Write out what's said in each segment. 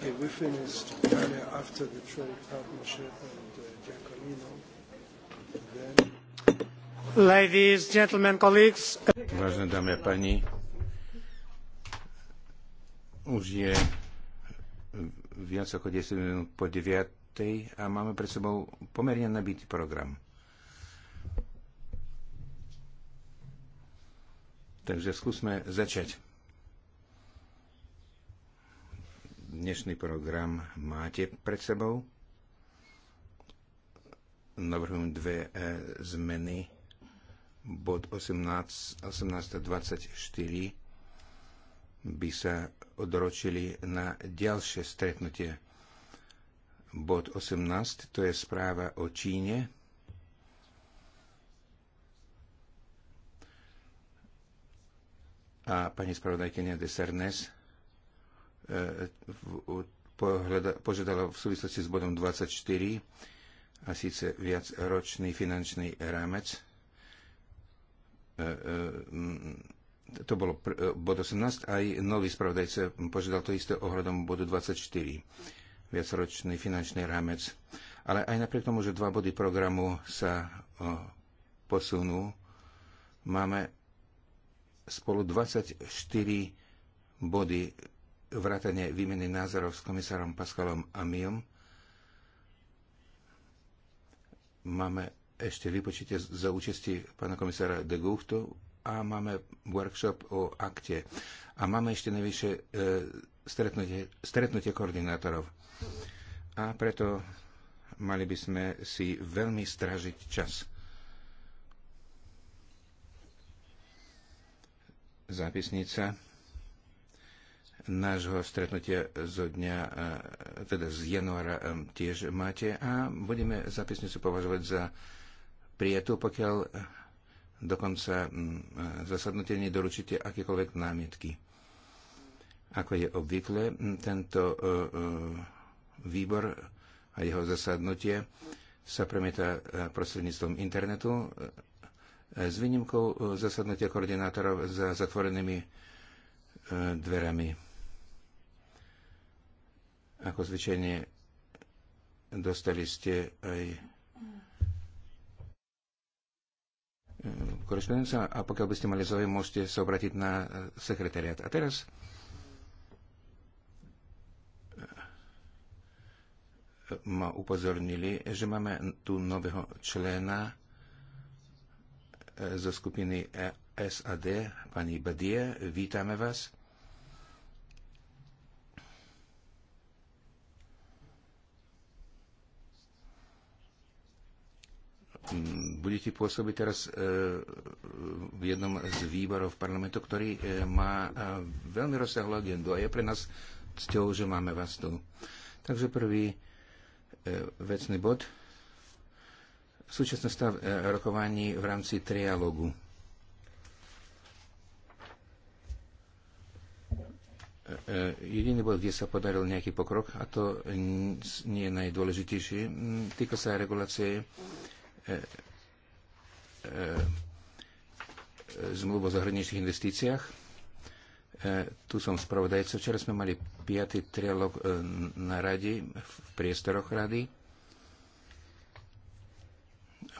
Okay, we finished earlier after the trade partnership and uh, Giacolino. Then... Ladies, gentlemen, colleagues. Vážené dámy a páni, už je viac ako 10 minút po 9. a máme pred sebou pomerne nabitý program. Takže skúsme začať. Dnešný program máte pred sebou. Navrhujem dve e, zmeny. Bod 18.24 by sa odročili na ďalšie stretnutie. Bod 18, to je správa o Číne. A pani spravodajkenia Desernes požiadala v súvislosti s bodom 24 a síce viacročný finančný rámec. E, e, to bolo e, bod 18, aj nový spravodajca požiadal to isté ohľadom bodu 24, viacročný finančný rámec. Ale aj napriek tomu, že dva body programu sa posunú, máme spolu 24 body vrátane výmeny názorov s komisárom Pascalom Amiom. Máme ešte vypočite za účasti pána komisára de Guchtu a máme workshop o akte. A máme ešte najvyššie e, stretnutie, stretnutie koordinátorov. A preto mali by sme si veľmi stražiť čas. Zápisnica nášho stretnutia zo dňa, e, teda z januára e, tiež máte a budeme zapisnicu považovať za prijatú, pokiaľ e, dokonca zasadnutie nedoručíte akékoľvek námietky. Ako je obvykle, tento výbor a jeho zasadnutie sa premieta prostredníctvom internetu s výnimkou zasadnutia koordinátorov za zatvorenými dverami. Ako zvyčajne dostali ste aj e, korespondenca a pokiaľ by ste mali záujem, môžete sa obratiť na e, sekretariat. A teraz e, ma upozornili, že máme tu nového člena zo skupiny SAD, pani Badie. Vítame vás. Mm, budete pôsobiť teraz e, v jednom z výborov parlamentu, ktorý e, má e, veľmi rozsiahlu agendu a je pre nás cťou, že máme vás tu. Takže prvý vecný bod. Súčasný stav rokovaní v rámci trialogu. jediný bod, kde sa podaril nejaký pokrok, a to nie je najdôležitejší, týka sa regulácie E, e, zmluvu o zahraničných investíciách. E, tu som spravodajca. Včera sme mali piatý trialog na rade, v priestoroch rady.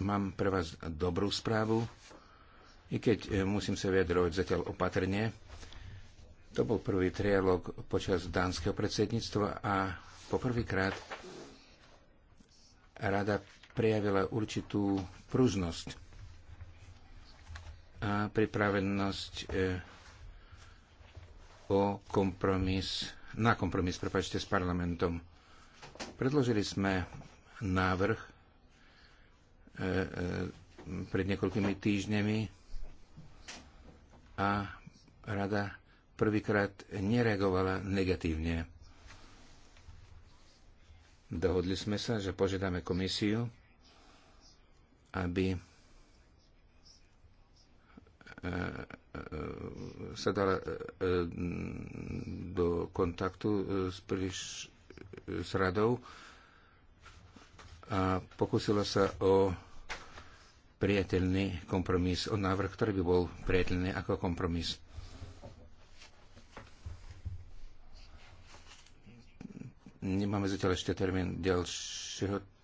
Mám pre vás dobrú správu, i keď musím sa vyjadrovať zatiaľ opatrne. To bol prvý trialog počas dánskeho predsedníctva a poprvýkrát rada prejavila určitú pružnosť a pripravenosť e, o kompromis, na kompromis, prepáčte, s parlamentom. Predložili sme návrh e, e, pred niekoľkými týždňami a rada prvýkrát nereagovala negatívne. Dohodli sme sa, že požiadame komisiu, aby e, e, sa dala e, do kontaktu s, príliš, s radou a pokusila sa o priateľný kompromis, o návrh, ktorý by bol priateľný ako kompromis. Nemáme zatiaľ ešte termín ďalšieho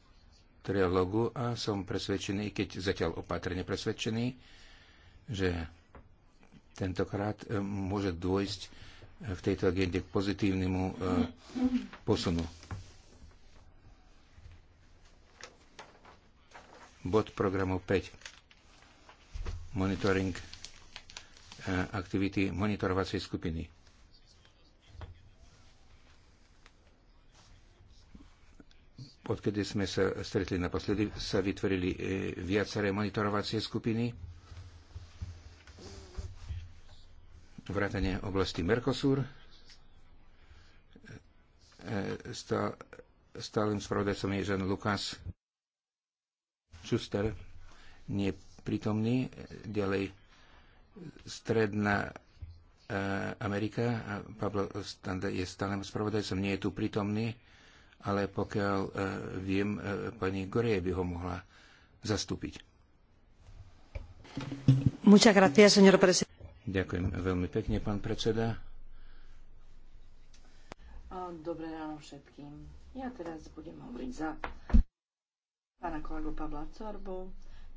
trialogu a som presvedčený, keď zatiaľ opatrne presvedčený, že tentokrát e, môže dôjsť e, v tejto agende k pozitívnemu e, posunu. Bod programu 5. Monitoring aktivity monitorovacej skupiny. odkedy sme sa stretli naposledy, sa vytvorili e, viaceré monitorovacie skupiny Vrátanie oblasti Mercosur. E, stálym spravodajcom je Jean Lukas Schuster, neprítomný. Ďalej Stredná e, Amerika, Pablo Standa je stálym spravodajcom, nie je tu prítomný ale pokiaľ e, viem, e, pani Gorie by ho mohla zastúpiť. Gracias, Ďakujem veľmi pekne, pán predseda. Dobré ráno všetkým. Ja teraz budem hovoriť za pána kolegu Pavla Corbu,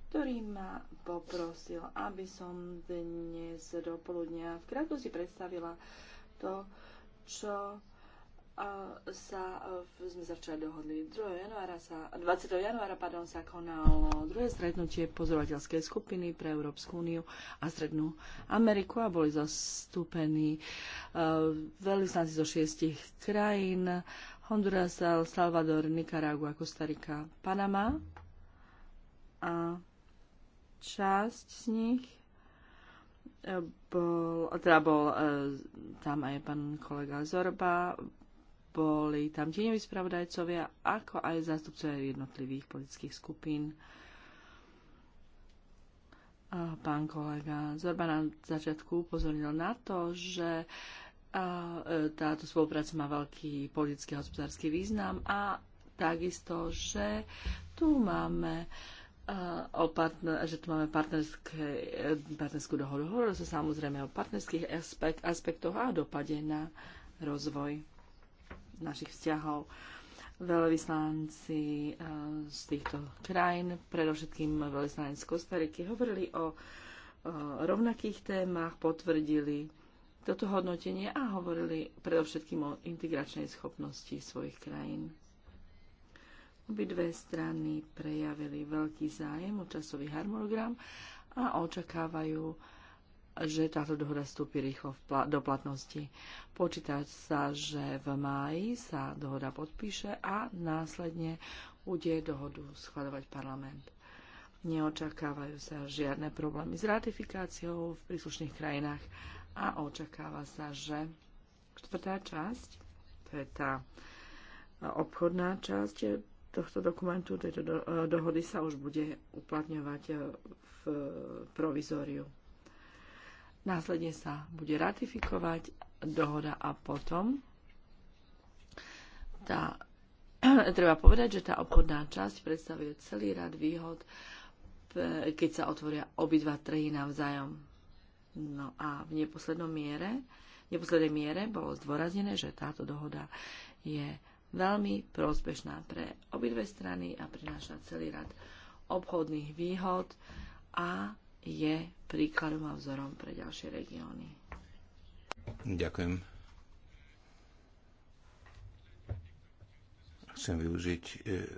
ktorý ma poprosil, aby som dnes do poludnia v krátkosti predstavila to, čo sa, e, sme sa včera dohodli, 2. januára sa, 20. januára pardon, sa konalo druhé stretnutie pozorovateľskej skupiny pre Európsku úniu a Strednú Ameriku a boli zastúpení uh, veľvyslanci zo šiestich krajín Honduras, El Salvador, Nicaragua, Costa Rica, Panama a časť z nich e, bol, teda bol e, tam aj pán kolega Zorba, boli tam tieňoví spravodajcovia, ako aj zástupcovia jednotlivých politických skupín. A pán kolega Zorba na začiatku upozornil na to, že e, táto spolupráca má veľký politický a hospodársky význam a takisto, že tu máme o partner, že tu máme e, partnerskú dohodu. Hovorilo sa samozrejme o partnerských aspekt, aspektoch a dopade na rozvoj našich vzťahov. Veľvyslanci eh, z týchto krajín, predovšetkým veľvyslanci z Kostariky, hovorili o eh, rovnakých témach, potvrdili toto hodnotenie a hovorili predovšetkým o integračnej schopnosti svojich krajín. Obidve strany prejavili veľký zájem o časový harmonogram a očakávajú že táto dohoda vstúpi rýchlo do platnosti. Počítať sa, že v máji sa dohoda podpíše a následne bude dohodu schvaľovať parlament. Neočakávajú sa žiadne problémy s ratifikáciou v príslušných krajinách a očakáva sa, že štvrtá časť, to je tá e, obchodná časť tohto dokumentu, tejto e, dohody sa už bude uplatňovať e, v provizóriu. Následne sa bude ratifikovať dohoda a potom tá, treba povedať, že tá obchodná časť predstavuje celý rad výhod, keď sa otvoria obidva trhy navzájom. No a v neposlednom miere, v neposlednej miere bolo zdôraznené, že táto dohoda je veľmi prospešná pre obidve strany a prináša celý rad obchodných výhod a je príkladom a vzorom pre ďalšie regióny. Ďakujem. Chcem využiť e,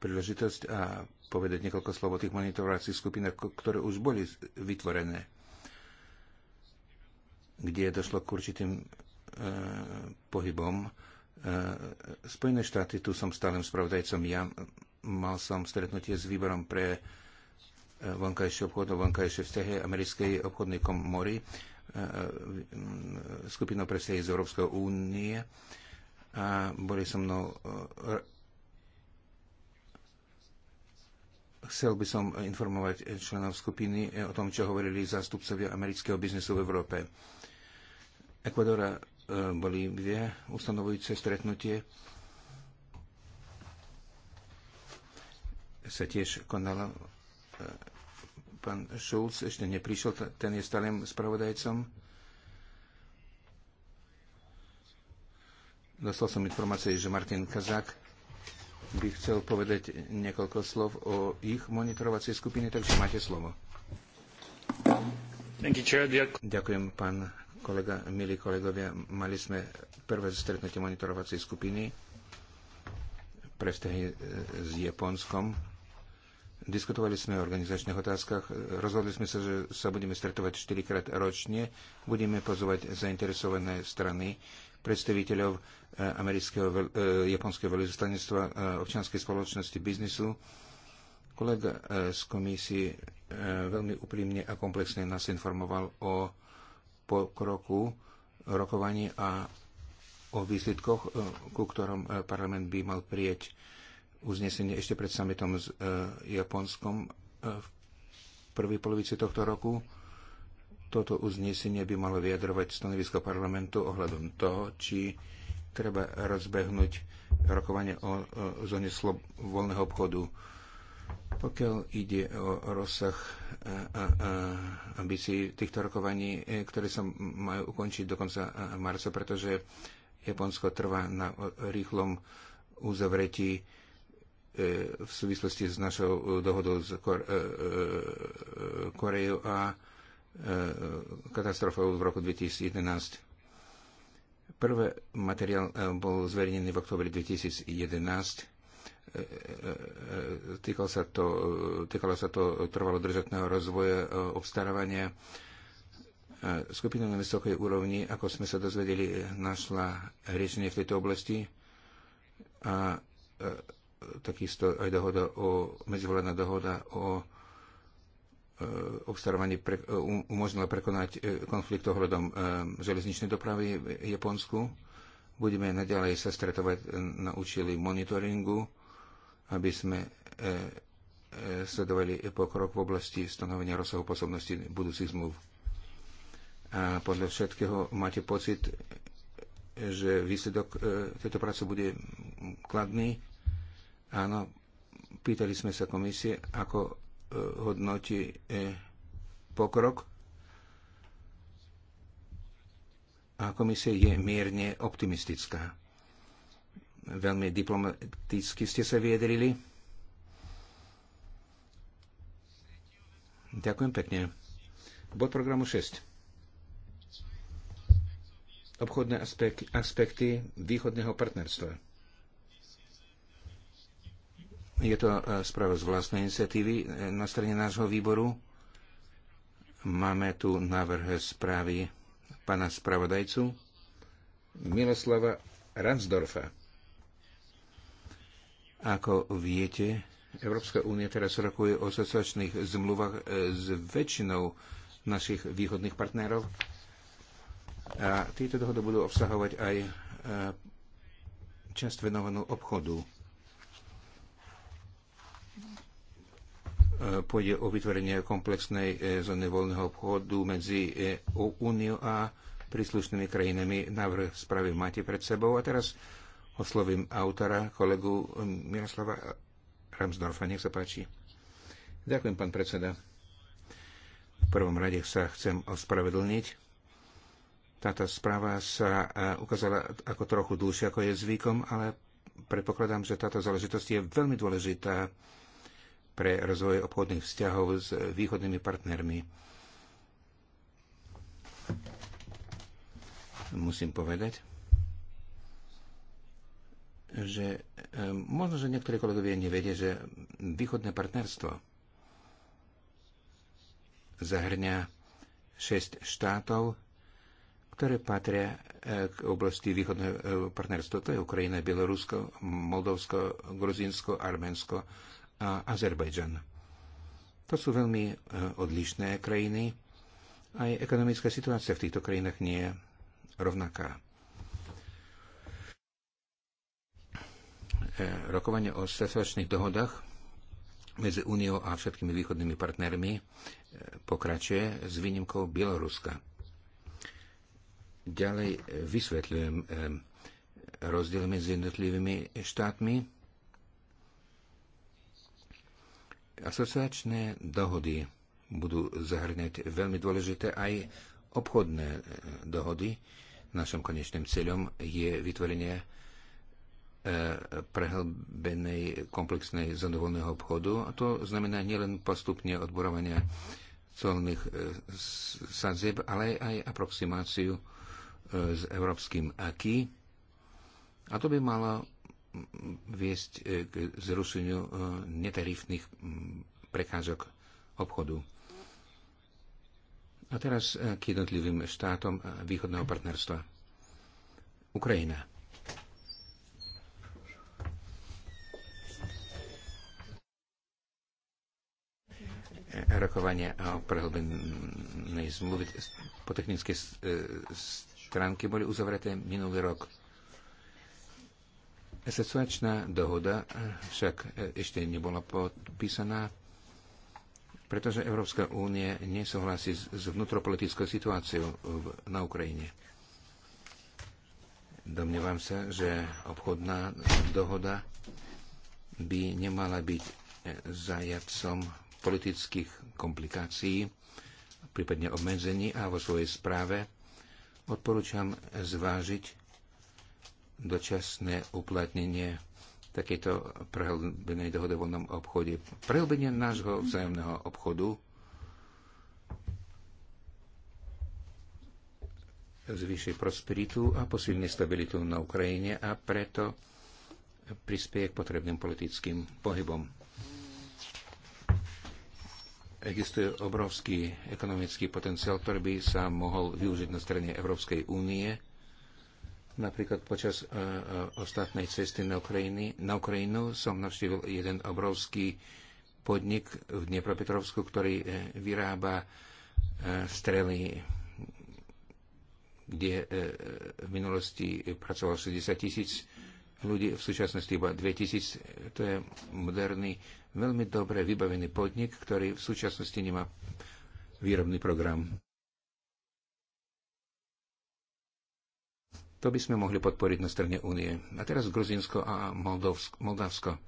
príležitosť a povedať niekoľko slov o tých monitorovacích skupinách, ktoré už boli vytvorené, kde došlo k určitým e, pohybom. E, Spojené štáty, tu som stálym spravodajcom ja, mal som stretnutie s výborom pre vonkajšieho obchodu, vonkajšie vzťahy americkej obchodnej komory, e, e, skupinou predstaví z Európskej únie a boli so mnou e, Chcel by som informovať členov skupiny o tom, čo hovorili zástupcovia amerického biznesu v Európe. Ekvadora boli dve ustanovujúce stretnutie. sa tiež konalo pán Šulc ešte neprišiel, ten je stálym spravodajcom. Dostal som informácie, že Martin Kazák by chcel povedať niekoľko slov o ich monitorovacej skupine, takže máte slovo. Ďakujem, pán kolega, milí kolegovia. Mali sme prvé stretnutie monitorovacej skupiny pre vzťahy e, s Japonskom Diskutovali sme o organizačných otázkach, rozhodli sme sa, že sa budeme stretovať 4 krát ročne, budeme pozovať zainteresované strany, predstaviteľov e, amerického, e, japonského veľvyslanectva, e, občianskej spoločnosti, biznisu. Kolega z komisie veľmi úprimne a komplexne nás informoval o pokroku rokovaní a o výsledkoch, ku ktorom parlament by mal prieť uznesenie ešte pred summitom s e, Japonskom e, v prvej polovici tohto roku. Toto uznesenie by malo vyjadrovať stanovisko parlamentu ohľadom toho, či treba rozbehnúť rokovanie o, o zóne slob- voľného obchodu. Pokiaľ ide o rozsah e, ambícií týchto rokovaní, ktoré sa majú ukončiť do konca marca, pretože Japonsko trvá na rýchlom uzavretí E, v súvislosti s našou e, dohodou s Kor- e, Koreou a katastrofou v roku 2011. Prvý materiál bol zverejnený v oktobri 2011. Týkalo sa to, týkalo sa to trvalo držatného rozvoja obstarávania. Skupina na vysokej úrovni, ako sme sa dozvedeli, našla riešenie v tejto oblasti a takisto aj dohoda o, medzivoľadná dohoda o e, obstarávanie pre, e, um, umožnila prekonať e, konflikt ohľadom železničnej dopravy v Japonsku. Budeme naďalej sa stretovať na účely monitoringu, aby sme sledovali pokrok v oblasti stanovenia rozsahu posobnosti budúcich zmluv. A podľa všetkého máte pocit, že výsledok tejto práce bude kladný Áno, pýtali sme sa komisie, ako e, hodnotí e, pokrok a komisia je mierne optimistická. Veľmi diplomaticky ste sa vyjadrili. Ďakujem pekne. Bod programu 6. Obchodné aspekty východného partnerstva. Je to e, správa z vlastnej iniciatívy e, na strane nášho výboru. Máme tu návrh správy pana spravodajcu Miloslava Ransdorfa. Ako viete, Európska únia teraz rokuje o sociačných zmluvách e, s väčšinou našich východných partnerov. A tieto dohody budú obsahovať aj časť venovanú obchodu E, pôjde o vytvorenie komplexnej e, zóny voľného obchodu medzi Úniou e, a príslušnými krajinami. Návrh správy máte pred sebou a teraz oslovím autora, kolegu Miroslava Ramsdorfa. Nech sa páči. Ďakujem, pán predseda. V prvom rade sa chcem ospravedlniť. Táto správa sa ukázala ako trochu dlhšia, ako je zvykom, ale predpokladám, že táto záležitosť je veľmi dôležitá pre rozvoj obchodných vzťahov s východnými partnermi. Musím povedať, že ehm, možno, že niektorí kolegovia nevedia, že východné partnerstvo zahrňa 6 štátov, ktoré patria e, k oblasti východného e, partnerstva. To je Ukrajina, Bielorusko, Moldovsko, Gruzínsko, Arménsko, a Azerbajdžan. To sú veľmi e, odlišné krajiny. Aj ekonomická situácia v týchto krajinách nie je rovnaká. E, rokovanie o sesačných dohodách medzi Úniou a všetkými východnými partnermi e, pokračuje s výnimkou Bieloruska. Ďalej vysvetľujem rozdiel medzi jednotlivými štátmi Asociačné dohody budú zahrňať veľmi dôležité aj obchodné e, dohody. Našom konečným cieľom je vytvorenie e, prehlbenej komplexnej zóny obchodu a to znamená nielen postupne odborovania colných e, sadzieb, ale aj aproximáciu s európskym aký. A to by malo viesť e, k zrušeniu e, netarifných prekážok obchodu. A teraz e, k jednotlivým štátom východného partnerstva. Ukrajina. Rokovania o prehlbenej zmluvy po technickej stránke boli uzavreté minulý rok. Asociačná dohoda však ešte nebola podpísaná, pretože Európska únie nesúhlasí s vnútropolitickou situáciou na Ukrajine. Domnievam sa, že obchodná dohoda by nemala byť zajacom politických komplikácií, prípadne obmedzení a vo svojej správe odporúčam zvážiť dočasné uplatnenie takéto prehlbenej dohody o voľnom obchode. Prehlbenie nášho vzájomného obchodu zvýši prosperitu a posilní stabilitu na Ukrajine a preto prispieje k potrebným politickým pohybom. Existuje obrovský ekonomický potenciál, ktorý by sa mohol využiť na strane Európskej únie Napríklad počas e, e, ostatnej cesty na, Ukrajiny, na Ukrajinu som navštívil jeden obrovský podnik v Dnepropetrovsku, ktorý e, vyrába strely, kde v minulosti pracovalo 60 tisíc ľudí, v súčasnosti iba tisíc, To je moderný, veľmi dobre vybavený podnik, ktorý v súčasnosti nemá výrobný program. To by sme mohli podporiť na strane únie. A teraz Gruzinsko a Moldovsk, Moldavsko.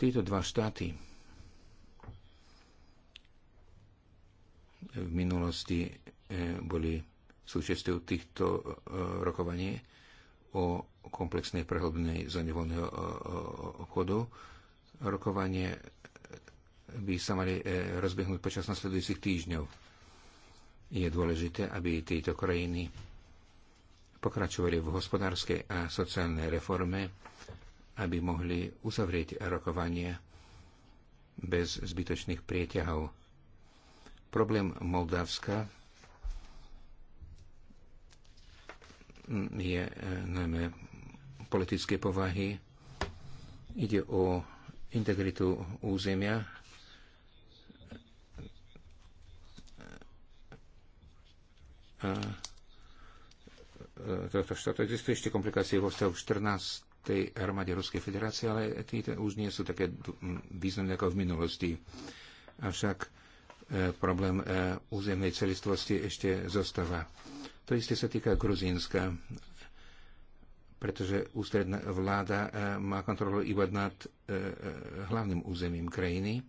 Títo dva štáty v minulosti e, boli súčasťou týchto e, rokovaní o komplexnej prehlbenej zóne voľného e, obchodu. Rokovanie by sa mali rozbehnúť počas nasledujúcich týždňov. Je dôležité, aby tieto krajiny pokračovali v hospodárskej a sociálnej reforme, aby mohli uzavrieť rokovania bez zbytočných prieťahov. Problém Moldavska je eh, najmä politické povahy. Ide o integritu územia, a eh, E, tohto štátu. Existujú ešte komplikácie vo vzťahu 14. armáde Ruskej federácie, ale tie už nie sú také významné ako v minulosti. Avšak e, problém e, územnej celistvosti ešte zostáva. To isté sa týka Gruzínska, pretože ústredná vláda má kontrolu iba nad hlavným územím krajiny.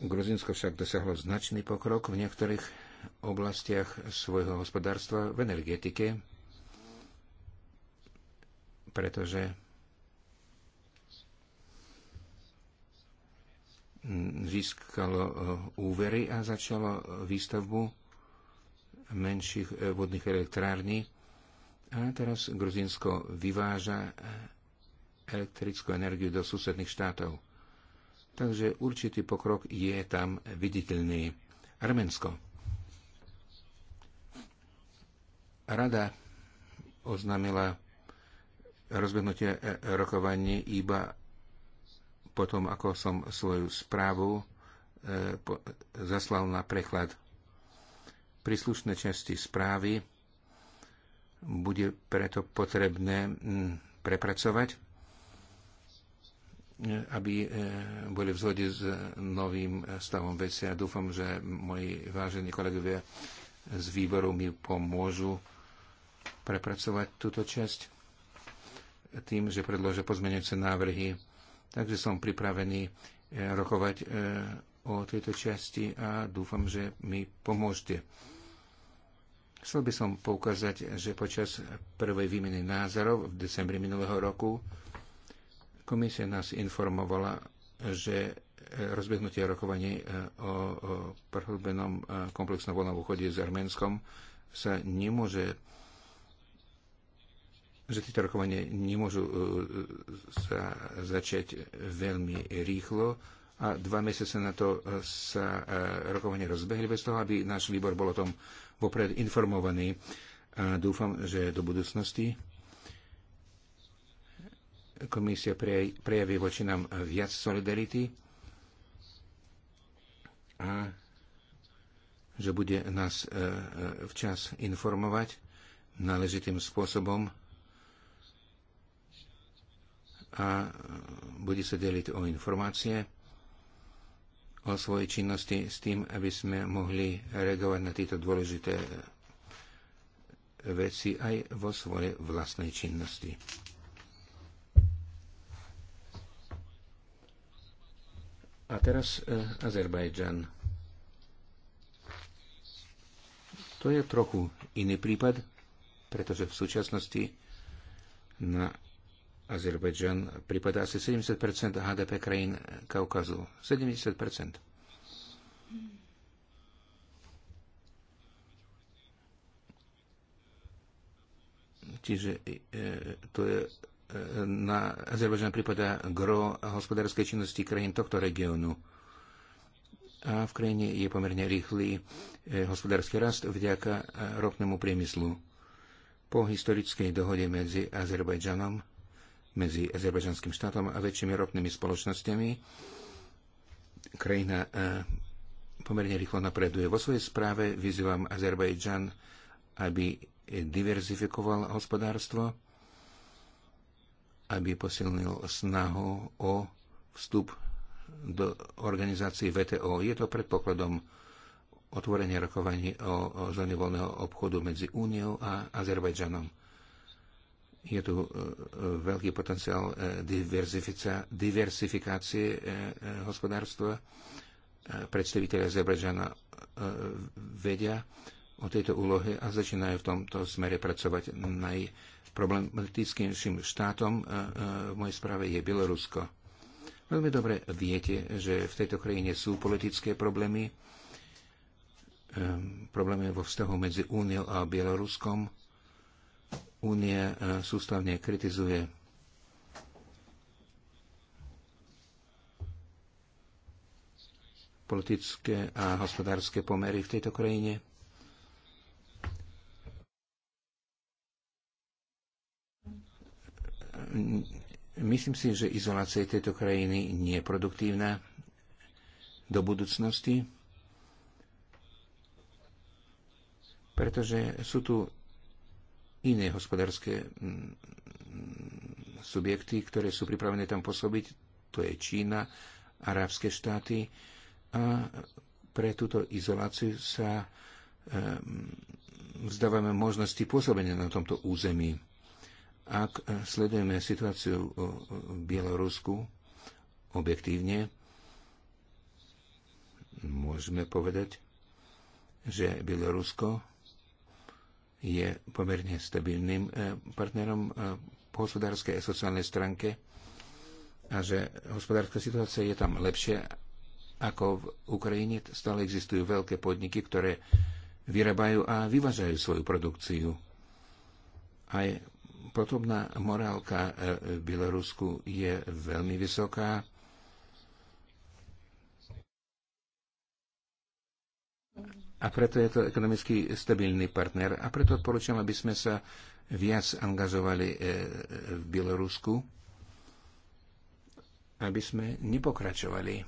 Gruzinsko však dosiahlo značný pokrok v niektorých oblastiach svojho hospodárstva v energetike, pretože získalo eh, úvery a začalo výstavbu menších eh, vodných elektrární. A teraz Gruzinsko vyváža eh, elektrickú energiu do susedných štátov. Takže určitý pokrok je tam viditeľný. Arménsko. Rada oznámila rozbehnutie rokovanie iba potom, ako som svoju správu e, zaslal na preklad. Príslušné časti správy bude preto potrebné mm, prepracovať, e, aby e, boli v zhode s novým stavom veci a dúfam, že moji vážení kolegovia z výboru mi pomôžu prepracovať túto časť tým, že predložia pozmeňujúce návrhy. Takže som pripravený e, rokovať e, o tejto časti a dúfam, že mi pomôžete. Chcel by som poukázať, že počas prvej výmeny názorov v decembri minulého roku komisia nás informovala, že e, rozbehnutie rokovaní o prehlbenom komplexnom voľnom úchode s Arménskom sa nemôže že tieto rokovania nemôžu e, sa začať veľmi rýchlo a dva mesiace na to e, sa e, rokovania rozbehli bez toho, aby náš výbor bol o tom vopred informovaný. A dúfam, že do budúcnosti komisia prejaví voči nám viac solidarity a že bude nás včas informovať náležitým spôsobom a bude sa deliť o informácie o svojej činnosti s tým, aby sme mohli reagovať na tieto dôležité veci aj vo svojej vlastnej činnosti. A teraz e, Azerbajdžan. To je trochu iný prípad, pretože v súčasnosti na Azerbajdžan pripadá asi 70 HDP krajín Kaukazu. 70 Čiže e, to je e, na Azerbajdžan prípada gro hospodárskej činnosti krajín tohto regiónu. A v krajine je pomerne rýchly e, hospodársky rast vďaka e, ropnému priemyslu. Po historickej dohode medzi Azerbajdžanom medzi azerbajdžanským štátom a väčšími ropnými spoločnosťami. Krajina e, pomerne rýchlo napreduje. Vo svojej správe vyzývam Azerbajdžan, aby diverzifikoval hospodárstvo, aby posilnil snahu o vstup do organizácií VTO. Je to predpokladom otvorenia rokovaní o, o zóne voľného obchodu medzi Úniou a Azerbajdžanom je tu e, e, veľký potenciál e, diversifikácie hospodárstva. Predstaviteľe Azerbajdžana vedia o tejto úlohe a začínajú v tomto smere pracovať. Najproblematickým štátom v mojej správe je Bielorusko. Veľmi dobre viete, že v tejto krajine sú politické problémy, ehm, problémy vo vzťahu medzi Úniou a Bieloruskom Únia e, sústavne kritizuje politické a hospodárske pomery v tejto krajine. Myslím si, že izolácia tejto krajiny nie je produktívna do budúcnosti, pretože sú tu iné hospodárske mm, subjekty, ktoré sú pripravené tam pôsobiť, to je Čína, arabské štáty a pre túto izoláciu sa ehm, vzdávame možnosti pôsobenia na tomto území. Ak e, sledujeme situáciu v Bielorusku objektívne, môžeme povedať, že Bielorusko je pomerne stabilným e, partnerom e, po hospodárskej a sociálnej stránke a že hospodárska situácia je tam lepšia ako v Ukrajine. Stále existujú veľké podniky, ktoré vyrábajú a vyvážajú svoju produkciu. Aj podobná morálka e, v Bielorusku je veľmi vysoká a preto je to ekonomicky stabilný partner. A preto odporúčam, aby sme sa viac angažovali e, v Bielorusku, aby sme nepokračovali e,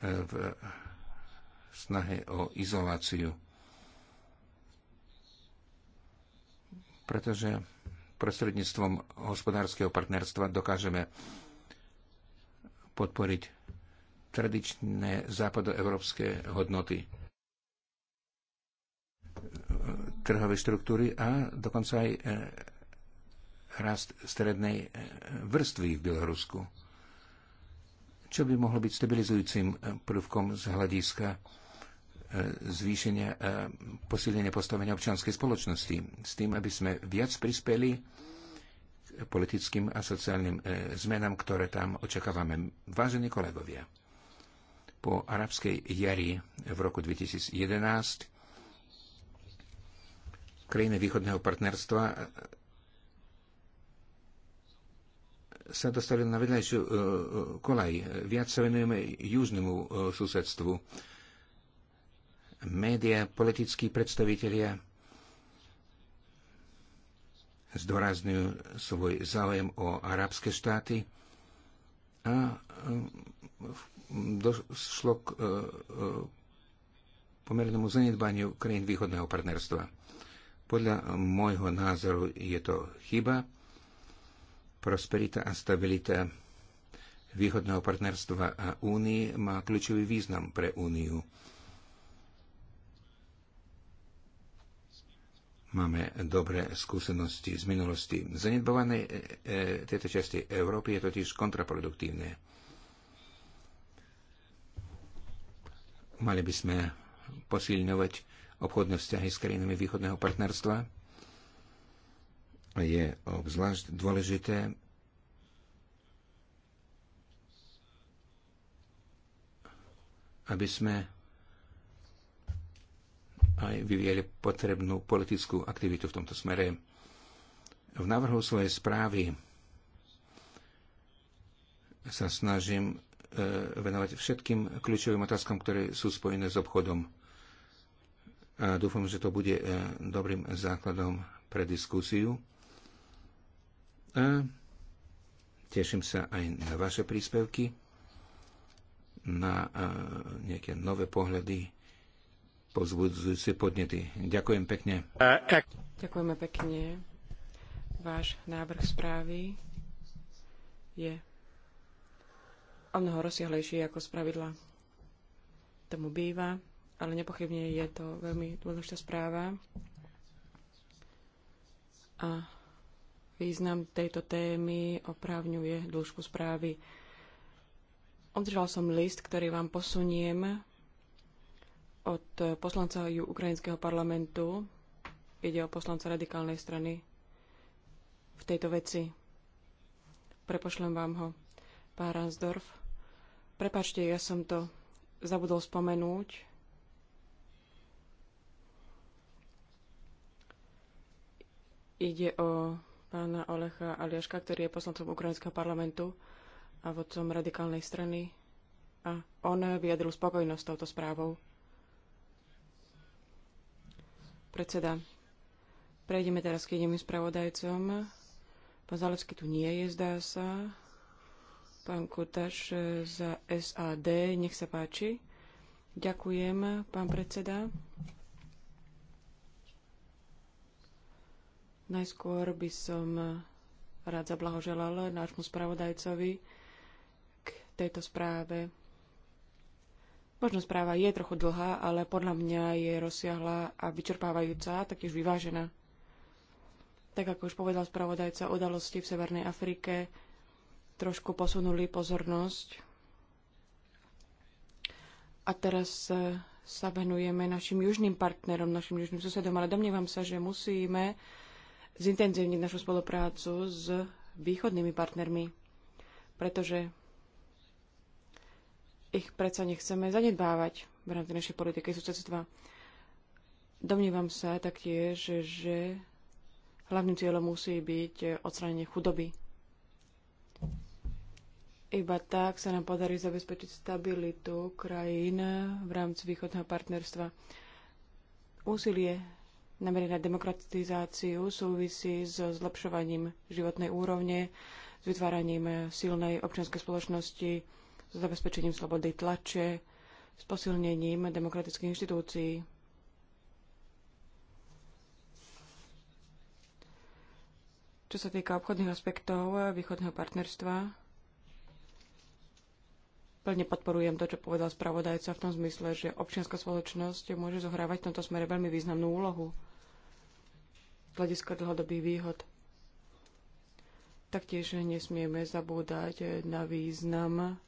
v snahe o izoláciu. Pretože prostredníctvom hospodárskeho partnerstva dokážeme podporiť tradičné západoevropské hodnoty trhové štruktúry a dokonca aj e, rast strednej e, vrstvy v Bielorusku, čo by mohlo byť stabilizujúcim e, prvkom z hľadiska zvýšenia a posilnenia postavenia občianskej spoločnosti s tým, aby sme viac prispeli k politickým a sociálnym zmenám, ktoré tam očakávame. Vážení kolegovia, po arabskej jari v roku 2011 krajiny východného partnerstva sa dostali na vedľajšiu e, e, kolaj. Viac sa venujeme južnému e, susedstvu. Média, politickí predstavitelia zdôrazňujú svoj záujem o arabské štáty a v došlo k e, e, pomernému zanedbaniu krajín východného partnerstva. Podľa môjho názoru je to chyba. Prosperita a stabilita východného partnerstva a únie má kľúčový význam pre úniu. Máme dobré skúsenosti z minulosti. Zanedbované e, e, tejto časti Európy je totiž kontraproduktívne Mali by sme posilňovať obchodné vzťahy s krajinami východného partnerstva. Je obzvlášť dôležité aby sme aj vyvieli potrebnú politickú aktivitu v tomto smere. V návrhu svojej správy sa snažím E, venovať všetkým kľúčovým otázkam, ktoré sú spojené s obchodom. A dúfam, že to bude e, dobrým základom pre diskusiu. A teším sa aj na vaše príspevky, na e, nejaké nové pohľady, pozbudzujúce podnety. Ďakujem pekne. Ďakujeme pekne. Váš návrh správy je o mnoho rozsiahlejší ako spravidla tomu býva, ale nepochybne je to veľmi dôležitá správa. A význam tejto témy oprávňuje dĺžku správy. Obdržal som list, ktorý vám posuniem od poslanca ukrajinského parlamentu. Ide o poslanca radikálnej strany v tejto veci. Prepošlem vám ho. Pán Ransdorf Prepačte, ja som to zabudol spomenúť. Ide o pána Olecha Aliaška, ktorý je poslancom Ukrajinského parlamentu a vodcom radikálnej strany. A on vyjadril spokojnosť s touto správou. Predseda, prejdeme teraz k jedným spravodajcom. Pán Zalecký tu nie je, zdá sa. Pán Kutaš eh, za SAD, nech sa páči. Ďakujem, pán predseda. Najskôr by som eh, rád zablahoželal nášmu spravodajcovi k tejto správe. Možno správa je trochu dlhá, ale podľa mňa je rozsiahla a vyčerpávajúca, taktiež vyvážená. Tak ako už povedal spravodajca, udalosti v Severnej Afrike trošku posunuli pozornosť. A teraz e, sa venujeme našim južným partnerom, našim južným susedom, ale domnievam sa, že musíme zintenzívniť našu spoluprácu s východnými partnermi, pretože ich predsa nechceme zanedbávať v rámci našej politiky susedstva. Domnívam sa taktiež, že hlavným cieľom musí byť odstránenie chudoby iba tak sa nám podarí zabezpečiť stabilitu krajín v rámci východného partnerstva. Úsilie namerené na demokratizáciu súvisí so zlepšovaním životnej úrovne, s vytváraním silnej občianskej spoločnosti, s zabezpečením slobody tlače, s posilnením demokratických inštitúcií. Čo sa týka obchodných aspektov východného partnerstva, Plne podporujem to, čo povedal spravodajca v tom zmysle, že občianská spoločnosť môže zohrávať v tomto smere veľmi významnú úlohu z hľadiska dlhodobých výhod. Taktiež nesmieme zabúdať na význam,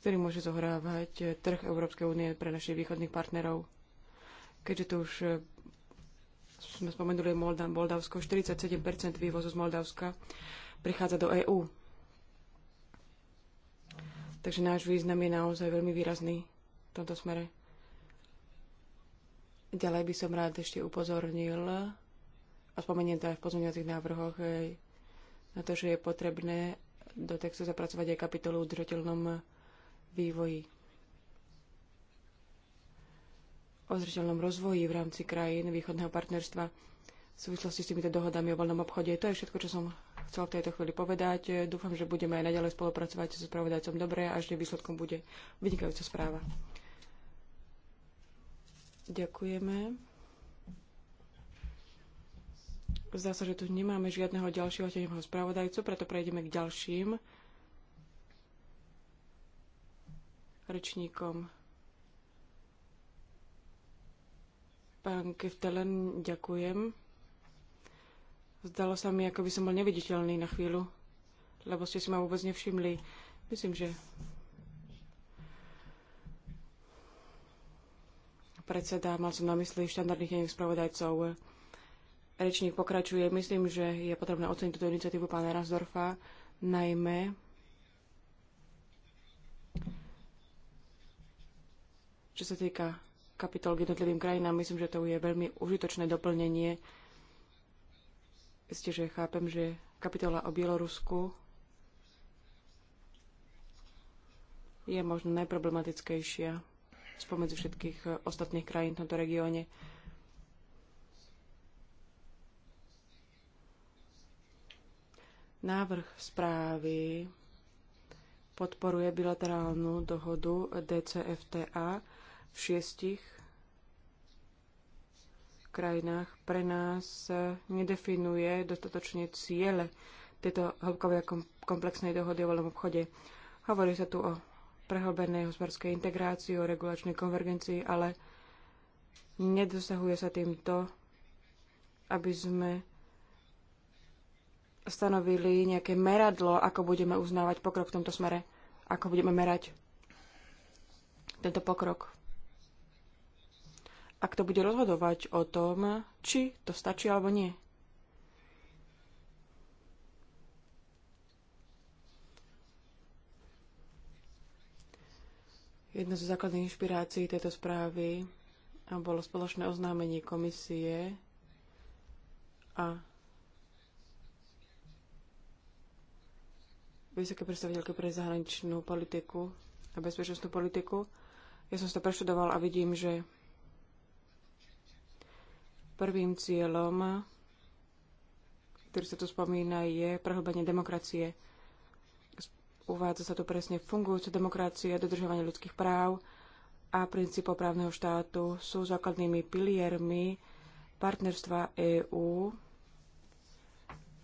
ktorý môže zohrávať trh Európskej únie pre našich východných partnerov. Keďže tu už eh, sme spomenuli Moldavsko, 47 vývozu z Moldavska prichádza do EÚ. Takže náš význam je naozaj veľmi výrazný v tomto smere. Ďalej by som rád ešte upozornil, a spomeniem to aj v pozmeňovacích návrhoch, eh, na to, že je potrebné do textu zapracovať aj kapitolu o udržateľnom vývoji. O udržateľnom rozvoji v rámci krajín východného partnerstva v súvislosti s týmito dohodami o voľnom obchode. To je všetko, čo som chcel v tejto chvíli povedať. Dúfam, že budeme aj naďalej spolupracovať so spravodajcom dobre a že výsledkom bude vynikajúca správa. Ďakujeme. Zdá sa, že tu nemáme žiadneho ďalšieho teného spravodajcu, preto prejdeme k ďalším rečníkom. Pán Keftelen, ďakujem. Zdalo sa mi, ako by som bol neviditeľný na chvíľu, lebo ste si ma vôbec nevšimli. Myslím, že predseda, mal som na mysli štandardných denných spravodajcov. Rečník pokračuje. Myslím, že je potrebné oceniť túto iniciatívu pána Razdorfa, najmä čo sa týka kapitol k jednotlivým krajinám, myslím, že to je veľmi užitočné doplnenie Isté, že chápem, že kapitola o Bielorusku je možno najproblematickejšia spomedzi všetkých eh, ostatných krajín v tomto regióne. Návrh správy podporuje bilaterálnu dohodu DCFTA v šiestich krajinách pre nás nedefinuje dostatočne ciele tejto hĺbkovej komplexnej dohody o voľnom obchode. Hovorí sa tu o prehlbenej hospodárskej integrácii, o regulačnej konvergencii, ale nedosahuje sa týmto, aby sme stanovili nejaké meradlo, ako budeme uznávať pokrok v tomto smere, ako budeme merať tento pokrok a kto bude rozhodovať o tom, či to stačí alebo nie. Jedna zo základných inšpirácií tejto správy bolo spoločné oznámenie komisie a vysoké predstaviteľky pre zahraničnú politiku a bezpečnostnú politiku. Ja som si to preštudoval a vidím, že Prvým cieľom, ktorý sa tu spomína, je prehlbenie demokracie. Uvádza sa tu presne fungujúca demokracia, dodržovanie ľudských práv a princípov právneho štátu sú základnými piliermi partnerstva EÚ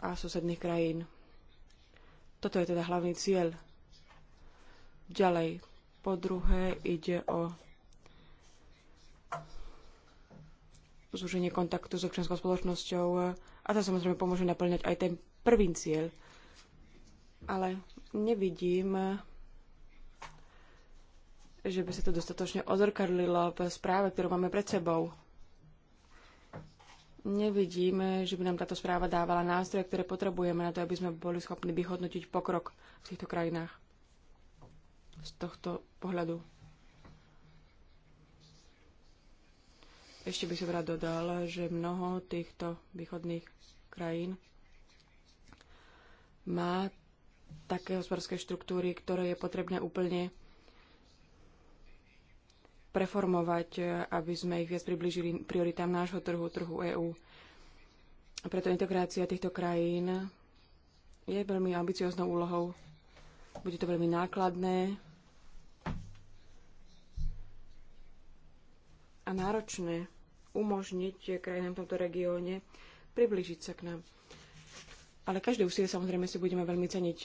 a susedných krajín. Toto je teda hlavný cieľ. Ďalej, po druhé ide o zúženie kontaktu s občianskou spoločnosťou a to samozrejme pomôže naplňať aj ten prvý cieľ. Ale nevidím, že by sa to dostatočne odrkadlilo v správe, ktorú máme pred sebou. Nevidím, že by nám táto správa dávala nástroje, ktoré potrebujeme na to, aby sme boli schopní vyhodnotiť pokrok v týchto krajinách z tohto pohľadu. Ešte by som rád dodal, že mnoho týchto východných krajín má také hospodárske štruktúry, ktoré je potrebné úplne preformovať, aby sme ich viac približili prioritám nášho trhu, trhu EÚ. A preto integrácia týchto krajín je veľmi ambicioznou úlohou. Bude to veľmi nákladné, a náročné umožniť krajinám v tomto regióne priblížiť sa k nám. Ale každé úsilie samozrejme si budeme veľmi ceniť.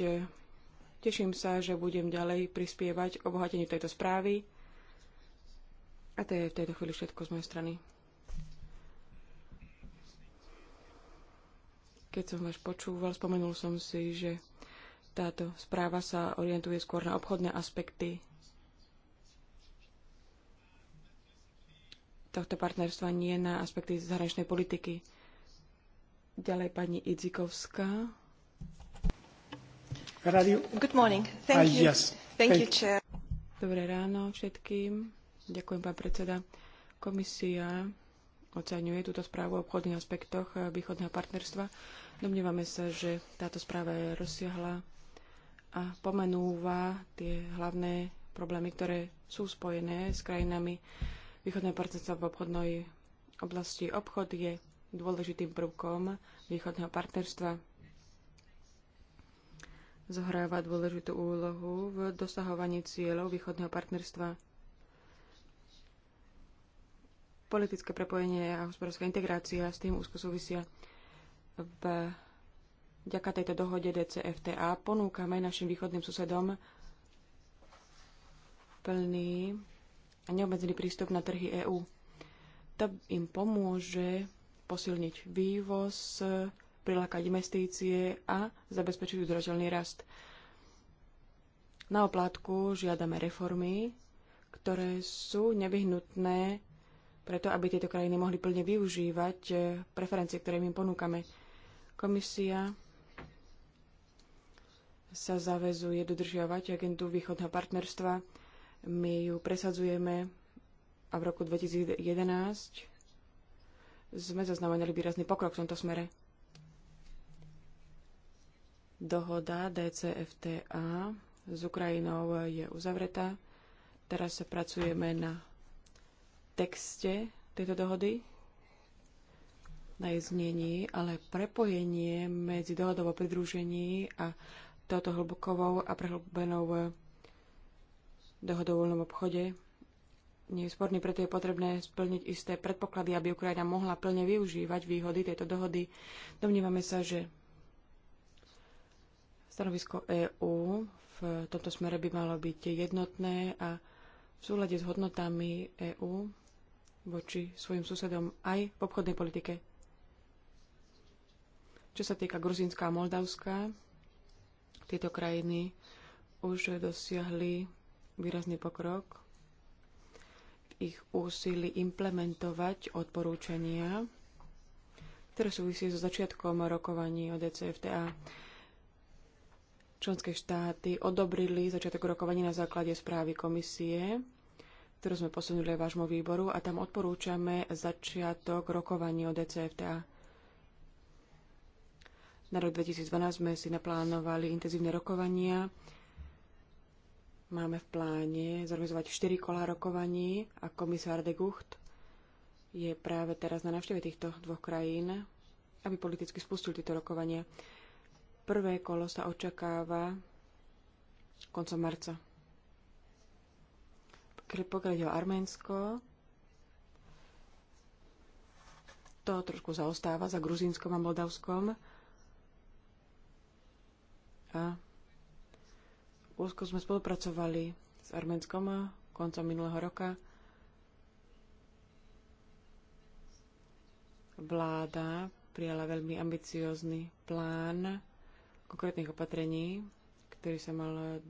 Teším sa, že budem ďalej prispievať obohateniu tejto správy. A to je v tejto chvíli všetko z mojej strany. Keď som vás počúval, spomenul som si, že táto správa sa orientuje skôr na obchodné aspekty tohto partnerstva, nie na aspekty zahraničnej politiky. Ďalej pani Idzikovská. Good morning. Thank ah, you. Yes. Thank you, chair. Dobré ráno všetkým. Ďakujem, pán predseda. Komisia oceňuje túto správu o obchodných aspektoch východného partnerstva. Domnievame sa, že táto správa je rozsiahla a pomenúva tie hlavné problémy, ktoré sú spojené s krajinami Východné partnerstvo v obchodnej oblasti. Obchod je dôležitým prvkom východného partnerstva. Zohráva dôležitú úlohu v dosahovaní cieľov východného partnerstva. Politické prepojenie a hospodárska integrácia s tým úzko súvisia. V... Vďaka tejto dohode DCFTA ponúkame našim východným susedom plný a neobmedzený prístup na trhy EÚ. To im pomôže posilniť vývoz, prilákať investície a zabezpečiť udržateľný rast. Na oplátku žiadame reformy, ktoré sú nevyhnutné preto, aby tieto krajiny mohli plne využívať eh, preferencie, ktoré im ponúkame. Komisia sa zavezuje dodržiavať agentu východného partnerstva my ju presadzujeme a v roku 2011 sme zaznamenali výrazný pokrok v tomto smere. Dohoda DCFTA s Ukrajinou je uzavretá. Teraz sa pracujeme na texte tejto dohody, na jej znení, ale prepojenie medzi dohodou o pridružení a touto hlbokovou a prehlbenou dohodovolnom obchode nie je sporný, preto je potrebné splniť isté predpoklady, aby Ukrajina mohla plne využívať výhody tejto dohody. Domnívame sa, že stanovisko EÚ v tomto smere by malo byť jednotné a v súlade s hodnotami EÚ voči svojim susedom aj v obchodnej politike. Čo sa týka Gruzínska a Moldavska, tieto krajiny už dosiahli výrazný pokrok v ich úsilí implementovať odporúčania, ktoré súvisí so začiatkom rokovaní o DCFTA. Členské štáty odobrili začiatok rokovaní na základe správy komisie, ktorú sme posunuli aj vášmu výboru a tam odporúčame začiatok rokovaní o DCFTA. Na rok 2012 sme si naplánovali intenzívne rokovania Máme v pláne zorganizovať 4 kola rokovaní a komisár de Gucht je práve teraz na návšteve týchto dvoch krajín, aby politicky spustil tieto rokovania. Prvé kolo sa očakáva koncom marca. Pokiaľ ide o Arménsko, to trošku zaostáva za Gruzínskom a Moldavskom. A Úzko sme spolupracovali s Arménskom koncom minulého roka. Vláda prijala veľmi ambiciózny plán konkrétnych opatrení, ktorý sa mal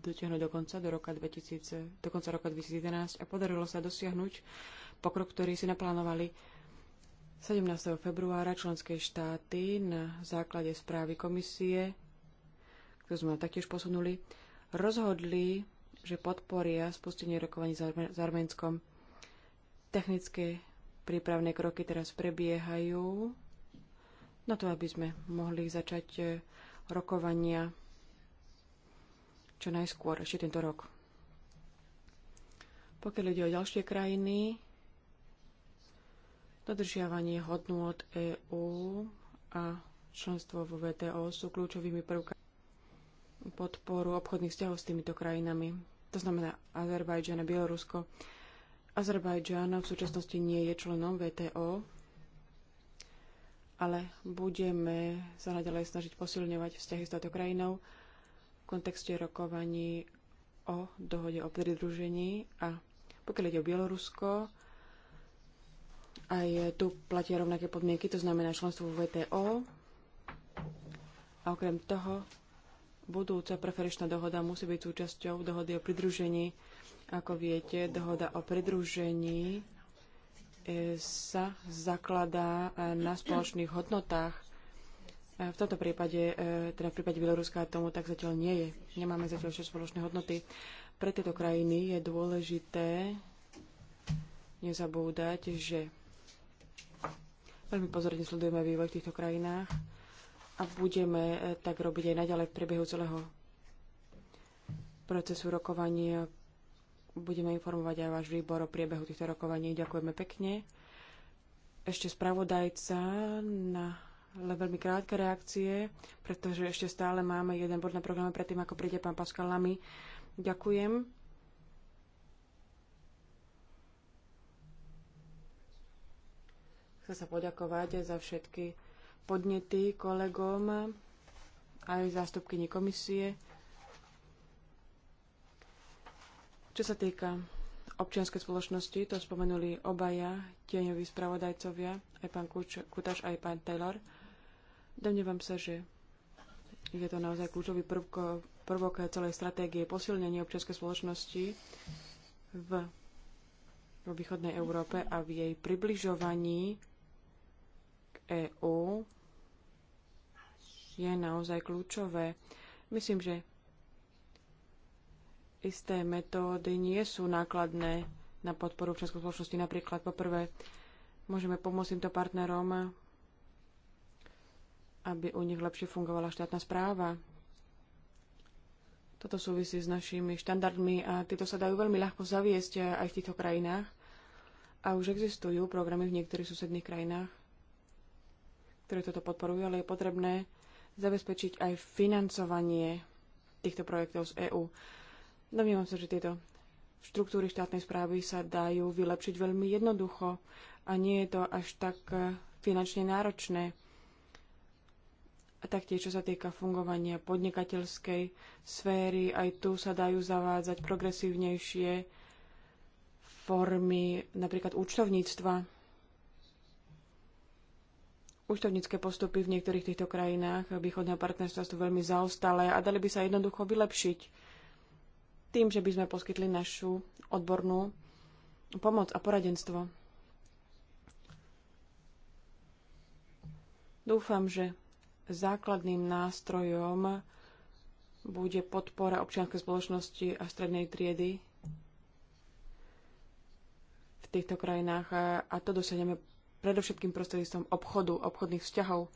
dotiahnuť do konca, do, roka 2000, do konca roka 2011 a podarilo sa dosiahnuť pokrok, ktorý si naplánovali 17. februára členské štáty na základe správy komisie, ktorú sme taktiež posunuli, rozhodli, že podporia spustenie rokovaní s Arménskom. Technické prípravné kroky teraz prebiehajú na to, aby sme mohli začať e, rokovania čo najskôr, ešte tento rok. Pokiaľ ide o ďalšie krajiny, dodržiavanie od EÚ a členstvo vo VTO sú kľúčovými prvkami podporu obchodných vzťahov s týmito krajinami. To znamená Azerbajdžan a Bielorusko. Azerbajdžan v súčasnosti nie je členom VTO, ale budeme sa naďalej snažiť posilňovať vzťahy s táto krajinou v kontexte rokovaní o dohode o pridružení a pokiaľ ide o Bielorusko, aj tu platia rovnaké podmienky, to znamená členstvo v VTO. A okrem toho Budúca preferenčná dohoda musí byť súčasťou dohody o pridružení. Ako viete, dohoda o pridružení e, sa zakladá e, na spoločných hodnotách. E, v tomto prípade, teda v prípade Bieloruska tomu tak zatiaľ nie je. Nemáme zatiaľ ešte spoločné hodnoty. Pre tieto krajiny je dôležité nezabúdať, že veľmi pozorne sledujeme vývoj v týchto krajinách a budeme eh, tak robiť aj naďalej v priebehu celého procesu rokovania. Budeme informovať aj váš výbor o priebehu týchto rokovaní. Ďakujeme pekne. Ešte spravodajca na len veľmi krátke reakcie, pretože ešte stále máme jeden bod na programe predtým, ako príde pán Pascal Lamy. Ďakujem. Chcem sa poďakovať za všetky podnety kolegom aj zástupkyni komisie. Čo sa týka občianskej spoločnosti, to spomenuli obaja tieňoví spravodajcovia, aj pán Kutaš, aj pán Taylor. Domnievam sa, že je to naozaj kľúčový prvko, prvok celej stratégie posilnenie občianskej spoločnosti v, v východnej Európe a v jej približovaní k EÚ je naozaj kľúčové. Myslím, že isté metódy nie sú nákladné na podporu občianskej spoločnosti. Napríklad poprvé môžeme pomôcť týmto partnerom, aby u nich lepšie fungovala štátna správa. Toto súvisí s našimi štandardmi a tieto sa dajú veľmi ľahko zaviesť aj v týchto krajinách. A už existujú programy v niektorých susedných krajinách, ktoré toto podporujú, ale je potrebné zabezpečiť aj financovanie týchto projektov z EÚ. Domnievam sa, že tieto štruktúry štátnej správy sa dajú vylepšiť veľmi jednoducho a nie je to až tak e, finančne náročné. A taktiež, čo sa týka fungovania podnikateľskej sféry, aj tu sa dajú zavádzať progresívnejšie formy napríklad účtovníctva účtovnícke postupy v niektorých týchto krajinách východného partnerstva sú veľmi zaostalé a dali by sa jednoducho vylepšiť tým, že by sme poskytli našu odbornú pomoc a poradenstvo. Dúfam, že základným nástrojom bude podpora občianskej spoločnosti a strednej triedy v týchto krajinách a to dosiahneme predovšetkým prostredníctvom obchodu, obchodných vzťahov.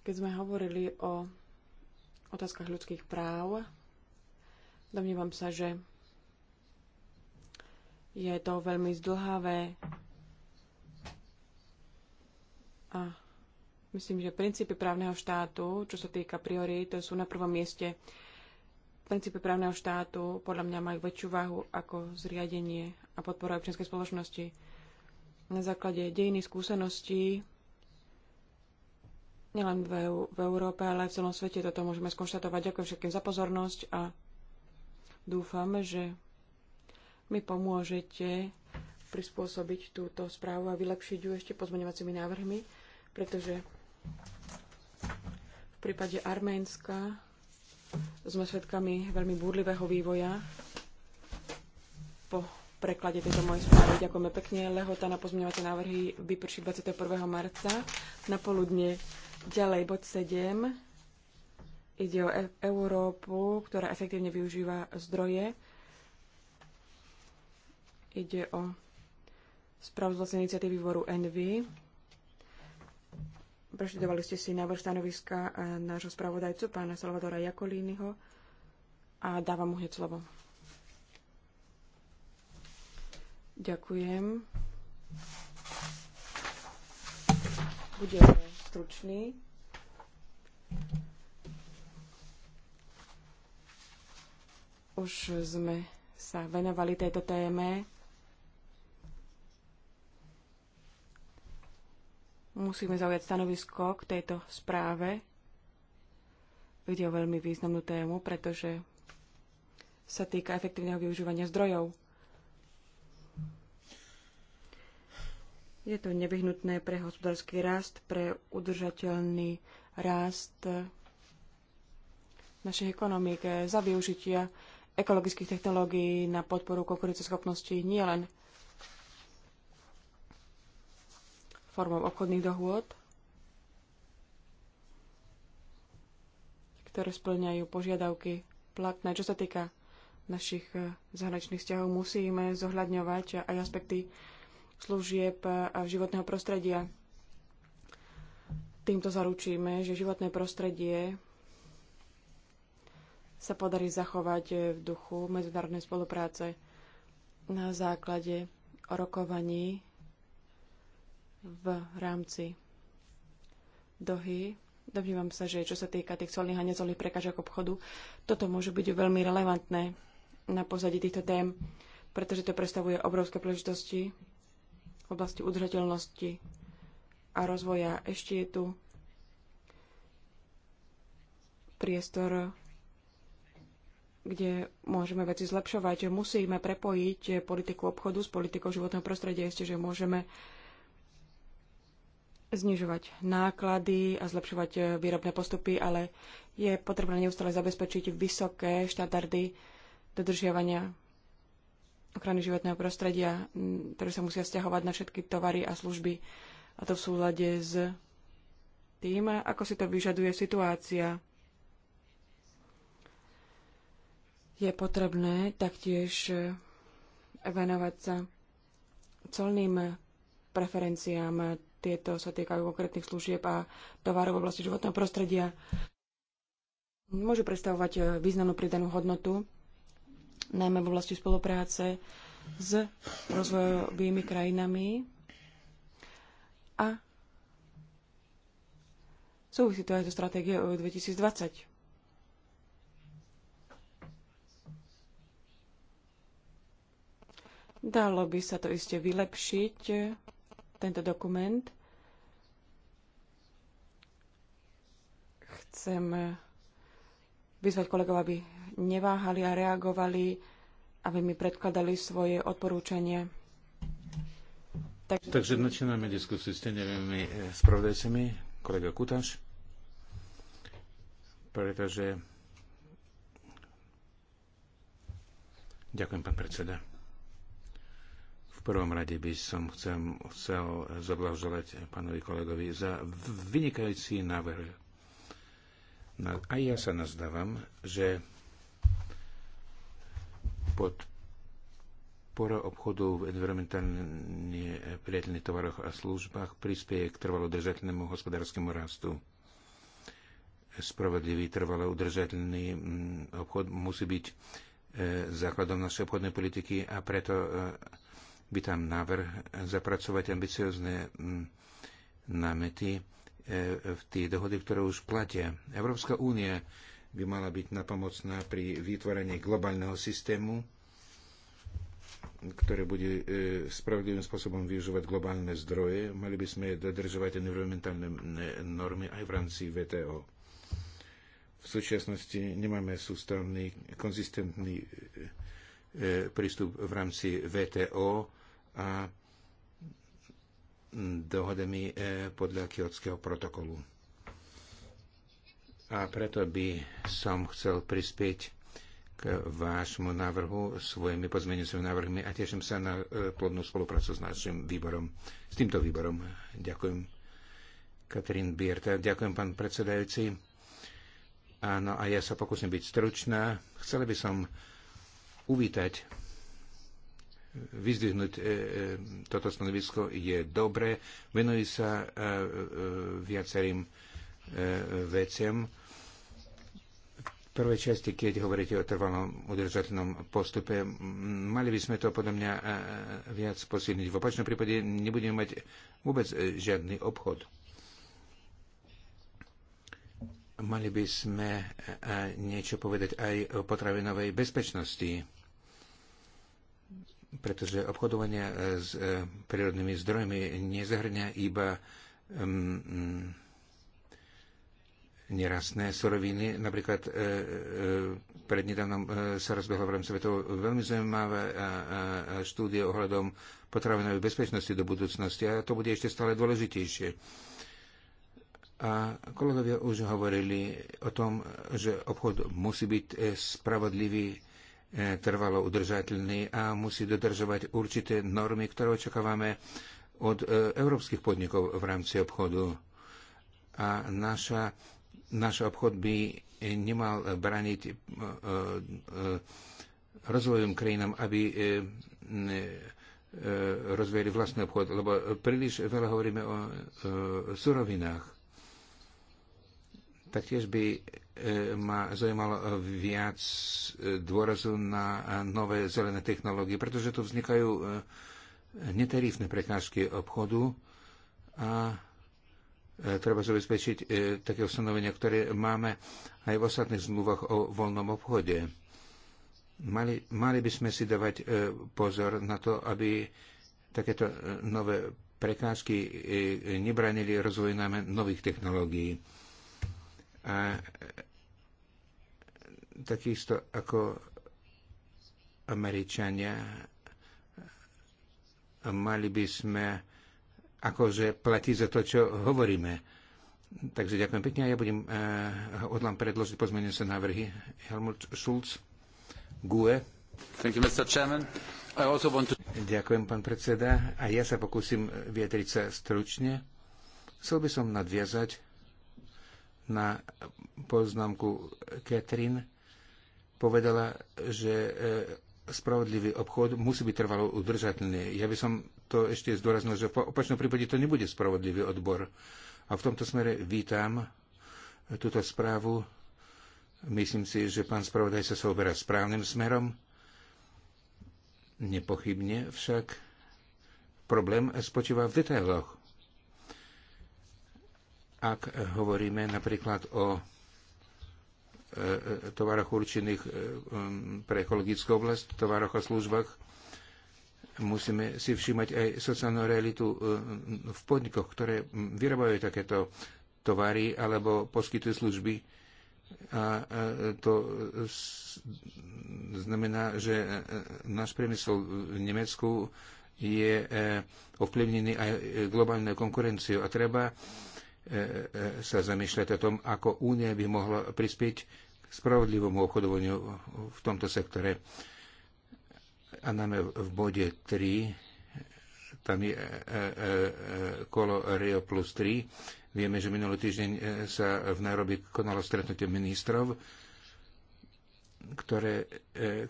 Keď sme hovorili o otázkach ľudských práv, domnívam sa, že je to veľmi zdlhavé a myslím, že princípy právneho štátu, čo sa týka to sú na prvom mieste princípy právneho štátu podľa mňa majú väčšiu váhu ako zriadenie a podpora občianskej spoločnosti. Na základe dejiny skúseností nielen v, EU, v Európe, ale aj v celom svete toto môžeme skonštatovať. Ďakujem všetkým za pozornosť a dúfam, že mi pomôžete prispôsobiť túto správu a vylepšiť ju ešte pozmeňovacími návrhmi, pretože v prípade Arménska sme svedkami veľmi búrlivého vývoja. Po preklade tejto mojej správy ďakujeme pekne. Lehota na pozmeňovacie návrhy vyprší 21. marca na poludne. Ďalej bod 7. Ide o e Európu, ktorá efektívne využíva zdroje. Ide o správu z vlastnej iniciatívy výboru Envy Preštudovali ste si návrh stanoviska eh, nášho spravodajcu, pána Salvadora Jakolínyho a dávam mu hneď slovo. Ďakujem. Budeme stručný. Už sme sa venovali tejto téme musíme zaujať stanovisko k tejto správe. Ide o veľmi významnú tému, pretože sa týka efektívneho využívania zdrojov. Je to nevyhnutné pre hospodársky rast, pre udržateľný rast našej ekonomík za využitia ekologických technológií na podporu konkurenceschopnosti nielen formou obchodných dohôd, ktoré splňajú požiadavky platné. Čo sa týka našich e, zahraničných vzťahov, musíme zohľadňovať aj aspekty služieb a životného prostredia. Týmto zaručíme, že životné prostredie sa podarí zachovať v duchu medzinárodnej spolupráce na základe rokovaní v rámci dohy. Domnívam sa, že čo sa týka tých colných a necolných prekážok obchodu, toto môže byť veľmi relevantné na pozadí týchto tém, pretože to predstavuje obrovské príležitosti v oblasti udržateľnosti a rozvoja. Ešte je tu priestor, kde môžeme veci zlepšovať. Musíme prepojiť politiku obchodu s politikou životného prostredia. Ešte, že môžeme uh, znižovať náklady a zlepšovať eh, výrobné postupy, ale je potrebné neustále zabezpečiť vysoké štandardy dodržiavania ochrany životného prostredia, ktoré sa musia stiahovať na všetky tovary a služby a to v súlade s tým, ako si to vyžaduje situácia. Je potrebné taktiež eh, venovať sa colným preferenciám tieto sa týkajú konkrétnych služieb a tovarov v oblasti životného prostredia. Môžu predstavovať e, významnú pridanú hodnotu, najmä v oblasti spolupráce s rozvojovými krajinami a súvisí to aj so stratégiou 2020. E Dalo by sa to iste vylepšiť tento dokument. Chcem vyzvať kolegov, aby neváhali a reagovali, aby mi predkladali svoje odporúčania. Tak... Takže načíname diskusiu s tenevými eh, spravodajcami, kolega Kutáš, pretože... Ďakujem, pán predseda. V prvom rade by som chcel, chcel zablahoželať pánovi kolegovi za vynikajúci návrh. No, A ja sa nazdávam, že pod podpora obchodu v environmentálne priateľných tovaroch a službách prispieje k trvalo držateľnému hospodárskému rastu spravodlivý, trvalo udržateľný mm, obchod musí byť e, základom našej obchodnej politiky a preto e, by tam návrh zapracovať ambiciozne mm, námety e, v tie dohody, ktoré už platia. Európska únia by mala byť napomocná pri vytvorení globálneho systému, ktoré bude e, spravodlivým spôsobom využívať globálne zdroje. Mali by sme dodržovať environmentálne e, normy aj v rámci VTO. V súčasnosti nemáme sústavný, konzistentný prístup v rámci VTO a dohodami e, podľa kiotského protokolu. A preto by som chcel prispieť k vášmu návrhu svojimi pozmeňujúcimi návrhmi a teším sa na e, plodnú spoluprácu s našim výborom, s týmto výborom. Ďakujem. Katrin Bierta, ďakujem pán predsedajúci. Áno, a ja sa pokúsim byť stručná. Chcela by som uvítať vyzdvihnúť e, e, toto stanovisko je dobré. Venujú sa e, viacerým veciam. V prvej časti, keď hovoríte o trvalom udržateľnom postupe, mali by sme to podľa mňa viac posilniť. V opačnom prípade nebudeme mať vôbec žiadny obchod. Mali by sme niečo povedať aj o potravinovej bezpečnosti pretože obchodovanie e, s e, prírodnými zdrojmi nezahrňa iba mm, nerastné suroviny. Napríklad e, e, prednedávnom e, sa rozbehla v rámci svetov veľmi zaujímavá štúdia ohľadom potravinovej bezpečnosti do budúcnosti a to bude ešte stále dôležitejšie. A kolegovia už hovorili o tom, že obchod musí byť spravodlivý E, trvalo udržateľný a musí dodržovať určité normy, ktoré očakávame od e, európskych podnikov v rámci obchodu. A naša, náš obchod by nemal braniť e, rozvojovým krajinám, aby rozvojili vlastný obchod, lebo príliš veľa hovoríme o surovinách. Taktiež by ma zaujímalo viac e, dôrazu na e, nové zelené technológie, pretože tu vznikajú e, netarifné prekážky obchodu a treba zabezpečiť také ustanovenia, ktoré máme aj v ostatných zmluvách o voľnom obchode. Mali, mali by sme si dávať pozor na to, aby takéto nové prekážky nebranili rozvoj najmä nových technológií a e, takisto ako Američania mali by sme akože platiť za to, čo hovoríme. Takže ďakujem pekne a ja budem uh, e, odlám predložiť sa návrhy. Helmut Schulz, GUE. Thank you, Mr. Chairman. I also want to... Ďakujem, pán predseda. A ja sa pokúsim vyjadriť sa stručne. Chcel by som nadviazať na poznámku Catherine. Povedala, že e, spravodlivý obchod musí byť trvalo udržateľný. Ja by som to ešte zdôraznil, že v opačnom prípade to nebude spravodlivý odbor. A v tomto smere vítam túto správu. Myslím si, že pán spravodaj sa oberá správnym smerom. Nepochybne však problém spočíva v detailoch. Ak hovoríme napríklad o e, e, tovaroch určených e, um, pre ekologickú oblasť, tovaroch a službách, musíme si všímať aj sociálnu realitu v podnikoch, ktoré vyrábajú takéto tovary alebo poskytujú služby. A to znamená, že náš priemysel v Nemecku je ovplyvnený aj globálnou konkurenciou a treba sa zamýšľať o tom, ako Únia by mohla prispieť k spravodlivomu obchodovaniu v tomto sektore. A najmä v bode 3, tam je e, e, e, kolo Rio plus 3. Vieme, že minulý týždeň sa v Nairobi konalo stretnutie ministrov, ktoré,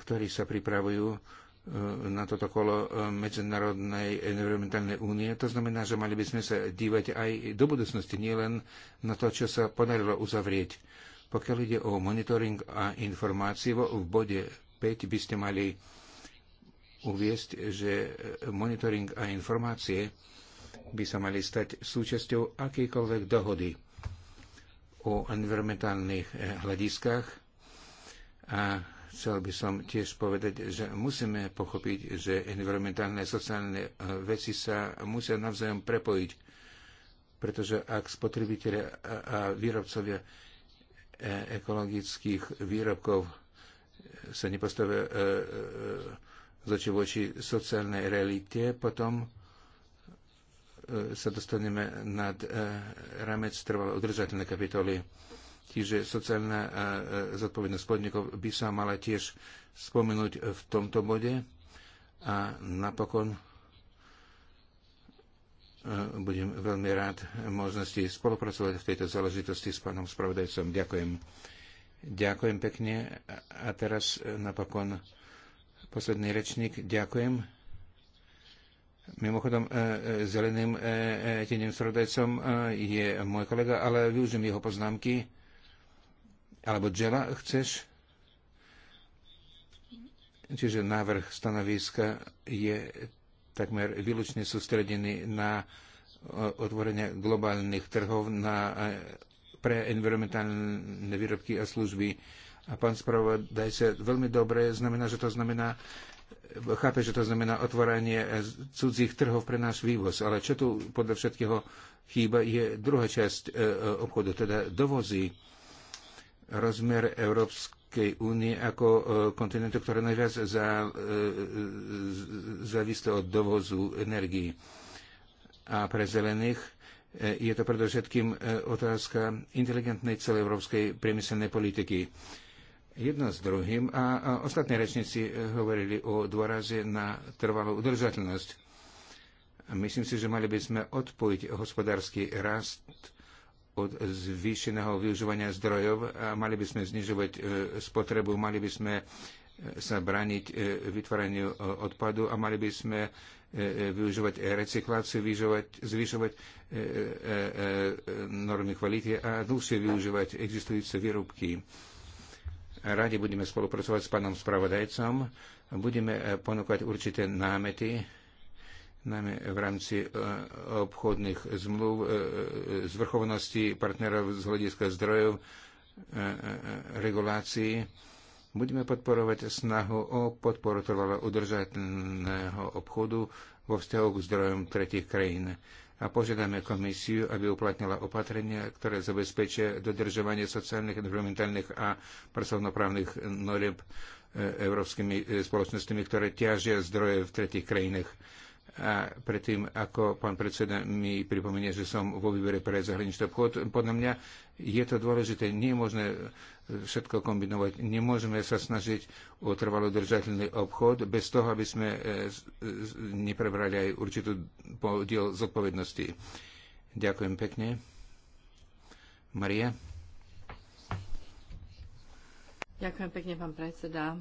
ktorí sa pripravujú E, na toto kolo e, Medzinárodnej environmentálnej únie. To znamená, že mali by sme sa dívať aj do budúcnosti, nielen na to, čo sa podarilo uzavrieť. Pokiaľ ide o monitoring a informácie, v bode 5 by ste mali uviesť, že monitoring a informácie by sa mali stať súčasťou akejkoľvek dohody o environmentálnych e, hľadiskách a Chcel by som tiež povedať, že musíme pochopiť, že environmentálne a sociálne e, veci sa musia navzájom prepojiť, pretože ak spotrebitelia a výrobcovia e, ekologických výrobkov e, sa nepostavia z oči voči sociálnej realite, potom sa dostaneme nad ramec trvalo udržateľnej kapitoly Čiže sociálna e, e, zodpovednosť podnikov by sa mala tiež spomenúť v tomto bode. A napokon e, budem veľmi rád možnosti spolupracovať v tejto záležitosti s pánom spravodajcom. Ďakujem. Ďakujem pekne. A teraz napokon posledný rečník. Ďakujem. Mimochodom, zeleným tieňom spravodajcom je môj kolega, ale využijem jeho poznámky. Alebo Džela, chceš? Čiže návrh stanoviska je takmer výlučne sústredený na otvorenie globálnych trhov na, e, pre environmentálne výrobky a služby. A pán spravodajca, veľmi dobre znamená, že to znamená, chápe, že to znamená otvorenie cudzích trhov pre náš vývoz. Ale čo tu podľa všetkého chýba, je druhá časť e, e, obchodu, teda dovozy rozmer Európskej únie ako e, kontinentu, ktoré najviac za, e, od dovozu energii. A pre zelených e, je to predovšetkým otázka inteligentnej celoeurópskej priemyselnej politiky. Jedno s druhým a ostatní rečníci hovorili o dôraze na trvalú udržateľnosť. Myslím si, že mali by sme odpojiť hospodársky rast od zvýšeného využívania zdrojov a mali by sme znižovať e, spotrebu, mali by sme e, sa braniť e, vytváraniu odpadu a mali by sme využívať recykláciu, zvyšovať normy kvality a dlhšie využívať existujúce výrobky. Radi budeme spolupracovať s pánom spravodajcom, budeme ponúkať určité námety, najmä v rámci e, obchodných zmluv, e, e, zvrchovanosti partnerov z hľadiska zdrojov, regulácií. Budeme podporovať snahu o podporu trvalo udržateľného obchodu vo vzťahu k zdrojom tretich krajín a požiadame komisiu, aby uplatnila opatrenia, ktoré zabezpečia dodržovanie sociálnych, environmentálnych a pracovnoprávnych noriem európskymi spoločnosťami, ktoré ťažia zdroje v tretich krajinách. A predtým, ako pán predseda mi pripomenie, že som vo výbere pre zahraničný obchod, podľa mňa je to dôležité. Nie je možné všetko kombinovať. Nemôžeme sa snažiť o trvalo držateľný obchod bez toho, aby sme e, neprebrali aj určitú podiel zodpovednosti. Ďakujem pekne. Maria. Ďakujem pekne, pán predseda.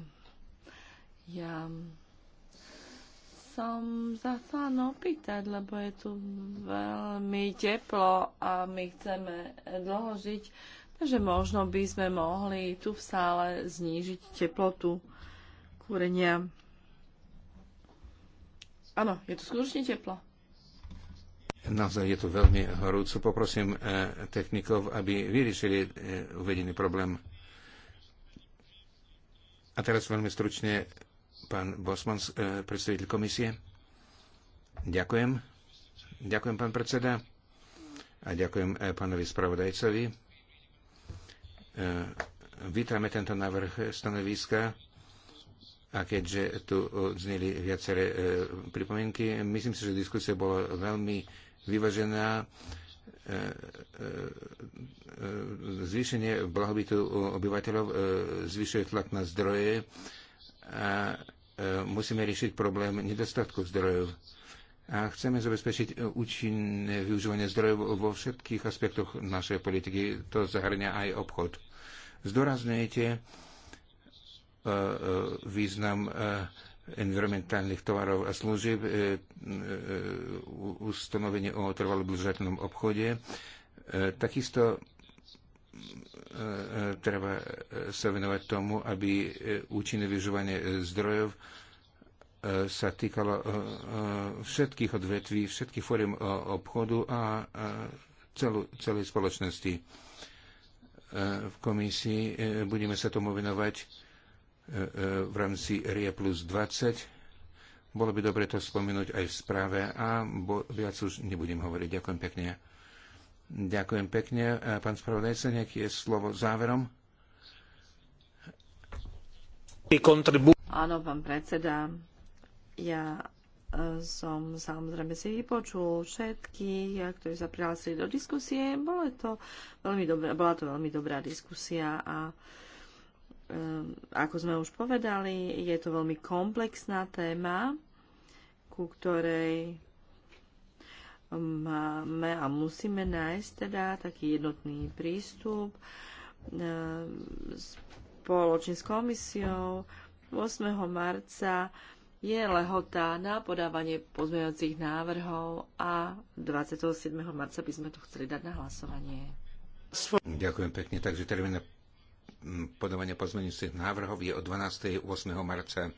Ja som sa chcela opýtať, lebo je tu veľmi teplo a my chceme dlho žiť, takže možno by sme mohli tu v sále znížiť teplotu kúrenia. Áno, je tu skutočne teplo. Naozaj je to veľmi horúco. Poprosím eh, technikov, aby vyriešili eh, uvedený problém. A teraz veľmi stručne Pán Bosmans, e, predstaviteľ komisie. Ďakujem. Ďakujem, pán predseda. A ďakujem e, pánovi spravodajcovi. E, vítame tento návrh stanoviska. A keďže tu odzneli viaceré pripomienky, myslím si, že diskusia bola veľmi vyvažená zvýšenie blahobytu obyvateľov zvyšuje tlak na zdroje a musíme riešiť problém nedostatku zdrojov. A chceme zabezpečiť účinné využívanie zdrojov vo všetkých aspektoch našej politiky. To zahrňa aj obchod. Zdôrazňujete e, e, význam e, environmentálnych tovarov a služieb, ustanovenie o trvalo obchode, takisto E, e, treba e, sa venovať tomu, aby účinné využívanie zdrojov sa týkalo všetkých odvetví, všetkých fóriem obchodu a celú, celej spoločnosti. V komisii budeme sa tomu venovať v rámci RIA plus 20. Bolo by dobre to spomenúť aj v správe a bo, viac už nebudem hovoriť. Ďakujem pekne. Ďakujem pekne. E, pán spravodajca, nejaký je slovo záverom? Áno, pán predseda. Ja e, som samozrejme si vypočul všetkých, ktorí sa prihlásili do diskusie. Bolo to veľmi dobrá, bola to veľmi dobrá diskusia a e, ako sme už povedali, je to veľmi komplexná téma, ku ktorej máme a musíme nájsť teda taký jednotný prístup e, spoločne s komisiou. 8. marca je lehota na podávanie pozmeňujúcich návrhov a 27. marca by sme to chceli dať na hlasovanie. Ďakujem pekne. Takže termín podávania pozmeňujúcich návrhov je od 12. 8. marca.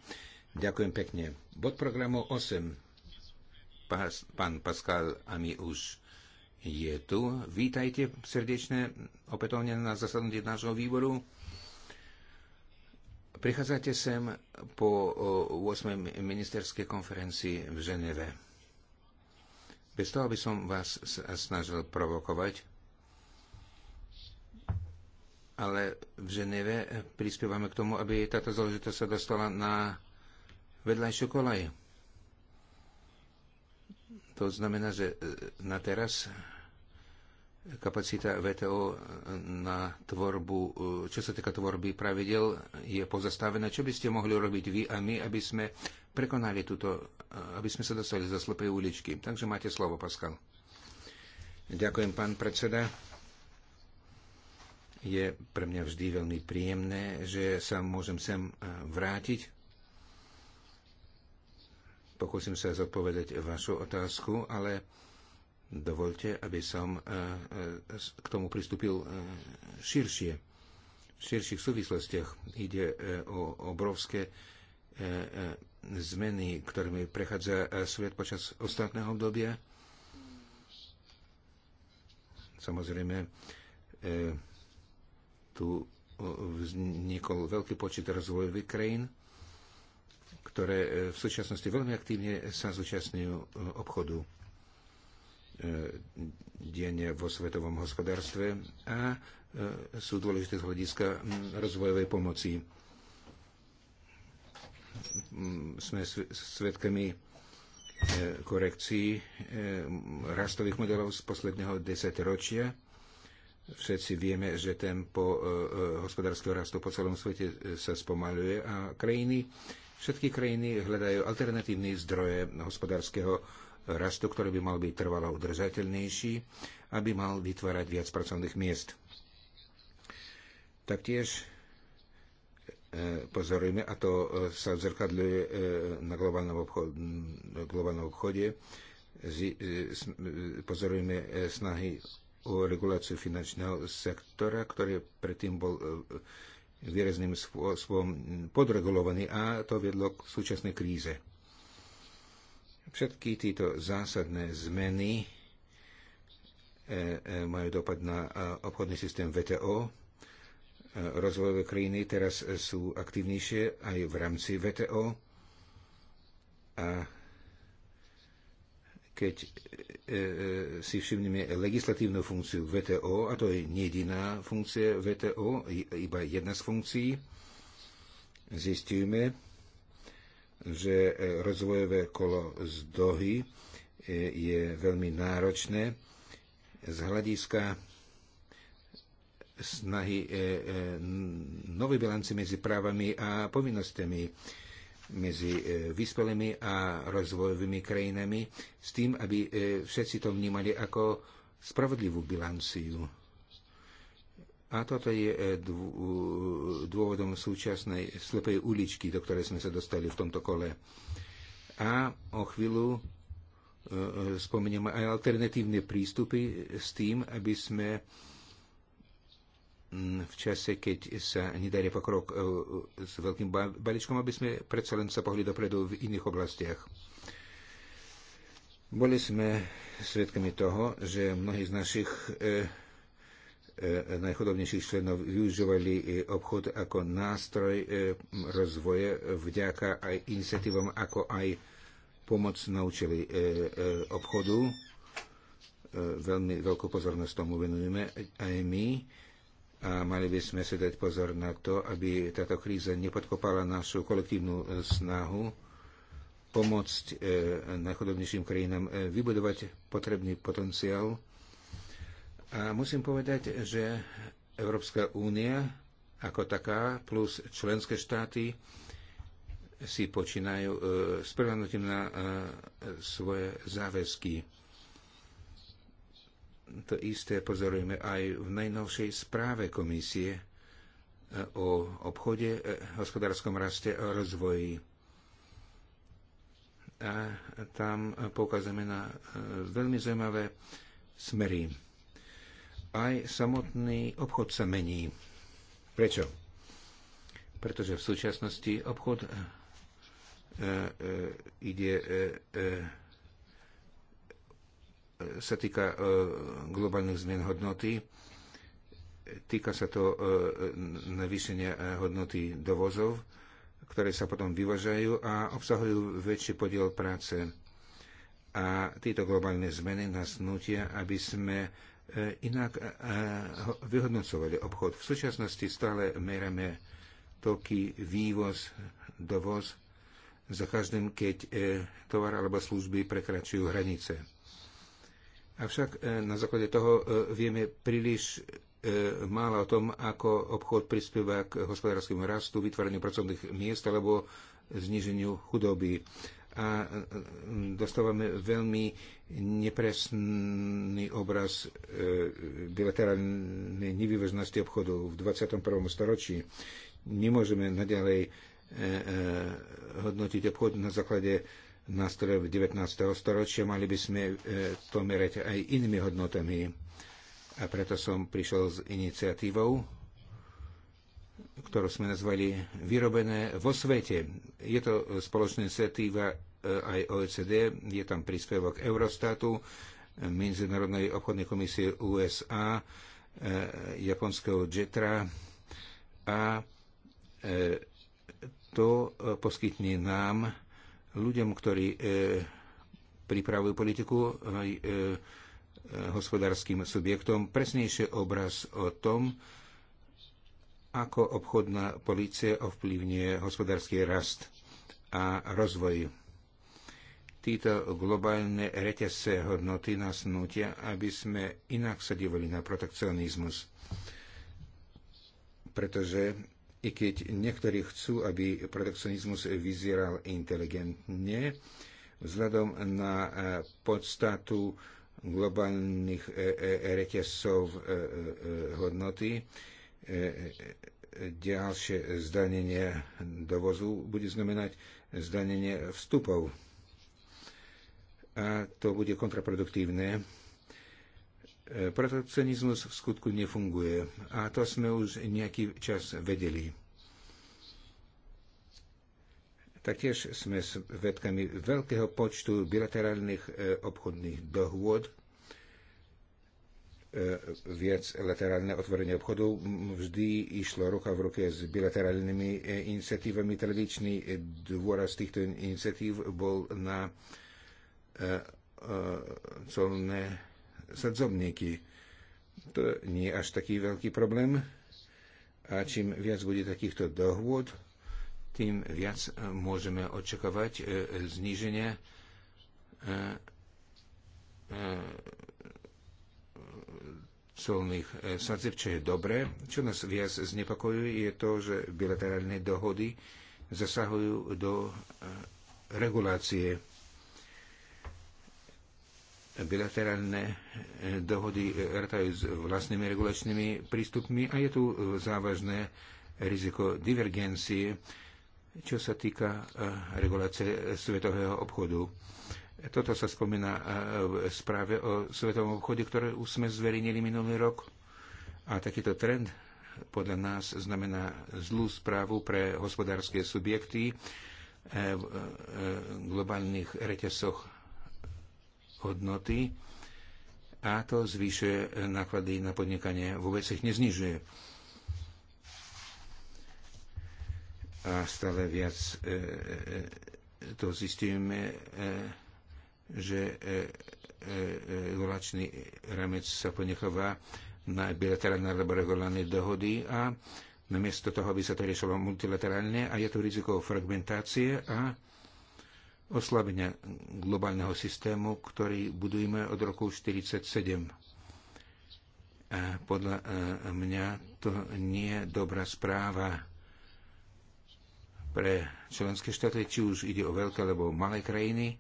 Ďakujem pekne. Bod programu 8 Pán Pascal Ami už je tu. Vítajte srdečne opätovne na zasadnutí nášho výboru. Prichádzate sem po 8. ministerskej konferencii v Ženeve. Bez toho by som vás snažil provokovať, ale v Ženeve prispievame k tomu, aby táto záležitosť sa dostala na vedľajšiu kolaj. To znamená, že e, na teraz kapacita VTO na tvorbu, e, čo sa týka tvorby pravidel, je pozastavená. Čo by ste mohli robiť vy a my, aby sme prekonali túto, e, aby sme sa dostali za slepej uličky? Takže máte slovo, Pascal. Ďakujem, pán predseda. Je pre mňa vždy veľmi príjemné, že sa môžem sem vrátiť Pokúsim sa zodpovedať vašu otázku, ale dovolte, aby som e, e, k tomu pristúpil e, širšie. V širších súvislostiach ide o obrovské zmeny, ktorými prechádza svet počas ostatného obdobia. Samozrejme, tu vznikol veľký počet rozvojových krajín, ktoré e, v súčasnosti veľmi aktívne sa zúčastňujú e, obchodu e, denne vo svetovom hospodárstve a sú dôležité z hľadiska rozvojovej pomoci. Sme svetkami korekcií rastových modelov z posledného desaťročia. Všetci vieme, že tempo hospodárskeho rastu po celom svete sa spomaluje a krajiny Všetky krajiny hľadajú alternatívne zdroje hospodárskeho rastu, ktorý by mal byť trvalo udržateľnejší, aby mal vytvárať viac pracovných miest. Taktiež e, pozorujeme, a to e, sa zrkadľuje e, na globálnom, obchode, globálnom obchode, pozorujeme snahy o reguláciu finančného sektora, ktorý predtým bol výrazným spôsobom podregulovaný a to viedlo k súčasnej kríze. Všetky títo zásadné zmeny e, e, majú dopad na e, obchodný systém VTO. Rozvojové krajiny teraz sú aktívnejšie aj v rámci VTO a keď e, e, si všimneme legislatívnu funkciu VTO, a to je jediná funkcia VTO, iba jedna z funkcií, zistíme, že e, rozvojové kolo z Dohy je veľmi náročné z hľadiska snahy novej bilanci medzi právami a povinnosťami medzi e, vyspelými a rozvojovými krajinami s tým, aby e, všetci to vnímali ako spravodlivú bilanciu. A toto je e, dôvodom súčasnej slepej uličky, do ktorej sme sa dostali v tomto kole. A o chvíľu spomeniem aj alternatívne prístupy s tým, aby sme Mm, v čase, keď sa nedarí pokrok e, e, s veľkým balíčkom, aby sme predsa len sa pohli dopredu v iných oblastiach. Boli sme svedkami toho, že mnohí z našich e, najchodobnejších členov využívali obchod ako nástroj rozvoja vďaka aj iniciatívom, ako aj pomoc naučili obchodu. Veľmi veľkú pozornosť tomu venujeme aj my a mali by sme si dať pozor na to, aby táto kríza nepodkopala našu kolektívnu e, snahu pomôcť e, najchodobnejším krajinám e, vybudovať potrebný potenciál. A musím povedať, že Európska únia ako taká plus členské štáty si počínajú s prehľadnutím na svoje záväzky to isté pozorujeme aj v najnovšej správe komisie e, o obchode, e, hospodárskom raste a rozvoji. A tam poukazujeme na e, veľmi zaujímavé smery. Aj samotný obchod sa mení. Prečo? Pretože v súčasnosti obchod ide sa týka e, globálnych zmien hodnoty. Týka sa to e, navýšenia e, hodnoty dovozov, ktoré sa potom vyvažajú a obsahujú väčší podiel práce. A tieto globálne zmeny nás nutia, aby sme inak vyhodnocovali obchod. V súčasnosti stále merame toky, vývoz, dovoz za každým, keď tovar alebo služby prekračujú hranice. Avšak e, na základe toho e, vieme príliš e, málo o tom, ako obchod prispieva k hospodárskému rastu, vytváraniu pracovných miest alebo zniženiu chudoby. A dostávame veľmi nepresný obraz bilaterálnej nevyvážnosti obchodu v 21. storočí. Nemôžeme nadalej hodnotiť obchod na základe nástrojov 19. storočia, mali by sme e, to merať aj inými hodnotami. A preto som prišiel s iniciatívou, ktorú sme nazvali Vyrobené vo svete. Je to spoločná iniciatíva e, aj OECD, je tam príspevok Eurostatu, Medzinárodnej obchodnej komisie USA, e, japonského JETRA a to poskytne nám ľuďom, ktorí e, pripravujú politiku, aj e, hospodárským subjektom presnejšie obraz o tom, ako obchodná policia ovplyvňuje hospodársky rast a rozvoj. Títo globálne reťazce hodnoty nás nutia, aby sme inak sa divali na protekcionizmus, pretože i keď niektorí chcú, aby protekcionizmus vyzeral inteligentne, vzhľadom na e, podstatu globálnych e, e, reťazcov hodnoty, ďalšie zdanenie dovozu bude znamenať zdanenie vstupov. A to bude kontraproduktívne Protekcionizmus v skutku nefunguje a to sme už nejaký čas vedeli. Taktiež sme vedkami veľkého počtu bilaterálnych e, obchodných dohôd, e, viac laterálne otvorenie obchodu vždy išlo ruka v ruke s bilaterálnymi e, iniciatívami. Tradičný dôraz týchto iniciatív bol na colné sadzobníky. To nie je až taký veľký problém. A čím viac bude takýchto dohôd, tým viac môžeme očakávať e, zníženia e, e, colných sadzieb, čo je dobré. Čo nás viac znepokojuje, je to, že bilaterálne dohody zasahujú do regulácie bilaterálne eh, dohody eh, ratajú s vlastnými regulačnými prístupmi a je tu eh, závažné riziko divergencie, čo sa týka regulácie svetového obchodu. Toto sa spomína v správe o svetovom obchode, ktoré už sme zverejnili minulý rok. A takýto trend podľa nás znamená zlú správu pre hospodárske subjekty v globálnych reťazoch hodnoty a to zvyšuje náklady na podnikanie, vôbec ich neznižuje. A stále viac e, e, e, to zistíme, že regulačný ramec sa ponechová na bilaterálne alebo regulárne dohody a namiesto toho, aby sa to riešilo multilaterálne a je to riziko fragmentácie a oslabenia globálneho systému, ktorý budujeme od roku 1947. A podľa e, mňa to nie je dobrá správa pre členské štáty, či už ide o veľké alebo malé krajiny.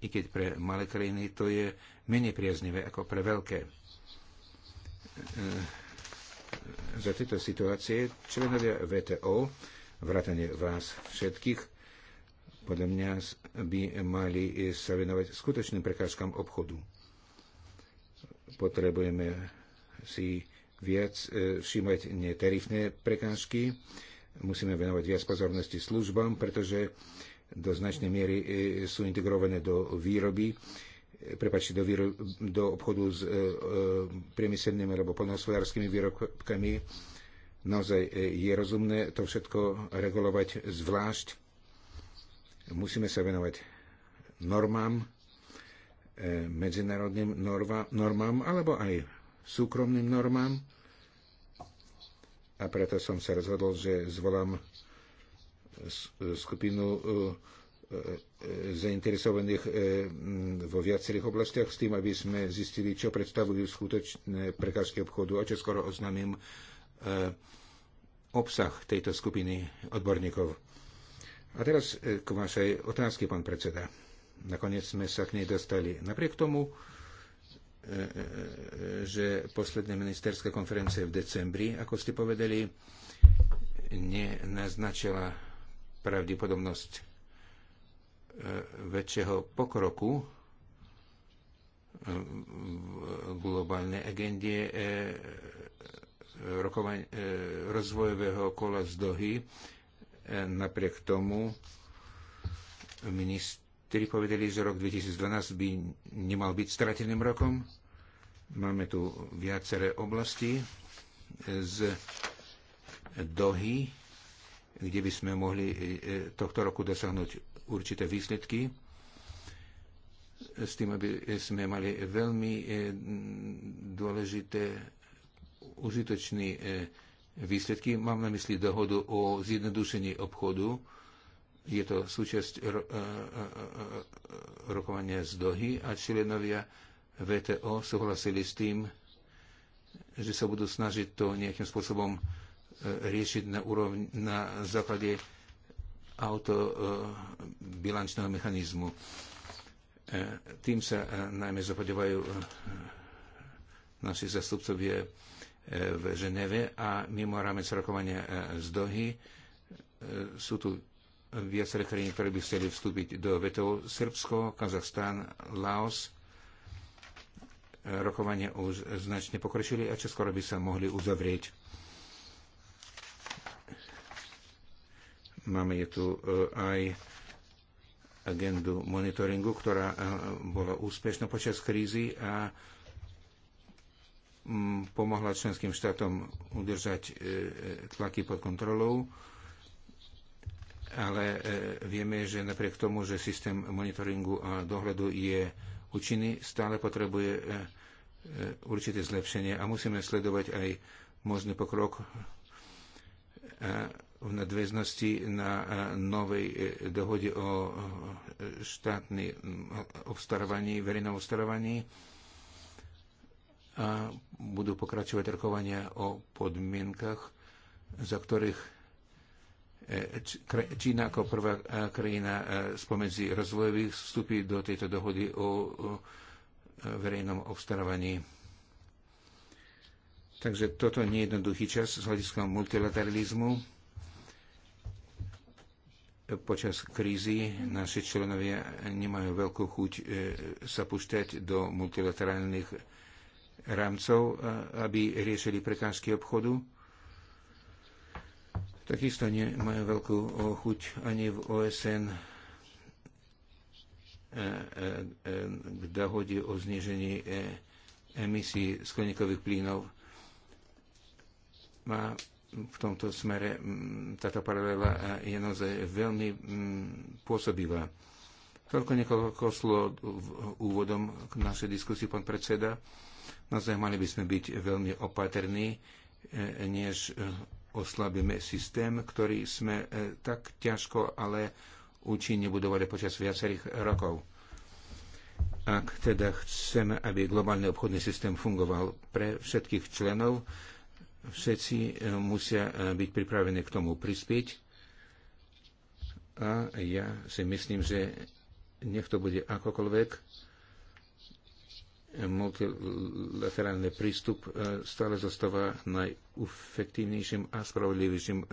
I keď pre malé krajiny to je menej priaznivé ako pre veľké. E, za tieto situácie členovia VTO, vrátane vás všetkých, podľa mňa by mali e, sa venovať skutočným prekážkam obchodu. Potrebujeme si viac e, všímať netarifné prekážky, musíme venovať viac pozornosti službám, pretože do značnej miery e, sú integrované do výroby, prepačte, do, výro- do obchodu s priemyselnými alebo polnohospodárskými výrobkami. Naozaj je rozumné to všetko regulovať zvlášť Musíme sa venovať normám, e, medzinárodným normám alebo aj súkromným normám. A preto som sa rozhodol, že zvolám skupinu e, e, zainteresovaných vo viacerých oblastiach s tým, aby sme zistili, čo predstavujú skutočné prekážky obchodu a čo skoro oznámim obsah tejto skupiny odborníkov. A teraz e, k vašej otázke, pán predseda. Nakoniec sme sa k nej dostali. Napriek tomu, e, e, že posledná ministerská konferencia v decembri, ako ste povedali, nenaznačila pravdepodobnosť väčšieho pokroku v globálnej agendie rozvojového kola z Dohy Napriek tomu ministri povedali, že rok 2012 by nemal byť strateným rokom. Máme tu viaceré oblasti z dohy, kde by sme mohli e, e, tohto roku dosiahnuť určité výsledky s tým, aby sme mali veľmi e, dôležité, užitočný výsledky. Mám na mysli dohodu o zjednodušení obchodu. Je to súčasť ro- e, e, e, rokovania z Dohy a členovia VTO súhlasili s tým, že sa budú snažiť to nejakým spôsobom riešiť na, úrovni, na základe autobilančného mechanizmu. Tým sa najmä zapodevajú naši zastupcovia v Ženeve a mimo rámec rokovania e, z Dohy e, sú tu viaceré krajiny, ktoré by chceli vstúpiť do VTO. Srbsko, Kazachstán, Laos. E, rokovania už značne pokročili a čoskoro by sa mohli uzavrieť. Máme je tu aj agendu monitoringu, ktorá bola úspešná počas krízy a pomohla členským štátom udržať e, e, tlaky pod kontrolou, ale e, vieme, že napriek tomu, že systém monitoringu a dohľadu je účinný, stále potrebuje určité zlepšenie a musíme sledovať aj možný pokrok v nadväznosti na novej dohode o štátnej obstarávaní, verejnom obstarávaní a budú pokračovať rokovania o podmienkach, za ktorých e, Čína ako prvá e, krajina e, spomedzi rozvojových vstupí do tejto dohody o verejnom obstarávaní. Takže toto nie je jednoduchý čas z hľadiska multilateralizmu. Počas krízy naši členovia nemajú veľkú chuť sa pušťať do multilaterálnych rámcov, aby riešili prekážky obchodu. Takisto nemajú veľkú chuť ani v OSN e, e, e, k dohode o znižení emisí skleníkových plynov. Má v tomto smere táto paralela je naozaj veľmi pôsobivá. Toľko niekoľko slov úvodom k našej diskusii, pán predseda. Naozaj mali by sme byť veľmi opatrní, e, než e, oslabíme systém, ktorý sme e, tak ťažko, ale účinne budovali počas viacerých rokov. Ak teda chceme, aby globálny obchodný systém fungoval pre všetkých členov, všetci musia byť pripravení k tomu prispieť. A ja si myslím, že nech to bude akokoľvek, multilaterálny prístup e, stále zostáva najefektívnejším a spravodlivejším e,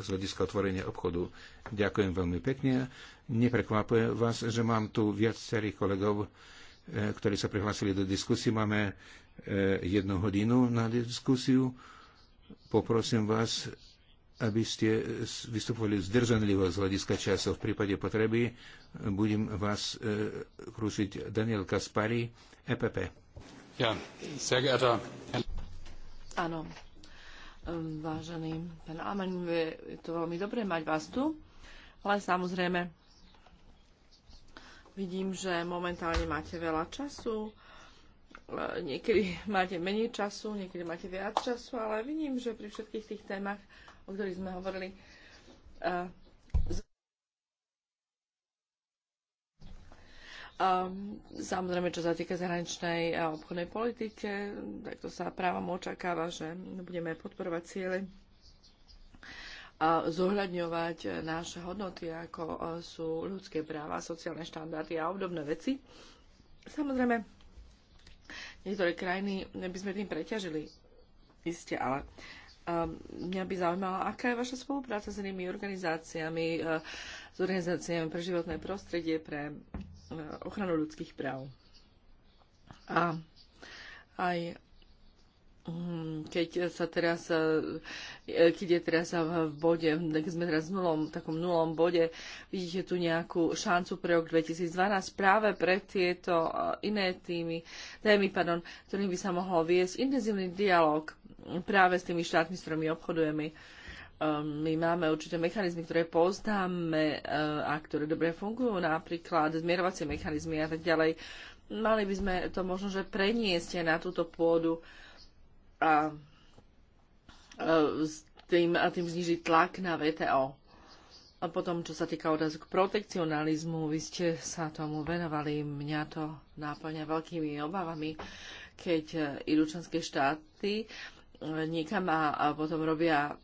z hľadiska otvorenia obchodu. Ďakujem veľmi pekne. Neprekvapuje vás, že mám tu viac starých kolegov, e, ktorí sa prihlásili do diskusie. Máme jednu hodinu na diskusiu. Poprosím vás, aby ste vystupovali zdržanlivo z hľadiska času. V prípade potreby budem vás krušiť Daniel Kaspari, EPP. Ja, sehr geehrter Áno. Ehm, vážený pán Amen, je to veľmi dobré mať vás tu, ale samozrejme vidím, že momentálne máte veľa času ehm, niekedy máte menej času, niekedy máte viac času, ale vidím, že pri všetkých tých témach, o ktorých sme hovorili, ehm, Um, samozrejme, čo sa týka zahraničnej a obchodnej politike, tak to sa právom očakáva, že budeme podporovať cieľe a zohľadňovať naše hodnoty, ako e, sú ľudské práva, sociálne štandardy a obdobné veci. Samozrejme, niektoré krajiny by sme tým preťažili. Isté, ale um, mňa by zaujímala, aká je vaša spolupráca s inými organizáciami, e, s organizáciami pre životné prostredie, pre Eh, ochranu ľudských práv. A aj mm, keď sa teraz, eh, keď je teraz v bode, keď sme teraz v nulom, takom nulom bode, vidíte tu nejakú šancu pre rok 2012 práve pre tieto eh, iné týmy, témy, pardon, ktorým by sa mohol viesť intenzívny dialog práve s tými štátmi, s ktorými obchodujeme Ehm, my máme určite mechanizmy, ktoré poznáme eh, a ktoré dobre fungujú, napríklad zmierovacie mechanizmy a tak ďalej. Mali by sme to možno, že preniesť aj na túto pôdu a eh, s tým, a tým znižiť tlak na VTO. A potom, čo sa týka otázok protekcionalizmu, vy ste sa tomu venovali, mňa to náplňa veľkými obavami, keď eh, idú členské štáty niekam a potom robia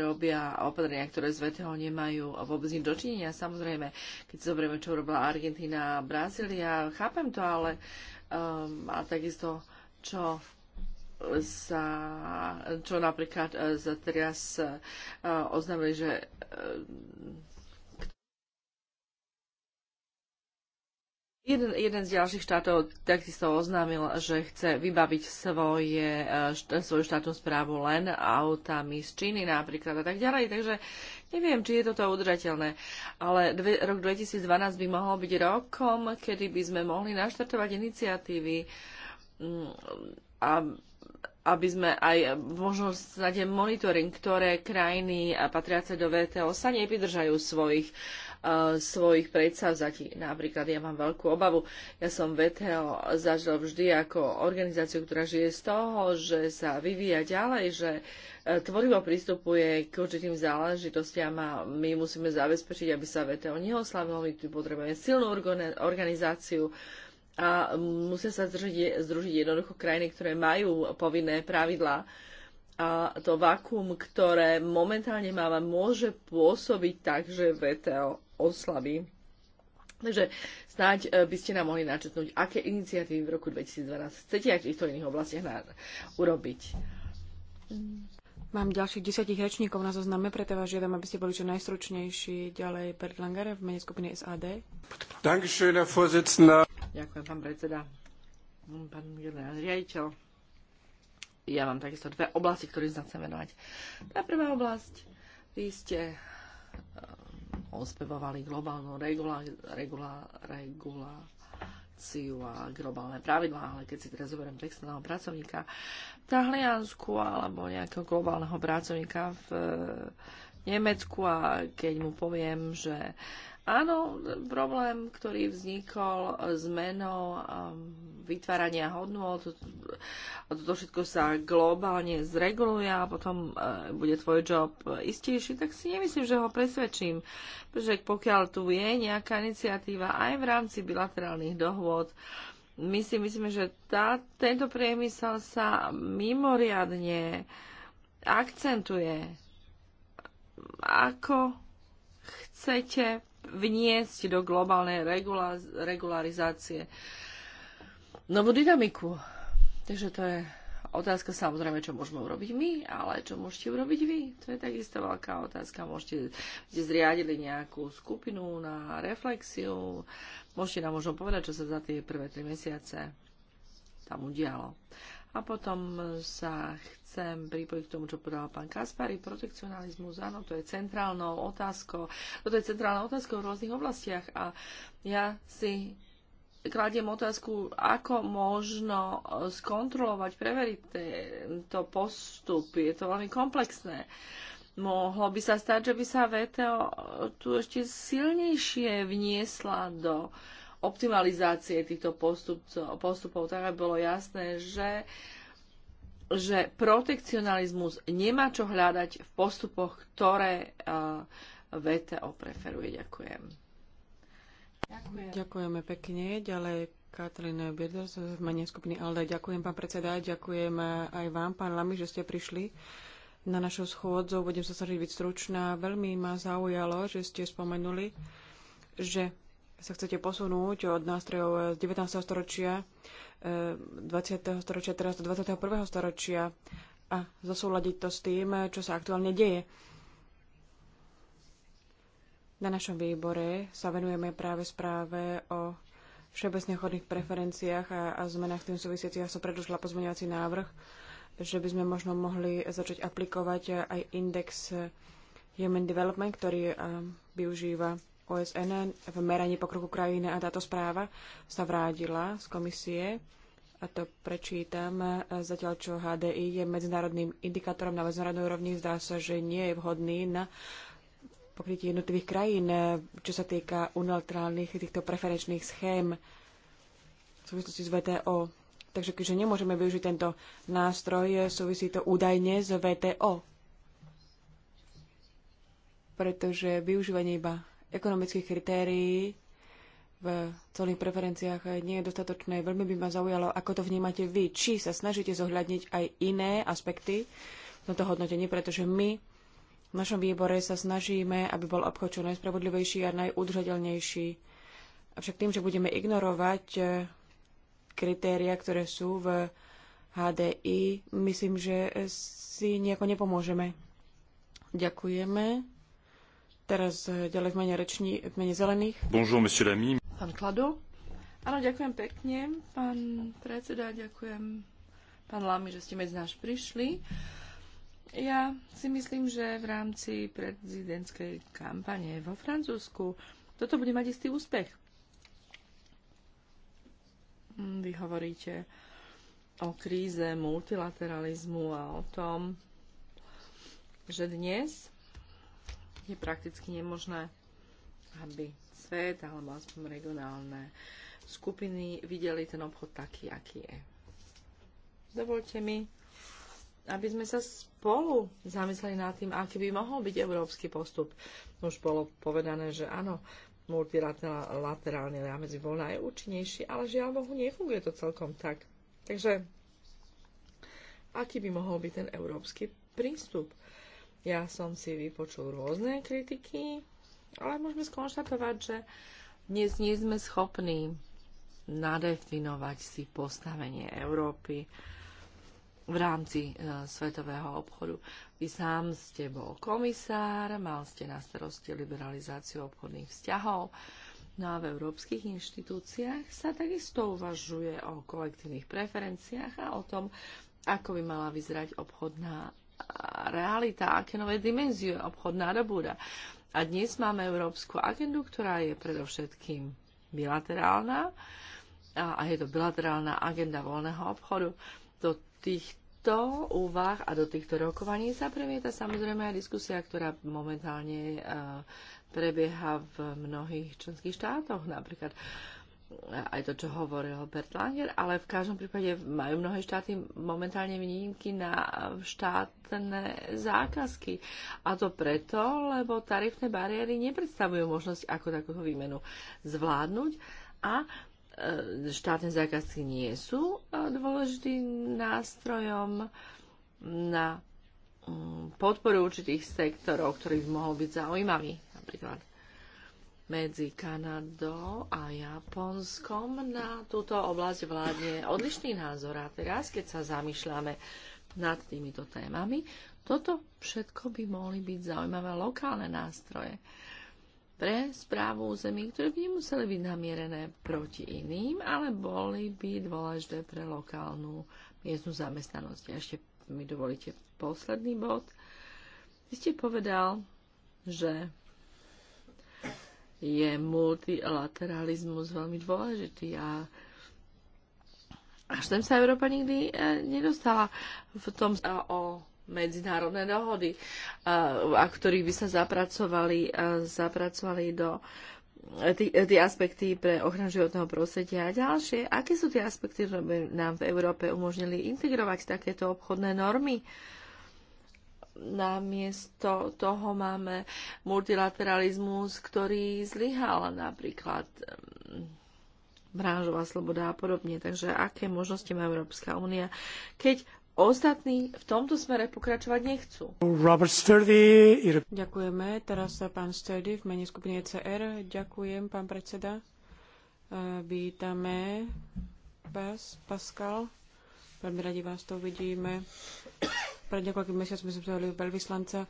robia opatrenia, ktoré z VTO nemajú vôbec nič dočinenia. Samozrejme, keď si zoberieme, čo robila Argentína a Brazília, chápem to, ale um, a takisto, čo sa, čo napríklad uh, e, teraz uh, oznámili, že uh, Jeden, jeden z ďalších štátov takisto oznámil, že chce vybaviť svoje, e, št, svoju štátnu správu len autami z Číny napríklad a tak ďalej. Takže neviem, či je toto udržateľné. Ale dve, rok 2012 by mohol byť rokom, kedy by sme mohli naštartovať iniciatívy mm, a aby sme aj možno snáde monitoring, ktoré krajiny patriace do VTO sa nevydržajú svojich, uh, svojich predsavzatí. Napríklad ja mám veľkú obavu. Ja som VTO zažil vždy ako organizáciu, ktorá žije z toho, že sa vyvíja ďalej, že e, tvorivo prístupuje k určitým záležitostiam a my musíme zabezpečiť, aby sa VTO neoslavilo. My tu potrebujeme silnú organizáciu, a musia sa združiť, združiť jednoducho krajiny, ktoré majú povinné pravidlá. A to vakuum, ktoré momentálne máme, môže pôsobiť tak, že VTO oslabí. Takže snáď e, by ste nám mohli načetnúť, aké iniciatívy v roku 2012 chcete aj v týchto iných oblastiach na, urobiť. Mám ďalších desiatich rečníkov na zozname, preto vás žiadam, aby ste boli čo najstručnejší. Ďalej Bert Langer v mene skupiny SAD. Dankeschön, Herr Vorsitzender. Ďakujem, pán predseda. Pán generálny riaditeľ, ja mám takisto dve oblasti, ktorým sa chcem venovať. Tá prvá oblasť, vy ste um, ospevovali globálnu regula, regula, reguláciu a globálne pravidlá, ale keď si teraz zoberiem textilného pracovníka v Tahliansku alebo nejakého globálneho pracovníka v eh, Nemecku a keď mu poviem, že uh, Áno, problém, ktorý vznikol zmenou vytvárania a toto všetko sa globálne zreguluje a potom e, bude tvoj job istejší, tak si nemyslím, že ho presvedčím. Pretože pokiaľ tu je nejaká iniciatíva aj v rámci bilaterálnych dohôd, my si myslíme, že tá, tento priemysel sa mimoriadne akcentuje. Ako chcete vniesť do globálnej regularizácie novú dynamiku. Takže to je otázka samozrejme, čo môžeme urobiť my, ale čo môžete urobiť vy? To je takisto veľká otázka. Môžete, ste zriadili nejakú skupinu na reflexiu, môžete nám možno povedať, čo sa za tie prvé tri mesiace tam udialo. A potom sa chcem pripojiť k tomu, čo podal pán Kaspari. Protekcionalizmus, áno, to je centrálnou otázkou. Toto je centrálna otázka v rôznych oblastiach a ja si kladiem otázku, ako možno skontrolovať, preveriť tento postup. Je to veľmi komplexné. Mohlo by sa stať, že by sa VTO tu ešte silnejšie vniesla do uh, optimalizácie týchto postup, postupov, tak aby bolo jasné, že že protekcionalizmus nemá čo hľadať v postupoch, ktoré VTO preferuje. Ďakujem. Ďakujem. Ďakujeme pekne. Ďalej Katrin Birders z mene skupiny ALDE. Ďakujem, pán predseda. Ďakujem aj vám, pán Lamy, že ste prišli na našu schôdzu. Budem sa snažiť byť stručná. Veľmi ma zaujalo, že ste spomenuli, že sa chcete posunúť od nástrojov z 19. storočia, e, 20. storočia, teraz do 21. storočia a zosúľadiť to s tým, čo sa aktuálne deje. Na našom výbore sa venujeme práve správe o všeobecne chodných preferenciách a, a zmenách tým súvisiacich. Ja som predložila pozmeňovací návrh, že by sme možno mohli začať aplikovať aj index Human Development, ktorý využíva OSN v meraní pokroku krajiny a táto správa sa vrádila z komisie a to prečítam, zatiaľ čo HDI je medzinárodným indikátorom na medzinárodnej úrovni, zdá sa, že nie je vhodný na pokrytie jednotlivých krajín, čo sa týka unilaterálnych týchto preferenčných schém v súvislosti s VTO. Takže keďže nemôžeme využiť tento nástroj, súvisí to údajne s VTO. Pretože využívanie iba ekonomických kritérií v celých preferenciách nie je dostatočné. Veľmi by ma zaujalo, ako to vnímate vy. Či sa snažíte zohľadniť aj iné aspekty na to hodnotenie, pretože my v našom výbore sa snažíme, aby bol obchod čo najspravodlivejší a najudržateľnejší. Avšak tým, že budeme ignorovať eh, kritéria, ktoré sú v HDI, myslím, že si nejako nepomôžeme. Ďakujeme. Teraz eh, ďalej v mene reční, v mene zelených. Bonjour, monsieur Lamy. Pán Áno, ďakujem pekne, pán predseda, ďakujem pán Lamy, že ste medzi nás prišli. Ja si myslím, že v rámci prezidentskej kampane vo Francúzsku toto bude mať istý úspech. Hm, vy hovoríte o kríze multilateralizmu a o tom, že dnes je prakticky nemožné, aby svet alebo aspoň regionálne skupiny videli ten obchod taký, aký je. Dovolte mi, aby sme sa spolu zamysleli nad tým, aký by mohol byť európsky postup. Už bolo povedané, že áno, multilaterálny rámec by bol najúčinnejší, ale žiaľ Bohu, nefunguje to celkom tak. Takže aký by mohol byť ten európsky prístup? Ja som si vypočul rôzne kritiky, ale môžeme skonštatovať, že dnes nie sme schopní nadefinovať si postavenie Európy v rámci e, svetového obchodu. Vy sám ste bol komisár, mal ste na starosti liberalizáciu obchodných vzťahov, no a v európskych inštitúciách sa takisto uvažuje o kolektívnych preferenciách a o tom, ako by mala vyzerať obchodná realita, aké nové dimenzie obchodná dobúda. A dnes máme európsku agendu, ktorá je predovšetkým bilaterálna a je to bilaterálna agenda voľného obchodu. Do týchto úvah a do týchto rokovaní sa premieta samozrejme aj diskusia, ktorá momentálne prebieha v mnohých členských štátoch. Napríklad aj to, čo hovoril Bert Langer, ale v každom prípade majú mnohé štáty momentálne výnimky na štátne zákazky. A to preto, lebo tarifné bariéry nepredstavujú možnosť ako takúto výmenu zvládnuť a e, štátne zákazky nie sú e, dôležitým nástrojom na mm, podporu určitých sektorov, ktorý by mohol byť zaujímavý napríklad medzi Kanadou a Japonskom na túto oblasť vládne odlišný názor. A teraz, keď sa zamýšľame nad týmito témami, toto všetko by mohli byť zaujímavé lokálne nástroje pre správu území, ktoré by nemuseli byť namierené proti iným, ale boli by dôležité pre lokálnu miestnu zamestnanosť. A ešte mi dovolíte posledný bod. Vy ste povedal, že je multilateralizmus veľmi dôležitý a až tam sa Európa nikdy e, nedostala v tom o medzinárodné dohody, e, a ktorých by sa zapracovali, e, zapracovali do tie aspekty pre ochranu životného prostredia a ďalšie. Aké sú tie aspekty, ktoré by nám v Európe umožnili integrovať takéto obchodné normy? Uh, namiesto toho máme multilateralizmus, ktorý zlyhal napríklad branžová mm, sloboda a podobne. Takže aké možnosti má Európska únia, keď ostatní v tomto smere pokračovať nechcú? Robert Sturdy. Ďakujeme. Teraz pán Sturdy v mene skupiny ECR. Ďakujem, pán predseda. E, vítame vás, Pascal. Veľmi radi vás to uvidíme. Pred niekoľkými mesiacmi sme zvolili veľvyslanca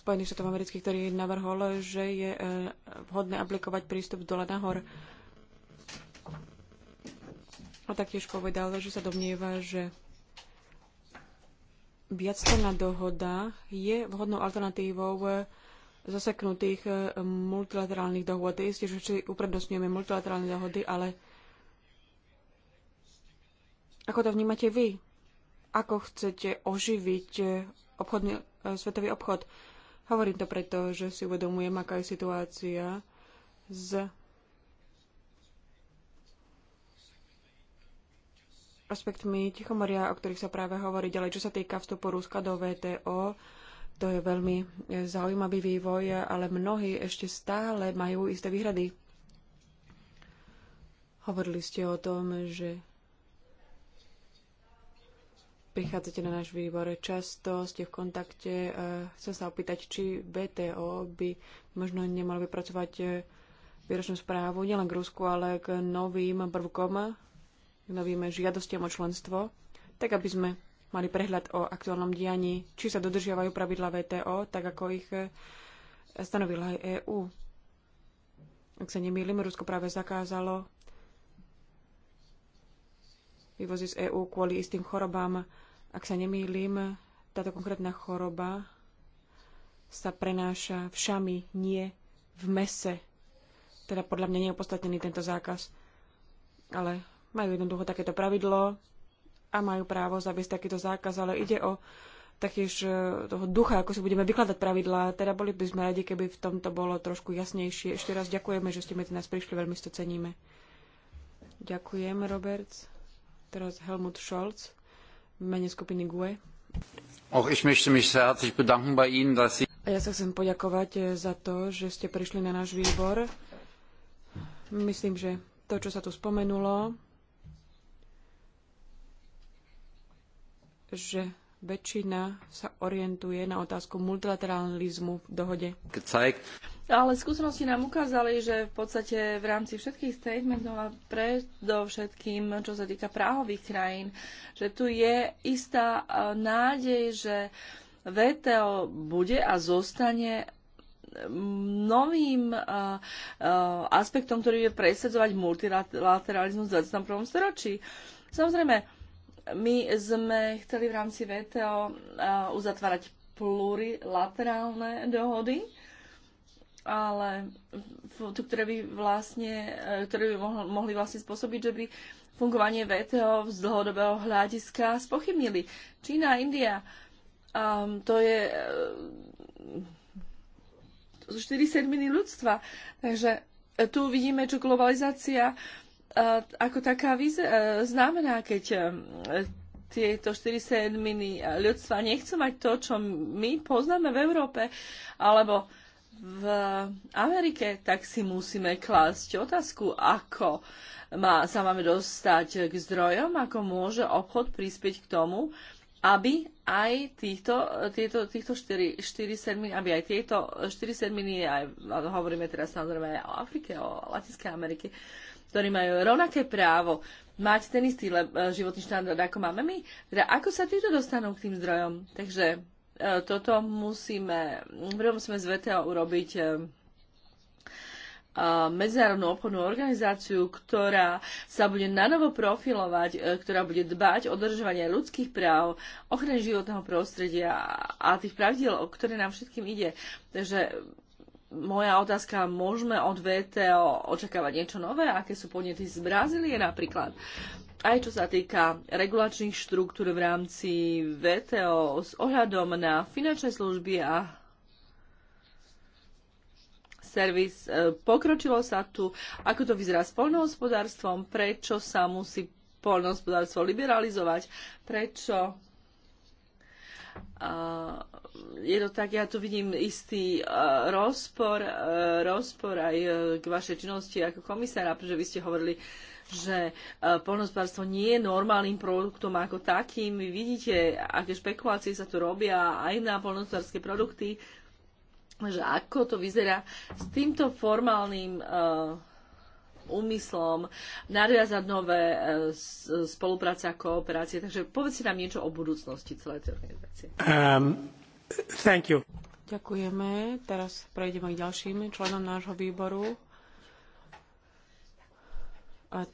Spojených štátov amerických, ktorý navrhol, že je e, vhodné aplikovať prístup dole nahor. A taktiež povedal, že sa domnieva, že viacstranná dohoda je vhodnou alternatívou e, zaseknutých e, multilaterálnych dohôd. Isté, že či uprednostňujeme multilaterálne dohody, ale ako to vnímate vy? ako chcete oživiť e, obchodný, e, svetový obchod. Hovorím to preto, že si uvedomujem, aká je situácia s aspektmi Tichomoria, o ktorých sa práve hovorí ďalej, čo sa týka vstupu Ruska do VTO. To je veľmi e, zaujímavý vývoj, ale mnohí ešte stále majú isté výhrady. Hovorili ste o tom, že prichádzate na náš výbor často, ste v kontakte. E, chcem sa opýtať, či BTO by možno nemalo vypracovať e, výročnú správu nielen k Rusku, ale k novým prvkom, k novým žiadostiam o členstvo, tak aby sme mali prehľad o aktuálnom dianí, či sa dodržiavajú pravidla VTO, tak ako ich e, stanovila aj EÚ. Ak sa nemýlim, Rusko práve zakázalo vývozy z EÚ kvôli istým chorobám. Ak sa nemýlim, táto konkrétna choroba sa prenáša v šami, nie v mese. Teda podľa mňa nie je opodstatnený tento zákaz. Ale majú jednoducho takéto pravidlo a majú právo zaviesť takýto zákaz, ale ide o taktiež e, toho ducha, ako si budeme vykladať pravidlá. Teda boli by sme radi, keby v tomto bolo trošku jasnejšie. Ešte raz ďakujeme, že ste medzi nás prišli, veľmi to ceníme. Ďakujem, Roberts. Teraz Helmut Scholz v mene skupiny GUE. Auch ich möchte mich sehr herzlich bedanken bei Ihnen, dass Sie... A ja sa chcem poďakovať eh, za to, že ste prišli na náš výbor. Myslím, že to, čo sa tu spomenulo, že väčšina sa orientuje na otázku multilateralizmu v dohode. Ale skúsenosti nám ukázali, že v podstate v rámci všetkých statementov a predovšetkým, čo sa týka práhových krajín, že tu je istá e, nádej, že VTO bude a zostane novým uh, uh, aspektom, ktorý je presedzovať multilateralizmus v 21. storočí. Samozrejme, my sme chceli v rámci VTO uzatvárať plurilaterálne dohody, ale ktoré by, vlastne, e, ktoré by mohli vlastne spôsobiť, že by fungovanie VTO z dlhodobého hľadiska spochybnili. Čína, India, um, to je e, to sú 4 sedminy ľudstva. Takže tu vidíme, čo globalizácia ako taká vize e, znamená, keď e, tieto 4 sedminy ľudstva nechcú mať to, čo my poznáme v Európe alebo v Amerike, tak si musíme klásť otázku, ako má, sa máme dostať k zdrojom, ako môže obchod prispieť k tomu, aby aj týchto, tieto, týchto 4, 4 sedmin, aby aj tieto 4 sedminy, aj, hovoríme teraz samozrejme aj o Afrike, o Latinskej Amerike, uh, ktorí majú rovnaké právo mať ten istý e, životný štandard, ako máme my. Teda ako sa títo dostanú k tým zdrojom? Takže e, toto musíme, prvom musíme z VTO urobiť e, medzinárodnú obchodnú organizáciu, ktorá sa bude nanovo profilovať, ktorá bude dbať o dodržovanie ľudských práv, ochrany životného prostredia a tých pravidel, o ktoré nám všetkým ide. Takže moja otázka, môžeme od VTO očakávať niečo nové? Aké sú podnety z Brazílie napríklad? Aj čo sa týka regulačných štruktúr v rámci VTO s ohľadom na finančné služby a servis. E, pokročilo sa tu, ako to vyzerá s poľnohospodárstvom, prečo sa musí poľnohospodárstvo liberalizovať, prečo je to tak, ja tu vidím istý rozpor, rozpor aj e, k vašej činnosti ako komisára, pretože vy ste hovorili, že e, poľnohospodárstvo nie je normálnym produktom ako takým. Vy vidíte, aké špekulácie sa tu robia aj na poľnohospodárske produkty, že ako to vyzerá s týmto formálnym e, úmyslom nadviazať nové e, spolupráce a kooperácie. Takže povedzte nám niečo o budúcnosti celej tej organizácie. Um, thank you. Ďakujeme. Teraz prejdeme k ďalším členom nášho výboru. A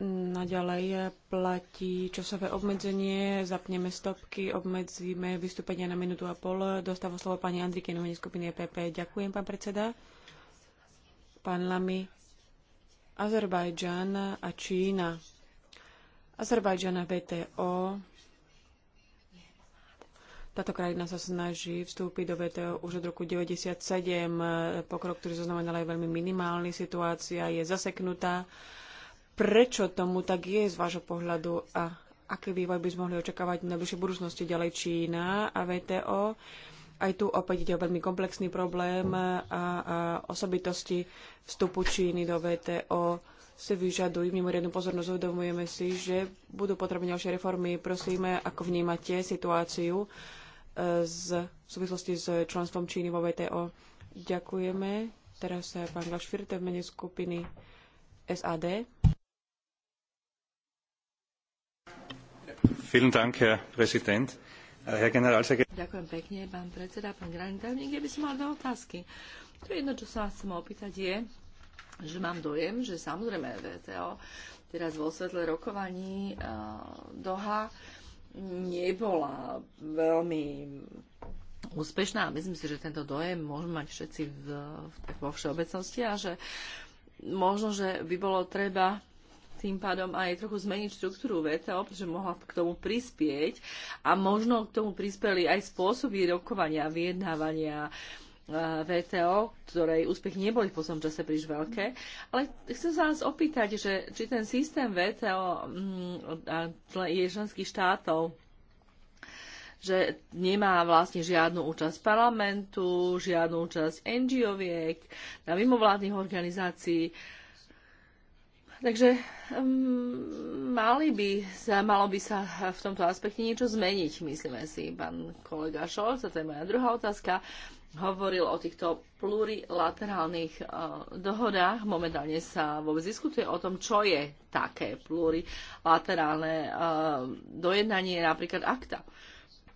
naďalej platí časové obmedzenie, zapneme stopky, obmedzíme vystúpenia na minútu a pol. Dostáva slovo pani Andrike Novene skupiny EPP. Ďakujem, pán predseda. Pán Lamy, Azerbajdžan a Čína. Azerbajdžan a VTO. Táto krajina sa snaží vstúpiť do VTO už od roku 1997. Pokrok, ktorý zaznamenala, je veľmi minimálny. Situácia je zaseknutá. Prečo tomu tak je z vášho pohľadu a aký vývoj by sme mohli očakávať v najbližšej budúcnosti ďalej Čína a VTO? Aj tu opäť ide o veľmi komplexný problém a, a osobitosti vstupu Číny do VTO si vyžadujú mimoriadnu pozornosť. Uvedomujeme si, že budú potrebné ďalšie reformy. Prosíme, ako vnímate situáciu e, z, v súvislosti s členstvom Číny vo VTO. Ďakujeme. Teraz e, pán Gašfirte v mene skupiny SAD. Vielen Dank, Herr Präsident. Eh, Ďakujem pekne, pán predseda, pán generálny tajomník. by som mal dve otázky. To jedno, čo sa vás chcem opýtať, je, že mám dojem, že samozrejme VTO teraz vo svetle rokovaní uh, Doha nebola veľmi úspešná. Myslím si, že tento dojem môžeme mať všetci v, v, vo všeobecnosti a že možno, že by bolo treba tým pádom aj trochu zmeniť štruktúru VTO, pretože mohla k tomu prispieť a možno k tomu prispeli aj spôsoby rokovania, vyjednávania e, VTO, ktorej úspech neboli v poslednom čase príliš veľké. Ale chcem sa vás opýtať, že či ten systém VTO mm, je členských štátov že nemá vlastne žiadnu účasť parlamentu, žiadnu účasť NGO-viek, na mimovládnych organizácií. Uh, Takže um, mali by sa, malo by sa v tomto aspekte niečo zmeniť, myslíme si. Pán kolega Šolc, a to je moja druhá otázka, hovoril o týchto plurilaterálnych uh, dohodách. Momentálne sa vôbec diskutuje o tom, čo je také plurilaterálne uh, dojednanie napríklad akta,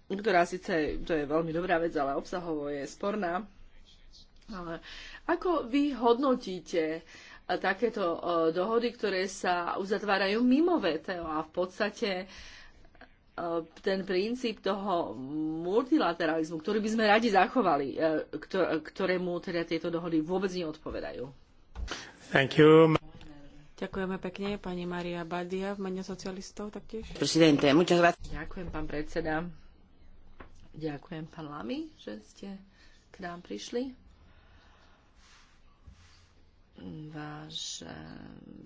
ktorá síce, to je veľmi dobrá vec, ale obsahovo je sporná. Ale ako vy hodnotíte uh, takéto dohody, ktoré sa uzatvárajú mimo VTO a v podstate ten princíp toho multilateralizmu, ktorý by sme radi zachovali, e, ktorému teda tieto dohody vôbec neodpovedajú. Thank you. Ďakujeme pekne, pani Maria Badia v mene socialistov taktiež. Presidente, muchas gracias. Ďakujem, pán predseda. Ďakujem, pán Lamy, že ste k nám prišli. Váš eh,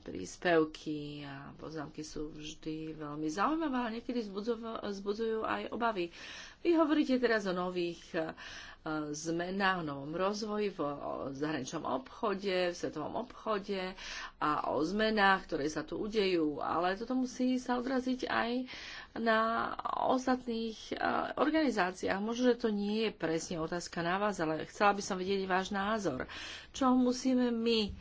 príspevky a poznámky sú vždy veľmi zaujímavé, ale niekedy zbudzujú aj obavy. Vy hovoríte teraz o nových eh, zmenách, o novom rozvoji, v zahraničnom obchode, v svetovom obchode a o zmenách, ktoré sa tu udejú. Ale toto musí sa odraziť aj na ostatných eh, organizáciách. Možno, že to nie je presne otázka na vás, ale chcela by som vedieť váš názor. Čo musíme my eh,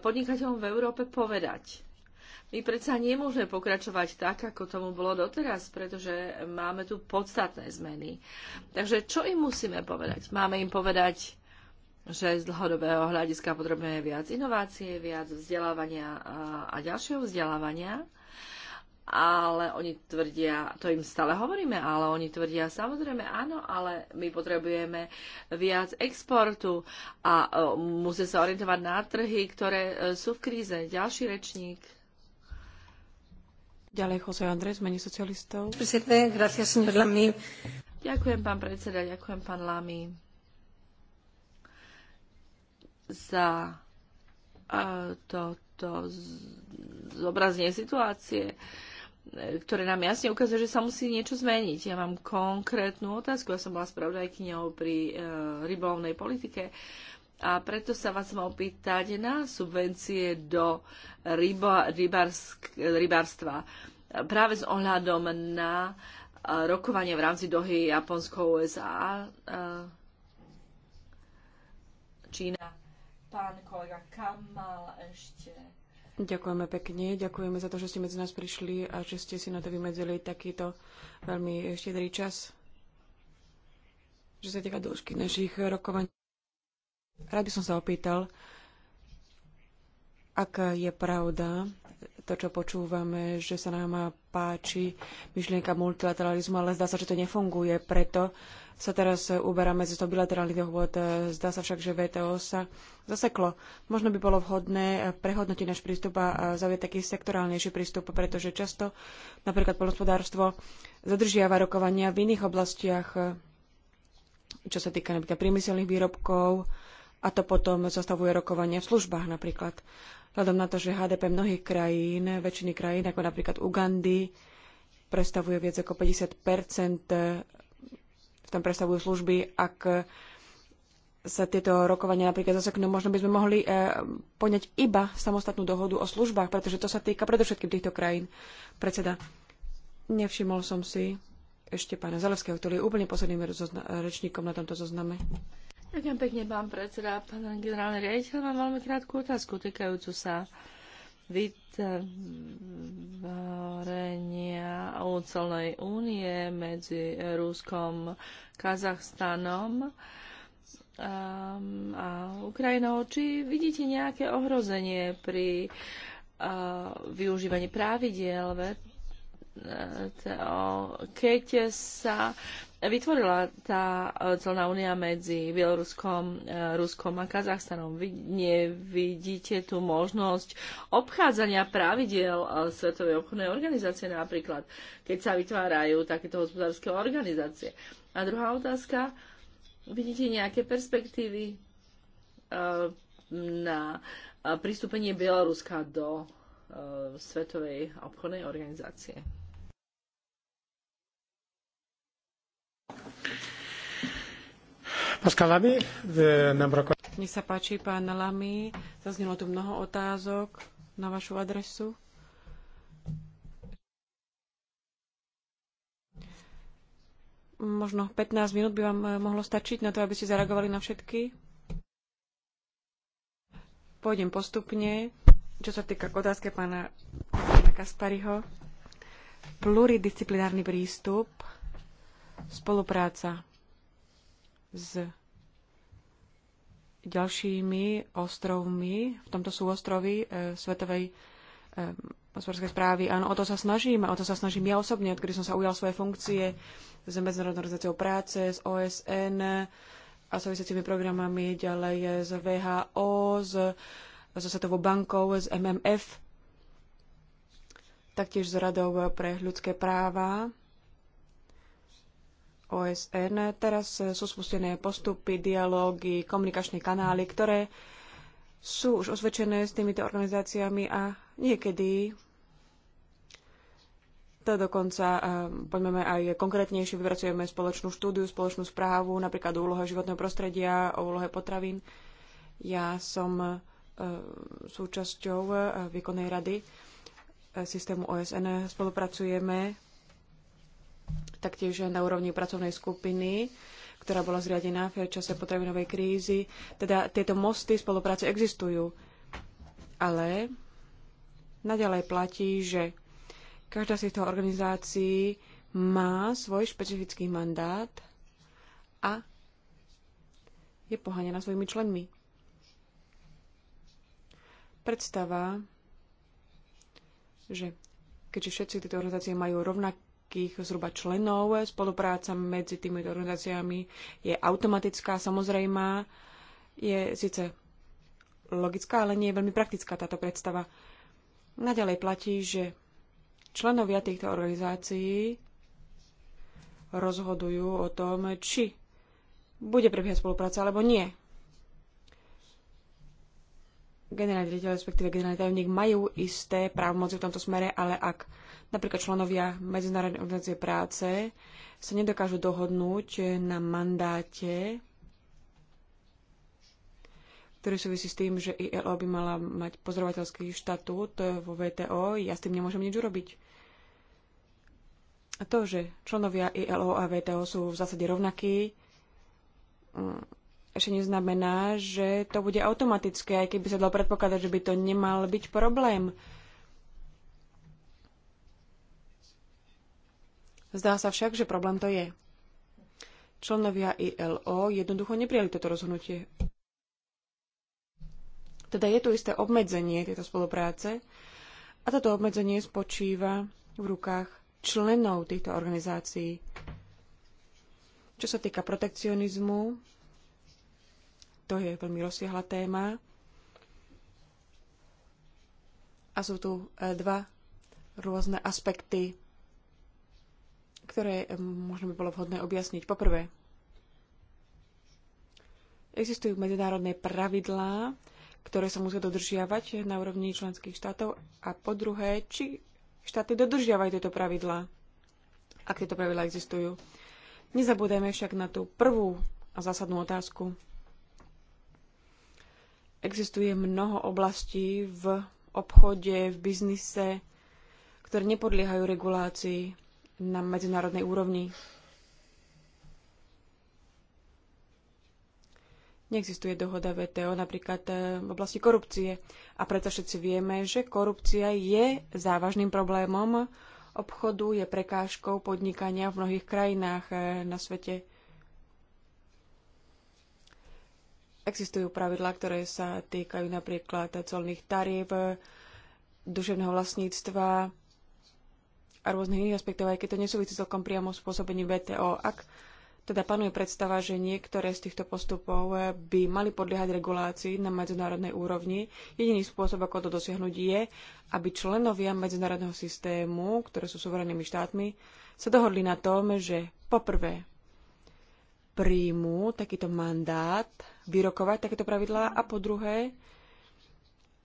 podnikateľom v Európe povedať? My predsa nemôžeme pokračovať tak, ako tomu bolo doteraz, pretože máme tu podstatné zmeny. Takže čo im musíme povedať? Máme im povedať, že z dlhodobého hľadiska potrebujeme viac inovácie, viac vzdelávania a, a ďalšieho vzdelávania ale oni tvrdia, to im stále hovoríme, ale oni tvrdia, samozrejme áno, ale my potrebujeme viac exportu a e, musí sa orientovať na trhy, ktoré e, sú v kríze. Ďalší rečník. Ďalej Jose Andrés, mene socialistov. Ďakujem, pán predseda, ďakujem, pán Lamy, za e, toto zobrazenie situácie. Uh, ktoré nám jasne ukazuje, že sa musí niečo zmeniť. Ja mám konkrétnu otázku. Ja som bola spravodajkyňou pri e, rybolovnej politike a preto sa vás mám opýtať na subvencie do ryba, rybarsk, rybarstva. Práve s ohľadom na e, rokovanie v rámci dohy Japonsko-USA. E, Čína. Pán kolega Kamal ešte Ďakujeme pekne, ďakujeme za to, že ste medzi nás prišli a že ste si na to vymedzili takýto veľmi štedrý čas, že sa týka dĺžky našich rokovaní. Rád by som sa opýtal, aká je pravda, to, čo počúvame, že sa nám páči myšlienka multilateralizmu, ale zdá sa, že to nefunguje. Preto sa teraz uberáme zo bilaterálnych dohôd. Zdá sa však, že VTO sa zaseklo. Možno by bolo vhodné prehodnotiť náš prístup a zaviať taký sektorálnejší prístup, pretože často napríklad polospodárstvo zadržiava rokovania v iných oblastiach, čo sa týka napríklad priemyselných výrobkov, a to potom zastavuje rokovania v službách napríklad vzhľadom na to, že HDP mnohých krajín, väčšiny krajín, ako napríklad Ugandy, predstavuje viac ako 50 tam predstavujú služby. Ak sa tieto rokovania napríklad zaseknú, možno by sme mohli e, poňať iba samostatnú dohodu o službách, pretože to sa týka predovšetkým týchto krajín. Predseda, nevšimol som si ešte pána Zalevského, ktorý je úplne posledným rečníkom na tomto zozname. Ďakujem pekne, pán predseda. Pán generálny riaditeľ, mám veľmi krátku otázku týkajúcu sa vytvorenia úcelnej únie medzi Ruskom, Kazachstanom um, a Ukrajinou. Či vidíte nejaké ohrozenie pri uh, využívaní pravidiel keď sa vytvorila tá e, celná únia medzi Bieloruskom, e, Ruskom a Kazachstanom, vy nevidíte tú možnosť obchádzania pravidiel e, Svetovej obchodnej organizácie napríklad, keď sa vytvárajú takéto hospodárske organizácie. A druhá otázka, vidíte nejaké perspektívy na pristúpenie Bieloruska do Svetovej obchodnej organizácie? Nech sa páči, pán Lamy. Zaznilo tu mnoho otázok na vašu adresu. Možno 15 minút by vám eh, mohlo stačiť na to, aby ste zareagovali na všetky. Pôjdem postupne, čo sa týka k otázke pána Kaspariho. Pluridisciplinárny prístup, spolupráca s ďalšími ostrovmi, v tomto sú ostrovy e, Svetovej e, hospodárskej správy. Áno, o to sa snažím, o to sa snažím ja osobne, odkedy som sa ujal svoje funkcie s Medzinárodnou organizáciou práce, s OSN a súvisiacimi programami, ďalej e, s VHO, s, so Svetovou bankou, z MMF, taktiež s Radou pre ľudské práva OSN. Teraz e, sú spustené postupy, dialógy, komunikačné kanály, ktoré sú už osvedčené s týmito organizáciami a niekedy to dokonca, e, poďme aj konkrétnejšie, vypracujeme spoločnú štúdiu, spoločnú správu, napríklad o úlohe životného prostredia, o úlohe potravín. Ja som e, súčasťou výkonnej rady systému OSN, spolupracujeme taktiež na úrovni pracovnej skupiny, ktorá bola zriadená v čase potravinovej krízy. Teda tieto mosty spolupráce existujú, ale naďalej platí, že každá z týchto organizácií má svoj špecifický mandát a je poháňaná svojimi členmi. Predstava, že keďže všetci tieto organizácie majú rovnaké všetkých zhruba členov. Spolupráca medzi týmito organizáciami je automatická, samozrejmá. Je síce logická, ale nie je veľmi praktická táto predstava. Naďalej platí, že členovia týchto organizácií rozhodujú o tom, či bude prebiehať spolupráca alebo nie. Generálny riaditeľ, respektíve generálny tajomník majú isté právomoci v tomto smere, ale ak Napríklad členovia Medzinárodnej organizácie práce sa nedokážu dohodnúť na mandáte, ktorý súvisí s tým, že ILO by mala mať pozorovateľský štatút vo VTO. Ja s tým nemôžem nič urobiť. A to, že členovia ILO a VTO sú v zásade rovnakí, mm, ešte neznamená, že to bude automatické, aj keby sa dalo predpokladať, že by to nemal byť problém. Zdá sa však, že problém to je. Členovia ILO jednoducho neprijali toto rozhodnutie. Teda je tu isté obmedzenie tejto spolupráce a toto obmedzenie spočíva v rukách členov týchto organizácií. Čo sa týka protekcionizmu, to je veľmi rozsiahla téma. A sú tu eh, dva rôzne aspekty ktoré eh, možno by bolo vhodné objasniť. Poprvé, existujú medzinárodné pravidlá, ktoré sa musia dodržiavať na úrovni členských štátov a po druhé, či štáty dodržiavajú tieto pravidlá, ak tieto pravidlá existujú. Nezabúdajme však na tú prvú a zásadnú otázku. Existuje mnoho oblastí v obchode, v biznise, ktoré nepodliehajú regulácii na medzinárodnej úrovni. Neexistuje dohoda VTO napríklad eh, v oblasti korupcie. A preto všetci vieme, že korupcia je závažným problémom obchodu, je prekážkou podnikania v mnohých krajinách eh, na svete. Existujú pravidlá, ktoré sa týkajú napríklad colných tarieb, eh, duševného vlastníctva, a rôznych iných aspektov, aj keď to nesúvisí celkom priamo s pôsobením VTO. Ak teda panuje predstava, že niektoré z týchto postupov eh, by mali podliehať regulácii na medzinárodnej úrovni. Jediný spôsob, ako to dosiahnuť, je, aby členovia medzinárodného systému, ktoré sú suverénnymi štátmi, sa dohodli na tom, že poprvé príjmu takýto mandát vyrokovať takéto pravidlá a po druhé,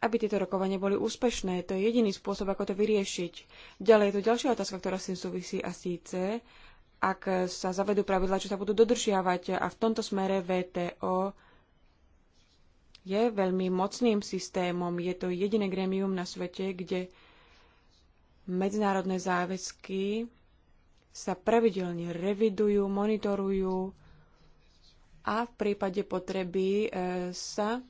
aby tieto rokovania boli úspešné. To je jediný spôsob, ako to vyriešiť. Ďalej je tu ďalšia otázka, ktorá s tým súvisí a síce, ak sa zavedú pravidlá, čo sa budú dodržiavať a v tomto smere VTO je veľmi mocným systémom. Je to jediné grémium na svete, kde medzinárodné záväzky sa pravidelne revidujú, monitorujú a v prípade potreby e, sa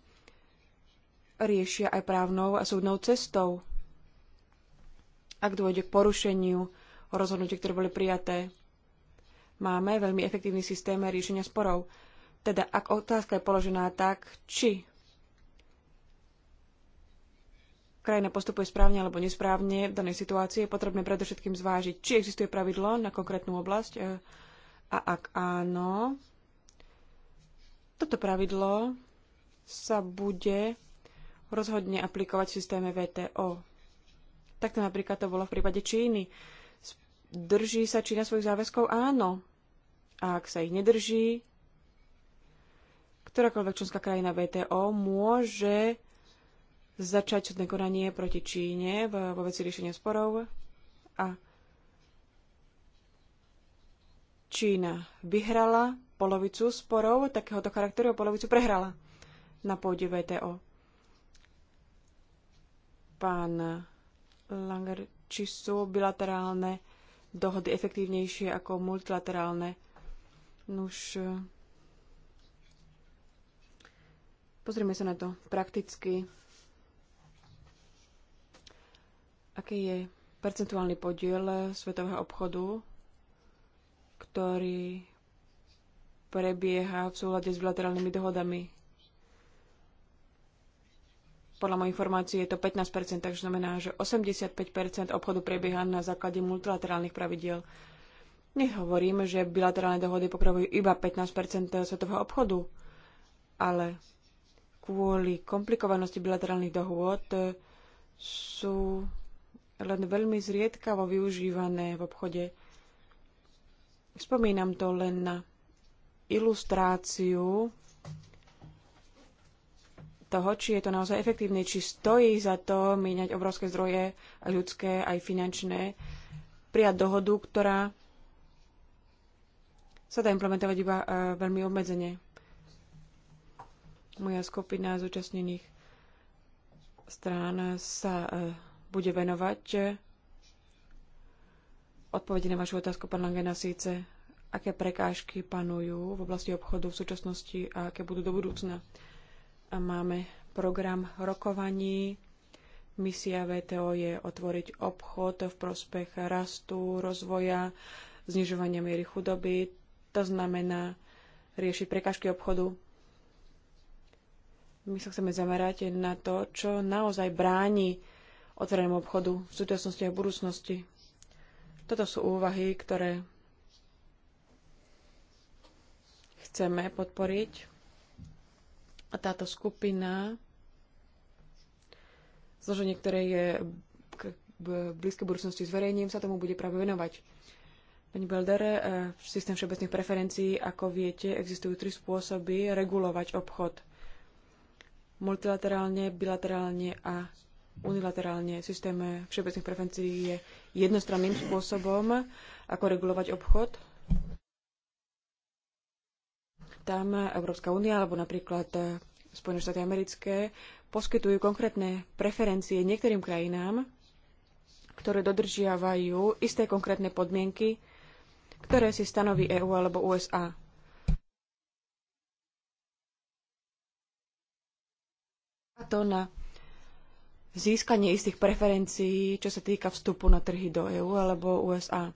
riešia aj právnou a súdnou cestou, ak dôjde k porušeniu rozhodnutí, ktoré boli prijaté. Máme veľmi efektívny systém riešenia sporov. Teda ak otázka je položená tak, či krajina postupuje správne alebo nesprávne v danej situácii, je potrebné predovšetkým zvážiť, či existuje pravidlo na konkrétnu oblasť e, a ak áno, toto pravidlo sa bude rozhodne aplikovať v systéme VTO. Takto napríklad to bolo v prípade Číny. Drží sa Čína svojich záväzkov? Áno. A ak sa ich nedrží, ktorákoľvek členská krajina VTO môže začať súdne konanie proti Číne vo veci riešenia sporov a Čína vyhrala polovicu sporov takéhoto charakteru a polovicu prehrala na pôde VTO. Pán eh, Langer, či sú bilaterálne dohody efektívnejšie ako multilaterálne? Nuž, eh, pozrieme sa na to prakticky. Aký je percentuálny podiel eh, svetového obchodu, ktorý prebieha v súlade s bilaterálnymi dohodami? podľa mojich informácií je to 15%, takže znamená, že 85% obchodu prebieha na základe multilaterálnych pravidiel. Nehovorím, že bilaterálne dohody pokrovujú iba 15% svetového obchodu, ale kvôli komplikovanosti bilaterálnych dohôd e, sú len veľmi zriedkavo využívané v obchode. Spomínam to len na ilustráciu toho, či je to naozaj efektívne, či stojí za to míňať obrovské zdroje ľudské aj finančné, prijať dohodu, ktorá sa dá implementovať iba e, veľmi obmedzene. Moja skupina zúčastnených strán sa e, bude venovať e, odpovede na vašu otázku, pán Langena, síce aké prekážky panujú v oblasti obchodu v súčasnosti a aké budú do budúcna a máme program rokovaní. Misia VTO je otvoriť obchod v prospech rastu, rozvoja, znižovania miery chudoby. To znamená riešiť prekažky obchodu. My sa chceme zamerať na to, čo naozaj bráni otvorenému obchodu v súčasnosti a v budúcnosti. Toto sú úvahy, ktoré chceme podporiť a táto skupina, zloženie ktoré je v blízkej budúcnosti zverejním, sa tomu bude práve venovať. Pani Belder, e, systém všeobecných preferencií, ako viete, existujú tri spôsoby regulovať obchod. Multilaterálne, bilaterálne a unilaterálne. Systém všeobecných preferencií je jednostranným spôsobom, ako regulovať obchod tam Európska únia alebo napríklad eh, Spojené štáty americké poskytujú konkrétne preferencie niektorým krajinám, ktoré dodržiavajú isté konkrétne podmienky, ktoré si stanoví EÚ alebo USA. A to na získanie istých preferencií, čo sa týka vstupu na trhy do EÚ alebo USA.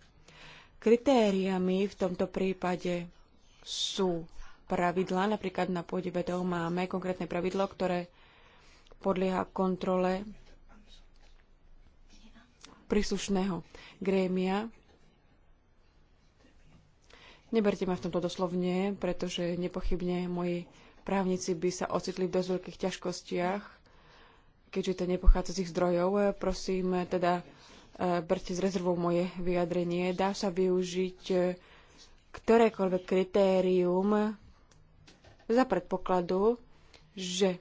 Kritériami v tomto prípade sú pravidlá. Napríklad na pôde BDO máme konkrétne pravidlo, ktoré podlieha kontrole príslušného grémia. Neberte ma v tomto doslovne, pretože nepochybne moji právnici by sa ocitli v dosť veľkých ťažkostiach, keďže to nepochádza z ich zdrojov. Prosím, teda e, berte s rezervou moje vyjadrenie. Dá sa využiť e, ktorékoľvek kritérium, za predpokladu, že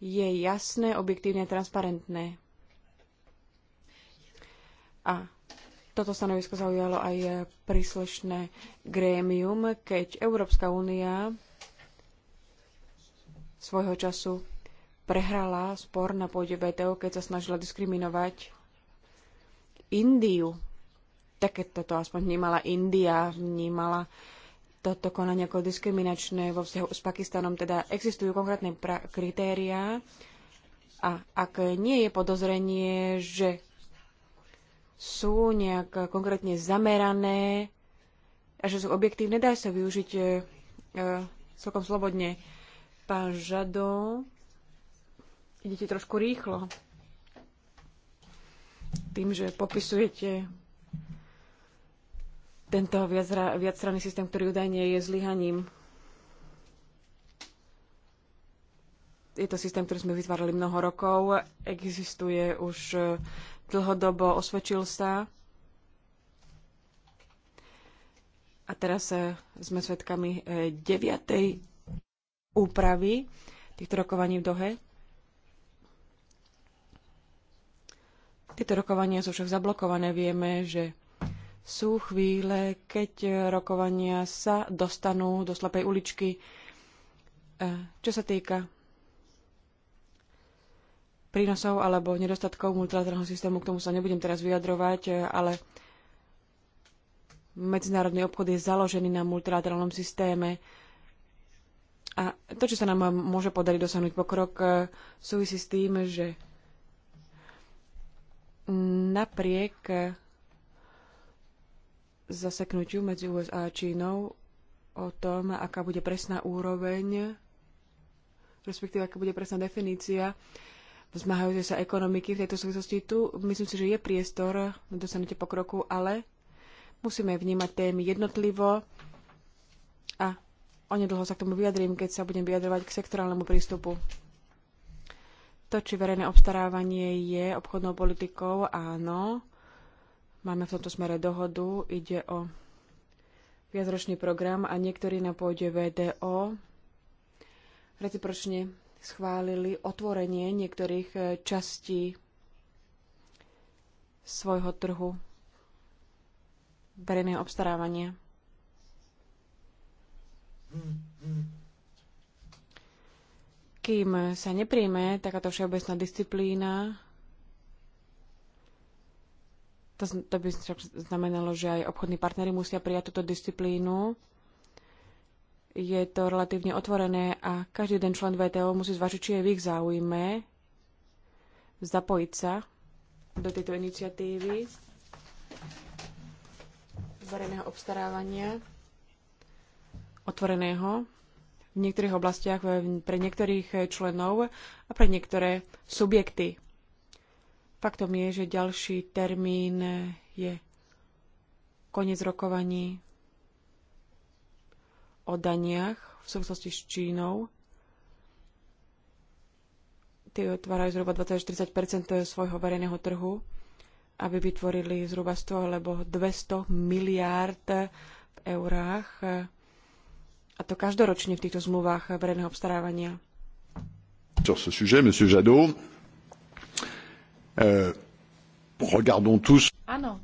je jasné, objektívne, transparentné. A toto stanovisko zaujalo aj príslušné grémium, keď Európska únia svojho času prehrala spor na pôde VTO, keď sa snažila diskriminovať Indiu. Tak keď toto aspoň vnímala India, vnímala toto konanie ako diskriminačné vo vzťahu s Pakistanom. Teda existujú konkrétne kritériá a ak nie je podozrenie, že sú nejak konkrétne zamerané a že sú objektívne, dá sa využiť e, e, celkom slobodne. Pán Žado, idete trošku rýchlo tým, že popisujete tento viacstranný systém, ktorý údajne je zlyhaním. Je to systém, ktorý sme vytvárali mnoho rokov, existuje už e, dlhodobo, osvedčil sa. A teraz e, sme svedkami e, deviatej úpravy týchto rokovaní v Dohe. Tieto rokovania sú však zablokované. Vieme, že sú chvíle, keď rokovania sa dostanú do slepej uličky. E, čo sa týka prínosov alebo nedostatkov multilaterálneho systému, k tomu sa nebudem teraz vyjadrovať, e, ale medzinárodný obchod je založený na multilaterálnom systéme a to, čo sa nám môže podariť dosiahnuť pokrok, e, súvisí s tým, že napriek zaseknutiu medzi USA a Čínou o tom, aká bude presná úroveň, respektíve aká bude presná definícia vzmáhajúce sa ekonomiky v tejto súvislosti. Tu myslím si, že je priestor na dosanete pokroku, ale musíme vnímať témy jednotlivo a onedlho sa k tomu vyjadrím, keď sa budem vyjadrovať k sektorálnemu prístupu. To, či verejné obstarávanie je obchodnou politikou, áno. Máme v tomto smere dohodu. Ide o viacročný program a niektorí na pôde VDO recipročne schválili otvorenie niektorých e, častí svojho trhu verejného obstarávania. Kým sa nepríjme takáto všeobecná disciplína, to, to by však znamenalo, že aj obchodní partnery musia prijať túto disciplínu. Je to relatívne otvorené a každý jeden člen VTO musí zvažiť, či je v ich záujme zapojiť sa do tejto iniciatívy verejného obstarávania otvoreného v niektorých oblastiach pre niektorých členov a pre niektoré subjekty Faktom je, že ďalší termín je koniec rokovaní o daniach v súvislosti s Čínou. Tí otvárajú zhruba 20 30 svojho verejného trhu, aby vytvorili zhruba 100 alebo 200 miliárd v eurách, a to každoročne v týchto zmluvách verejného obstarávania. Sur ce sujet, monsieur Jadot, Euh, regardons tous. Áno.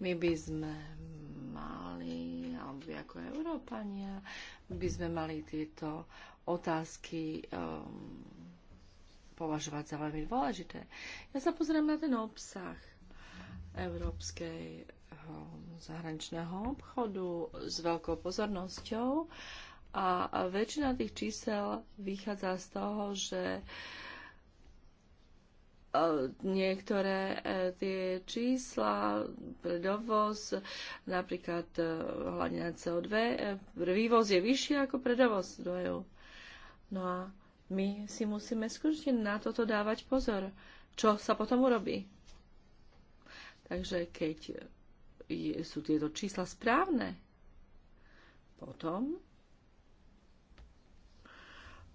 My by sme mali, alebo ako Európania, by sme mali tieto otázky um, považovať za veľmi dôležité. Ja sa pozriem na ten obsah európskej zahraničného obchodu s veľkou pozornosťou. Um, a väčšina tých čísel vychádza z toho, že e, niektoré e, tie čísla pre dovoz, napríklad e, hladina CO2, vývoz je vyšší ako pre dovoz do EU. No a my si musíme skutočne na toto dávať pozor, čo sa potom urobí. Takže keď sú tieto čísla správne, potom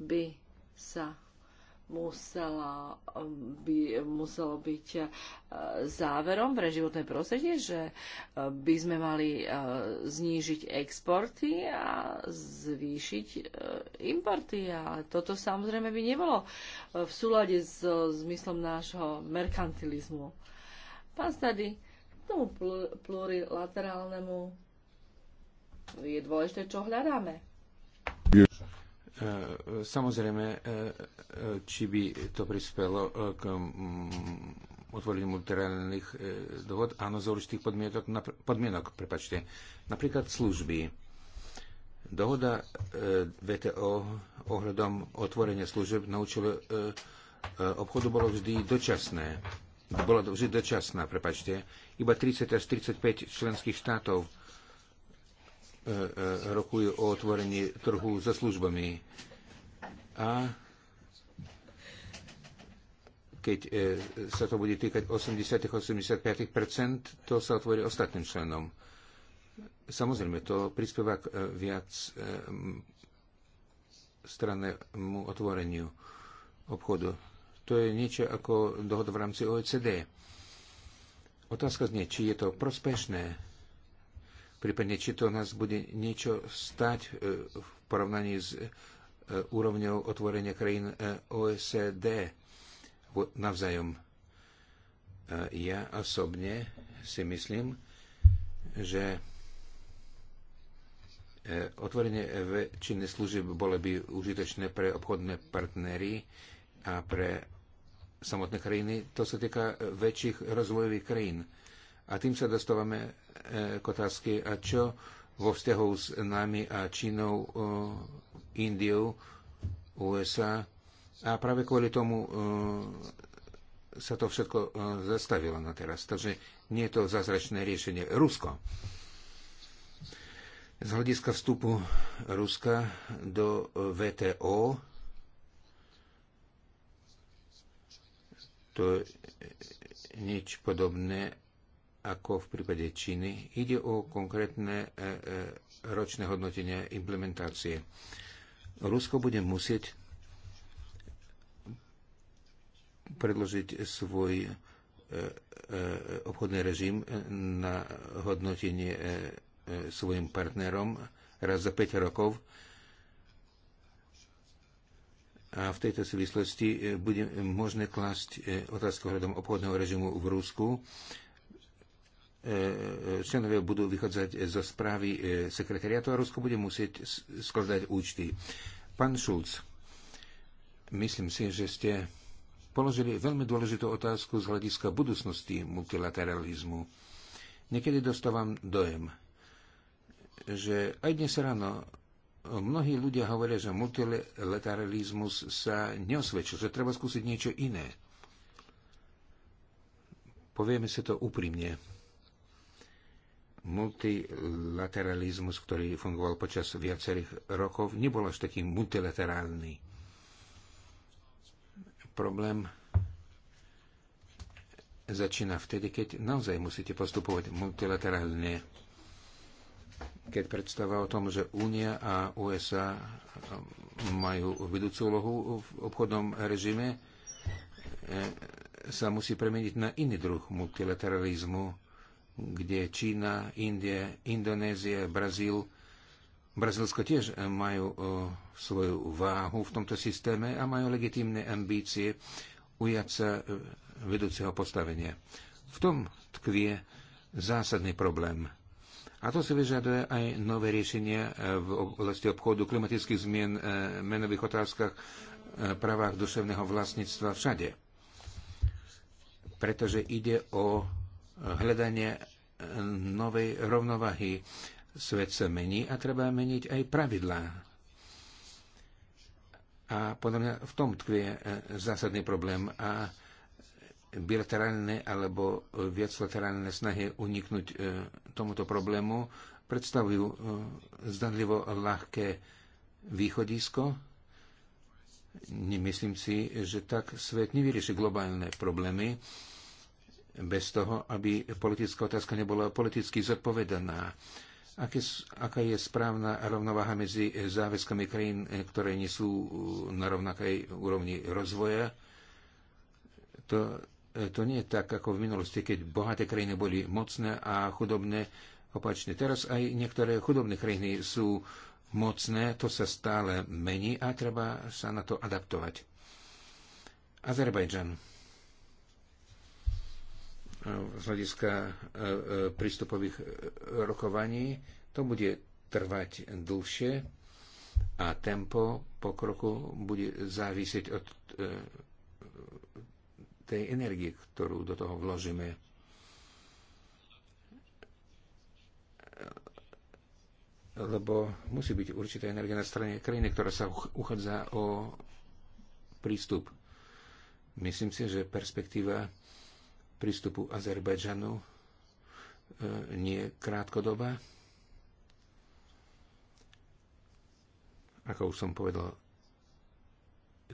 by sa musela um, by, muselo byť uh, záverom pre životné prostredie, že uh, by sme mali uh, znížiť exporty a zvýšiť importy. A toto samozrejme by nebolo v súlade s zmyslom nášho merkantilizmu. Pán Stady, k tomu plurilaterálnemu je dôležité, čo hľadáme. E, samozrejme, e, e, či by to prispelo k otvoreniu multilaterálnych dohod, áno, z určitých podmienok, podmienok prepačte, napríklad služby. Dohoda VTO ohľadom otvorenia služeb na účel obchodu bolo vždy dočasné. Bola vždy dočasná, prepačte. Iba 30 až 35 členských štátov E, e, rokuje o otvorení trhu so službami. A keď e, sa to bude týkať 80-85%, to sa otvorí ostatným členom. Samozrejme, to prispieva k viac strannému otvoreniu obchodu. To je niečo ako dohoda v rámci OECD. Otázka znie, či je to prospešné prípadne či to nás bude niečo stať e, v porovnaní s e, úrovňou otvorenia krajín e, OSD navzájom. Ja osobne si myslím, že otvorenie väčšiny služieb bolo by užitočné pre obchodné partnery a pre samotné krajiny. To sa týka väčších rozvojových krajín. A tým sa dostávame e, k otázke, a čo vo vzťahu s nami a Čínou, e, Indiou, USA. A práve kvôli tomu e, sa to všetko zastavilo na teraz. Takže nie je to zázračné riešenie. Rusko. Z hľadiska vstupu Ruska do VTO, to je nič podobné ako v prípade Číny, ide o konkrétne e, e, ročné hodnotenie implementácie. Rusko bude musieť predložiť svoj e, obchodný režim na hodnotenie svojim partnerom raz za 5 rokov. A v tejto súvislosti bude možné klásť otázku hľadom obchodného režimu v Rusku E, e, členovia budú vychádzať zo správy e, sekretariatu a Rusko bude musieť skladať účty. Pán Šulc, myslím si, že ste položili veľmi dôležitú otázku z hľadiska budúcnosti multilateralizmu. Niekedy dostávam dojem, že aj dnes ráno mnohí ľudia hovoria, že multilateralizmus sa neosvedčil, že treba skúsiť niečo iné. Povieme si to úprimne multilateralizmus, ktorý fungoval počas viacerých rokov, nebol až taký multilaterálny. Problém začína vtedy, keď naozaj musíte postupovať multilaterálne. Keď predstava o tom, že Únia a USA um, majú vedúcu úlohu v obchodnom režime, e, sa musí premeniť na iný druh multilateralizmu kde Čína, Indie, Indonézie, Brazíl, Brazílsko tiež eh, majú eh, svoju váhu v tomto systéme a majú legitímne ambície ujať sa eh, vedúceho postavenia. V tom tkvie zásadný problém. A to si vyžaduje aj nové riešenia v oblasti obchodu, klimatických zmien, menových otázkach, právach duševného vlastníctva všade. Pretože ide o hľadanie e, novej rovnovahy. Svet sa mení a treba meniť aj pravidlá. A podľa mňa v tom tkvie e, zásadný problém a bilaterálne alebo viaclaterálne snahy uniknúť e, tomuto problému predstavujú zdanlivo ľahké východisko. Nemyslím si, že tak svet nevyrieši globálne problémy bez toho, aby politická otázka nebola politicky zodpovedaná. Aké, aká je správna rovnováha medzi záväzkami krajín, ktoré nie sú na rovnakej úrovni rozvoja? To, to nie je tak, ako v minulosti, keď bohaté krajiny boli mocné a chudobné opačne. Teraz aj niektoré chudobné krajiny sú mocné, to sa stále mení a treba sa na to adaptovať. Azerbajdžan z hľadiska e, e, prístupových e, rokovaní. To bude trvať dlhšie a tempo pokroku bude závisieť od tej energie, ktorú do toho vložíme. Lebo musí byť určitá energia na strane krajiny, ktorá sa uchádza o prístup. Myslím si, že perspektíva prístupu Azerbajdžanu e, nie krátkodobá. Ako už som povedal,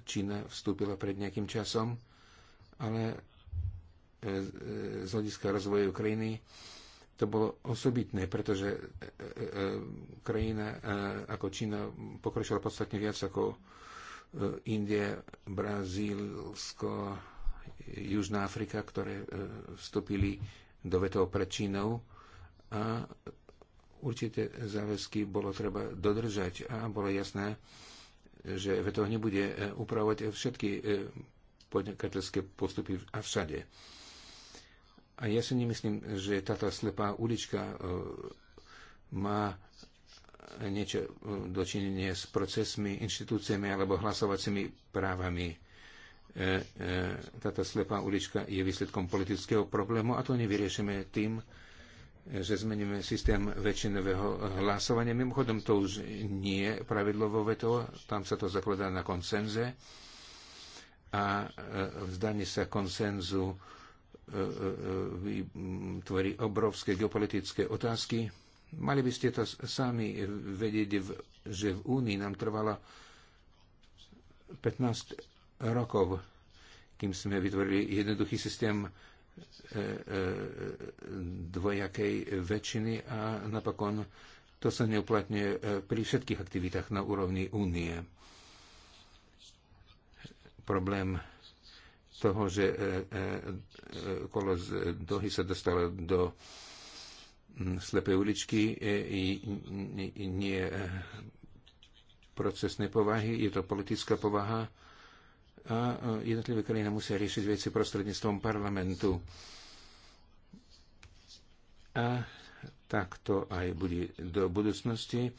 Čína vstúpila pred nejakým časom, ale e, e, z hľadiska rozvoja Ukrajiny to bolo osobitné, pretože krajina ako Čína pokročila podstatne viac ako India, Brazílsko, Južná Afrika, ktoré e, vstúpili do vetov pred Čínou a určité záväzky bolo treba dodržať a bolo jasné, že vetov nebude e, upravovať všetky e, podnikateľské postupy a všade. A ja si nemyslím, že táto slepá ulička má niečo dočinenie s procesmi, inštitúciami alebo hlasovacími právami E, e, táto slepá ulička je výsledkom politického problému a to nevyriešime tým, e, že zmeníme systém väčšinového hlasovania. Mimochodom, to už nie je pravidlo vo veto, tam sa to zakladá na konsenze a vzdanie sa konsenzu tvorí obrovské geopolitické otázky. Mali by ste to sami vedieť, že v Únii nám trvalo 15 rokov, kým sme vytvorili jednoduchý systém e, e, dvojakej väčšiny a napokon to sa neuplatňuje e, pri všetkých aktivitách na úrovni únie. Problém toho, že kolo z dohy sa dostalo do slepej uličky, nie procesnej povahy, je to politická povaha a jednotlivé krajiny musia riešiť veci prostredníctvom parlamentu. A takto aj bude do budúcnosti. E,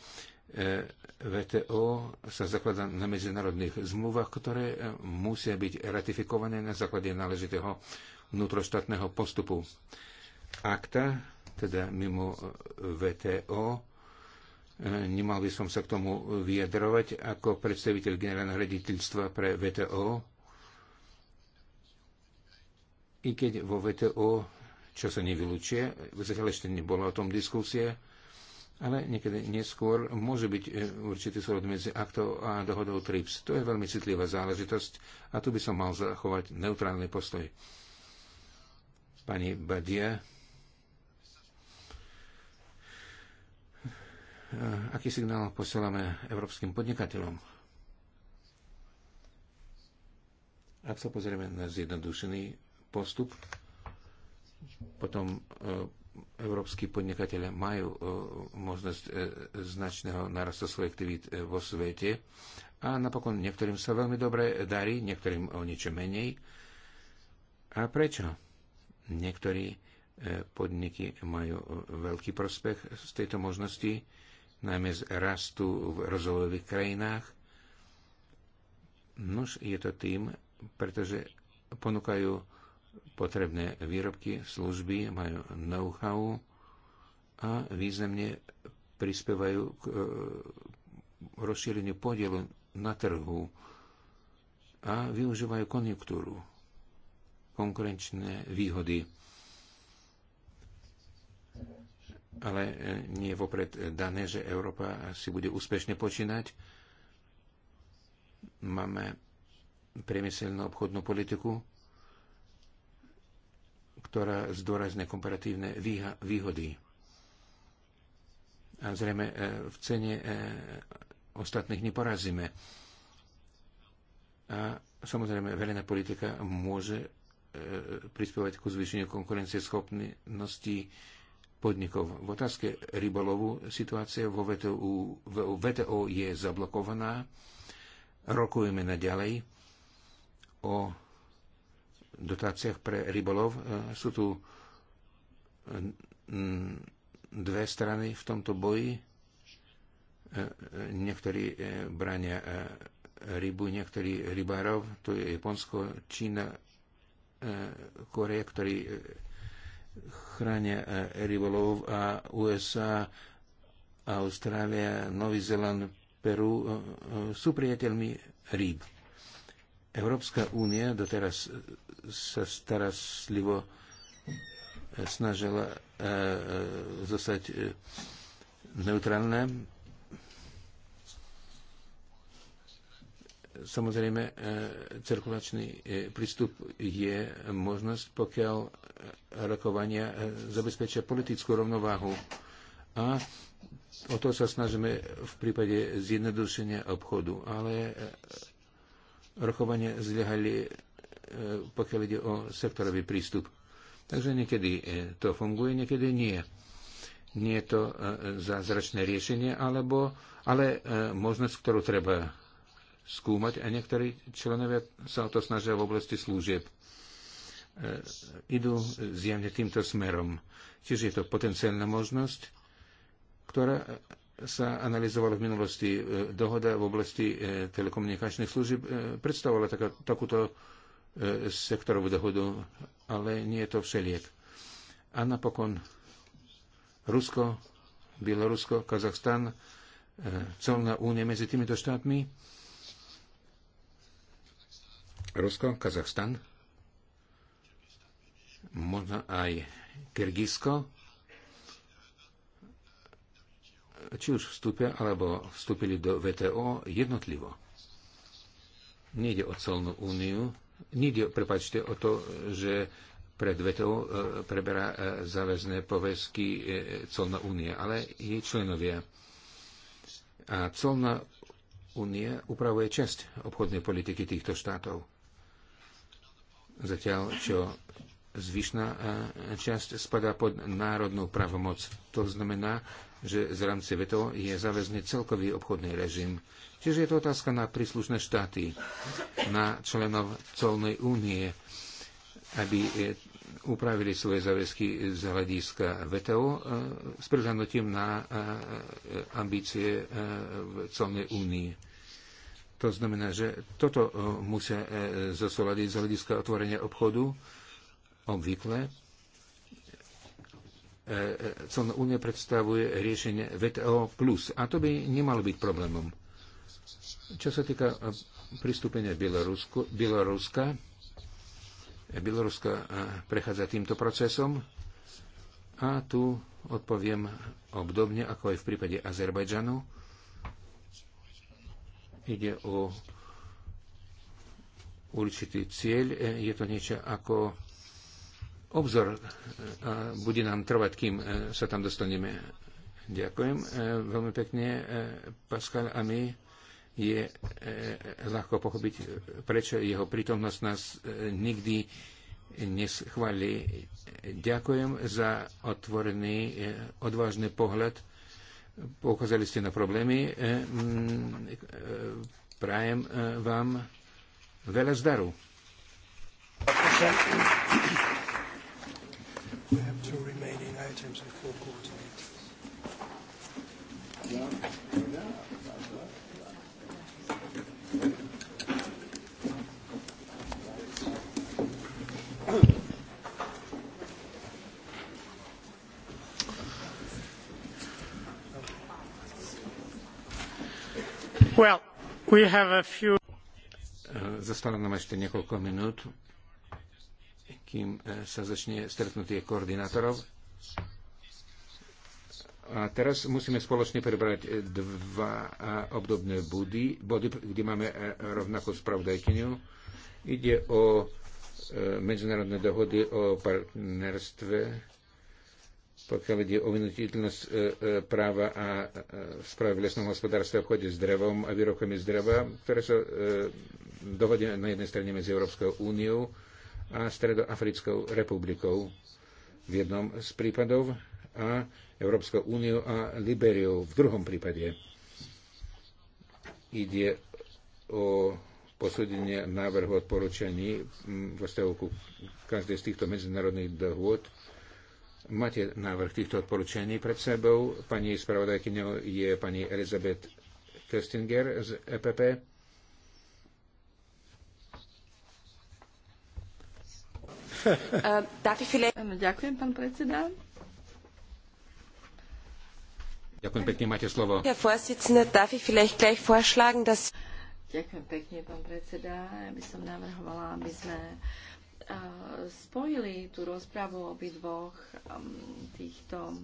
VTO sa zakladá na medzinárodných zmluvách, ktoré e, musia byť ratifikované na základe náležitého vnútroštátneho postupu. Akta, teda mimo e, VTO, Nemal by som sa k tomu vyjadrovať ako predstaviteľ generálneho rediteľstva pre VTO. I keď vo VTO, čo sa nevylučuje, zatiaľ ešte nebola o tom diskusie, ale niekedy neskôr môže byť e, určitý súrod medzi aktou a dohodou TRIPS. To je veľmi citlivá záležitosť a tu by som mal zachovať neutrálny postoj. Pani Badia, Aký signál posielame európskym podnikateľom? Ak sa pozrieme na zjednodušený postup, potom e, európsky podnikateľe majú e, možnosť e, značného narastu svojich aktivít vo svete a napokon niektorým sa veľmi dobre darí, niektorým o niečo menej. A prečo? Niektorí podniky majú veľký prospech z tejto možnosti, najmä z rastu v rozvojových krajinách. Nož je to tým, pretože ponúkajú potrebné výrobky, služby, majú know-how a významne prispievajú k e, rozšíreniu podielu na trhu a využívajú konjunktúru, konkurenčné výhody ale e, nie je vopred e, dané, že Európa si bude úspešne počínať. Máme priemyselnú obchodnú politiku, ktorá zdôrazne komparatívne výhody. A zrejme e, v cene ostatných neporazíme. A samozrejme, verejná politika môže prispievať ku zvýšeniu konkurencieschopnosti schopnosti podnikov. V otázke rybolovu situácia vo VTO, VTO je zablokovaná. Rokujeme naďalej o dotáciách pre rybolov. E, sú tu e, dve strany v tomto boji. E, niektorí bráňa rybu, niektorí rybárov, to je Japonsko, Čína, Korea, ktorí chránia e, rybolov a USA, Austrália, Nový Zeland, Peru e, e, sú priateľmi rýb. Európska únia doteraz sa starostlivo snažila zostať neutrálna Samozrejme, e, cirkulačný e, prístup je možnosť, pokiaľ rokovania e, zabezpečia politickú rovnováhu. A o to sa snažíme v prípade zjednodušenia obchodu. Ale rokovania zlyhali, pokiaľ ide o sektorový prístup. Takže niekedy to funguje, niekedy nie. Nie je to zázračné riešenie, alebo, ale možnosť, ktorú treba skúmať a niektorí členovia sa o to snažia v oblasti služieb. E, idú zjavne týmto smerom. Čiže je to potenciálna možnosť, ktorá sa analyzovala v minulosti. E, dohoda v oblasti e, telekomunikačných služieb predstavovala taká, takúto sektorovú dohodu, ale nie je to všeliek. A napokon Rusko, Bielorusko, Kazachstan, celná únia medzi týmito štátmi Rusko, Kazachstan, možno aj Kyrgyzsko, či už vstúpia alebo vstúpili do VTO jednotlivo. Nejde o celnú úniu, nejde, prepačte, o to, že pred VTO e, preberá e, záväzné poväzky e, celná únia, ale jej členovia. A celná únia upravuje časť obchodnej politiky týchto štátov. Zatiaľ, čo zvyšná e, časť spadá pod národnú pravomoc. To znamená, že z rámci VTO je záväzný celkový obchodný režim. Čiže je to otázka na príslušné štáty, na členov colnej únie, aby e, upravili svoje záväzky z hľadiska VTO e, s prihľadnutím na ambície v celnej únii. To znamená, že toto e, musia e, zasúľadiť z hľadiska otvorenia obchodu obvykle. E, Celná únia predstavuje riešenie VTO+, a to by nemalo byť problémom. Čo sa týka pristúpenia Bieloruska, Bieloruska prechádza týmto procesom a tu odpoviem obdobne ako aj v prípade Azerbajdžanu Ide o určitý cieľ, e, je to niečo ako obzor e, a bude nám trvať, kým e, sa tam dostaneme. Ďakujem veľmi pekne, Pascal, a my je ľahko pochopiť, prečo jeho prítomnosť nás nikdy neschváli. Ďakujem za otvorený, odvážny pohľad Poukázali ste na problémy. E, mm, e, prajem e, vám veľa zdaru. Yeah. Eh, Zostalo nám ešte niekoľko minút, kým eh, sa začne stretnutie koordinátorov. A teraz musíme spoločne prebrať eh, dva obdobné body, body kde máme rovnakú spravodajkyniu. Ide o medzinárodné dohody o partnerstve pokiaľ ide o vynutiteľnosť e, e, práva a e, správy v lesnom hospodárstve v obchode s drevom a výrokami z dreva, ktoré sa dohodia na jednej strane medzi Európskou úniou a Stredoafrickou republikou v jednom z prípadov a Európskou úniou a Liberiou v druhom prípade. Ide o posúdenie návrhu odporúčaní vo stavu ku každej z týchto medzinárodných dohôd Máte návrh týchto odporúčaní pred sebou. Pani spravodajkyňou je pani Elizabeth Köstinger z EPP. Ďakujem, pán predseda. Ďakujem pekne, máte slovo. Ďakujem pekne, pán predseda. Ja by som navrhovala, aby sme spojili tú rozprávu o obidvoch um, týchto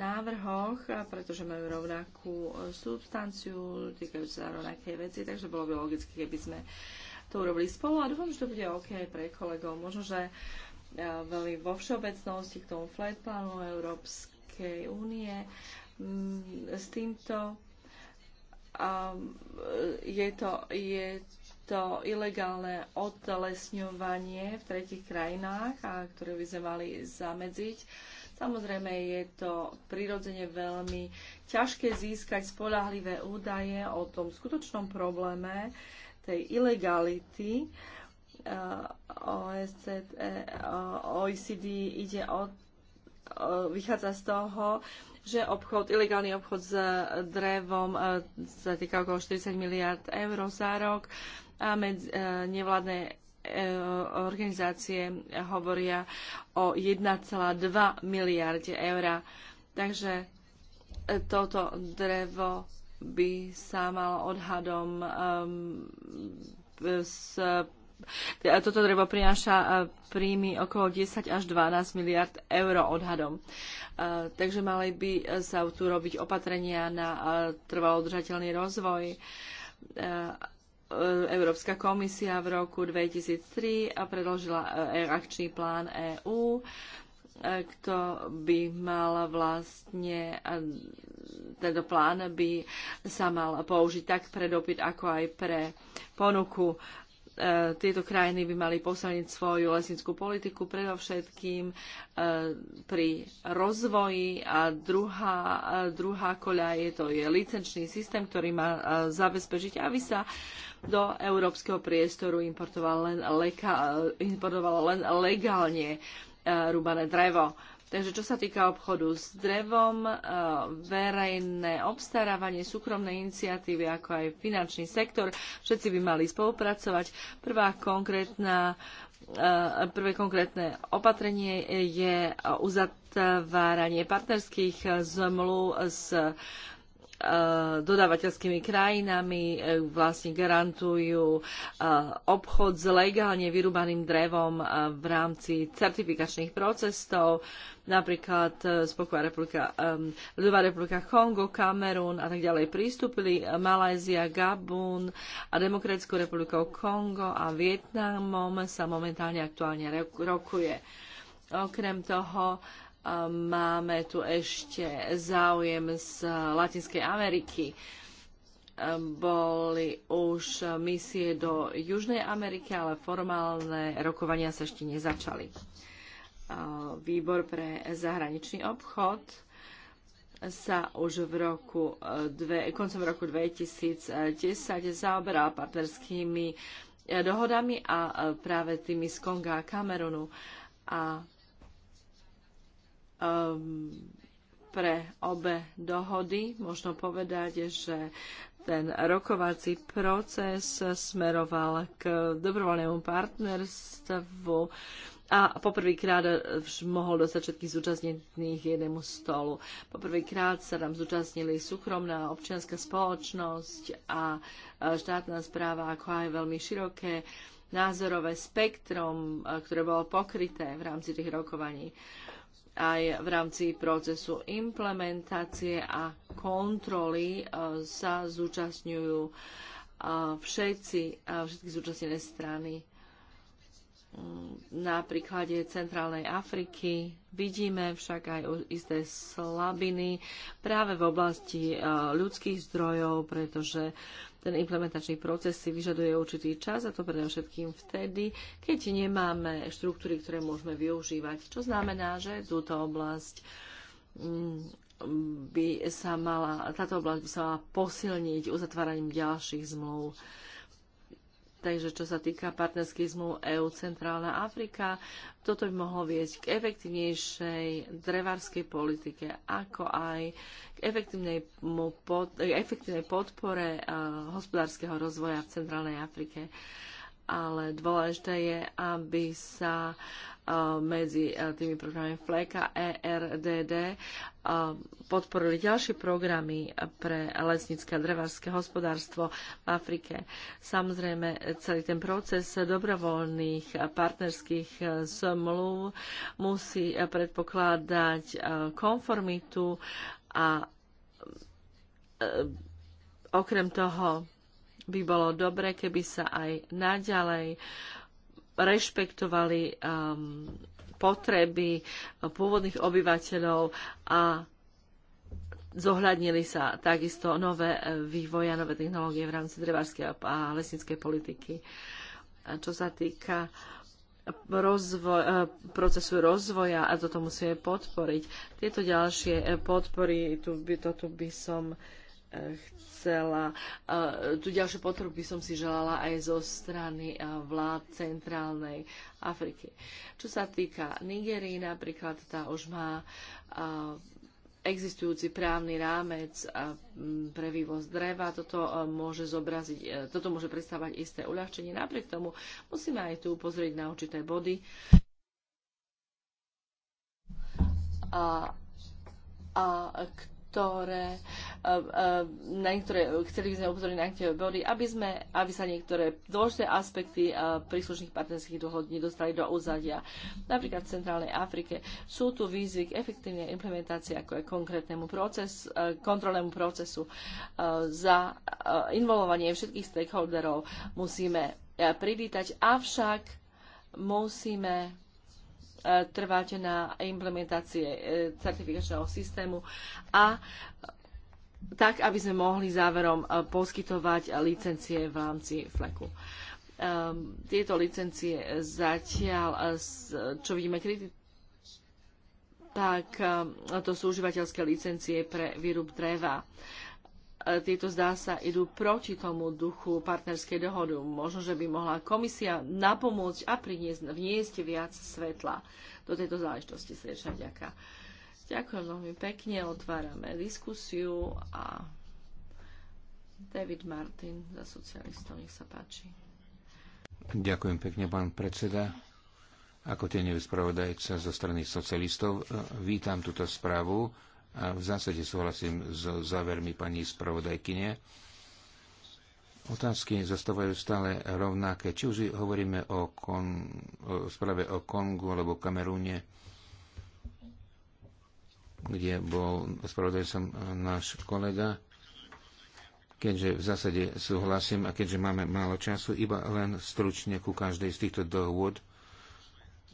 návrhoch, pretože majú rovnakú e, substanciu, týkajú sa rovnaké veci, takže bolo by logické, keby sme to urobili spolu a dúfam, že to bude OK pre kolegov. Možno, že e, veľmi vo všeobecnosti k tomu flat plánu Európskej únie mm, s týmto um, je, to, je to ilegálne odlesňovanie v tretich krajinách, a ktoré by sme mali zamedziť. Samozrejme je to prirodzene veľmi ťažké získať spolahlivé údaje o tom skutočnom probléme tej ilegality. E, OECD ide o, vychádza z toho, že obchod, ilegálny obchod s drevom e, sa týka okolo 40 miliard eur za rok medzi, e, nevládne e, organizácie hovoria o 1,2 miliarde eur. Takže e, toto drevo by sa malo odhadom um, s, toto drevo prináša príjmy okolo 10 až 12 miliard eur odhadom. Uh, takže mali by sa tu robiť opatrenia na uh, trvalodržateľný rozvoj. Uh, E, Európska komisia v roku 2003 predložila e, e, akčný plán EÚ, kto by mal vlastne, tento plán by sa mal použiť tak pre dopyt, ako aj pre ponuku. Tieto krajiny by mali posilniť svoju lesnickú politiku predovšetkým pri rozvoji a druhá, druhá koľa je to je licenčný systém, ktorý má zabezpečiť, aby sa do európskeho priestoru importovala len, leka, importovala len legálne e, rúbané drevo. Takže čo sa týka obchodu s drevom, e, verejné obstarávanie, súkromné iniciatívy, ako aj finančný sektor, všetci by mali spolupracovať. Prvá konkrétna e, prvé konkrétne opatrenie je uzatváranie partnerských zmluv s Eh, dodávateľskými krajinami, eh, vlastne garantujú eh, obchod s legálne vyrúbaným drevom v rámci certifikačných procesov, napríklad Spoková republika, Ľudová republika Kongo, Kamerún a tak ďalej prístupili Malézia, Gabun a Demokratickou republikou Kongo a Vietnamom sa momentálne aktuálne rokuje. Okrem toho Máme tu ešte záujem z Latinskej Ameriky. Boli už misie do Južnej Ameriky, ale formálne rokovania sa ešte nezačali. Výbor pre zahraničný obchod sa už v roku dve, koncom roku 2010 zaoberal partnerskými dohodami a práve tými z Konga a Kamerunu. A Ehm, pre obe dohody. Možno povedať, že ten rokovací proces smeroval k dobrovoľnému partnerstvu a poprvýkrát mohol dostať všetkých zúčastnených jednému stolu. Poprvýkrát sa tam zúčastnili súkromná občianská spoločnosť a e, štátna správa, ako aj veľmi široké názorové spektrum, e, ktoré bolo pokryté v rámci tých rokovaní. Uh, aj v rámci procesu implementácie a kontroly e, sa zúčastňujú e, všetci, e, všetky zúčastnené strany. Mm, na príklade Centrálnej Afriky vidíme však aj isté slabiny práve v oblasti ľudských zdrojov, pretože ten implementačný proces si vyžaduje určitý čas a to predovšetkým vtedy, keď nemáme štruktúry, ktoré môžeme využívať. Čo znamená, že túto oblasť mm, by sa mala, táto oblasť by sa mala posilniť uzatváraním ďalších zmluv. Takže čo sa týka partnerských zmluv EU Centrálna Afrika, toto by mohlo viesť k efektívnejšej drevarskej politike, ako aj k efektívnej, pod, k efektívnej podpore uh, hospodárskeho rozvoja v Centrálnej Afrike. Ale dôležité je, aby sa uh, medzi e, tými programami FLEKA, ERDD podporili ďalšie programy pre lesnícke a drevárske hospodárstvo v Afrike. Samozrejme, celý ten proces dobrovoľných partnerských e, zmluv musí e, predpokladať konformitu a okrem toho by bolo dobre, keby sa aj naďalej uh, rešpektovali um, potreby uh, pôvodných obyvateľov a zohľadnili sa takisto nové uh, vývoja, nové technológie v rámci drevárskej a lesníckej politiky. A čo sa týka rozvoj, uh, procesu rozvoja a toto musíme podporiť. Tieto ďalšie podpory, tu by, toto by som uh, chcela. Tu ďalšiu podporu by som si želala aj zo strany vlád centrálnej Afriky. Čo sa týka Nigerii, napríklad tá už má existujúci právny rámec pre vývoz dreva. Toto môže, zobraziť, e, toto môže predstavovať isté uľahčenie. Napriek tomu musíme aj tu pozrieť na určité body. A, a ktoré, eh, eh, na niektoré, chceli by sme upozorniť na niektoré body, aby, sme, aby sa niektoré dôležité aspekty eh, príslušných partnerských dohod nedostali do úzadia. Napríklad v Centrálnej Afrike sú tu výzvy k efektívnej implementácii ako aj konkrétnemu proces, kontrolnému procesu. Za involovanie všetkých stakeholderov musíme privítať, avšak musíme trvať na implementácie e, certifikačného systému a tak, aby sme mohli záverom e, poskytovať licencie v rámci fleku. Ehm, tieto licencie zatiaľ, e, čo vidíme tak to sú užívateľské licencie pre výrub dreva. E, tieto zdá sa idú proti tomu duchu partnerskej dohody. Možno, že by mohla komisia napomôcť a priniesť, vniesť viac svetla do tejto záležitosti. Srdečná ďaká. Ďakujem veľmi pekne, otvárame diskusiu a David Martin za socialistov, nech sa páči. Ďakujem pekne, pán predseda. Ako tie nevyspravodajca zo strany socialistov e, vítam túto správu a v zásade súhlasím s závermi pani spravodajkyne. Otázky zostávajú stále rovnaké, či už hovoríme o, kon, o správe o Kongu alebo Kamerúne, kde bol spravodajcom náš kolega. Keďže v zásade súhlasím a keďže máme málo času, iba len stručne ku každej z týchto dohôd.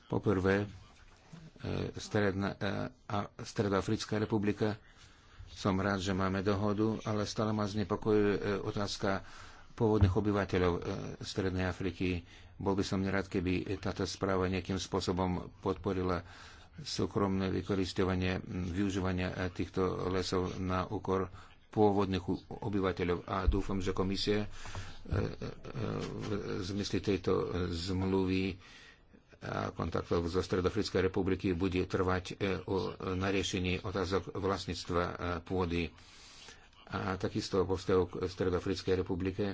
Poprvé, E, e, Stredoafrická republika. Som rád, že máme dohodu, ale stále ma znepokojuje e, otázka pôvodných obyvateľov Strednej Afriky. Bol by som nerad, keby táto správa nejakým spôsobom podporila súkromné vykoristovanie, využívania týchto lesov na úkor pôvodných obyvateľov. A dúfam, že komisia v zmysle tejto zmluvy kontaktov zo Stredoafrickej republiky bude trvať e, na riešení otázok vlastníctva e, pôdy a takisto vo vzťahu k Stredoafrickej republike.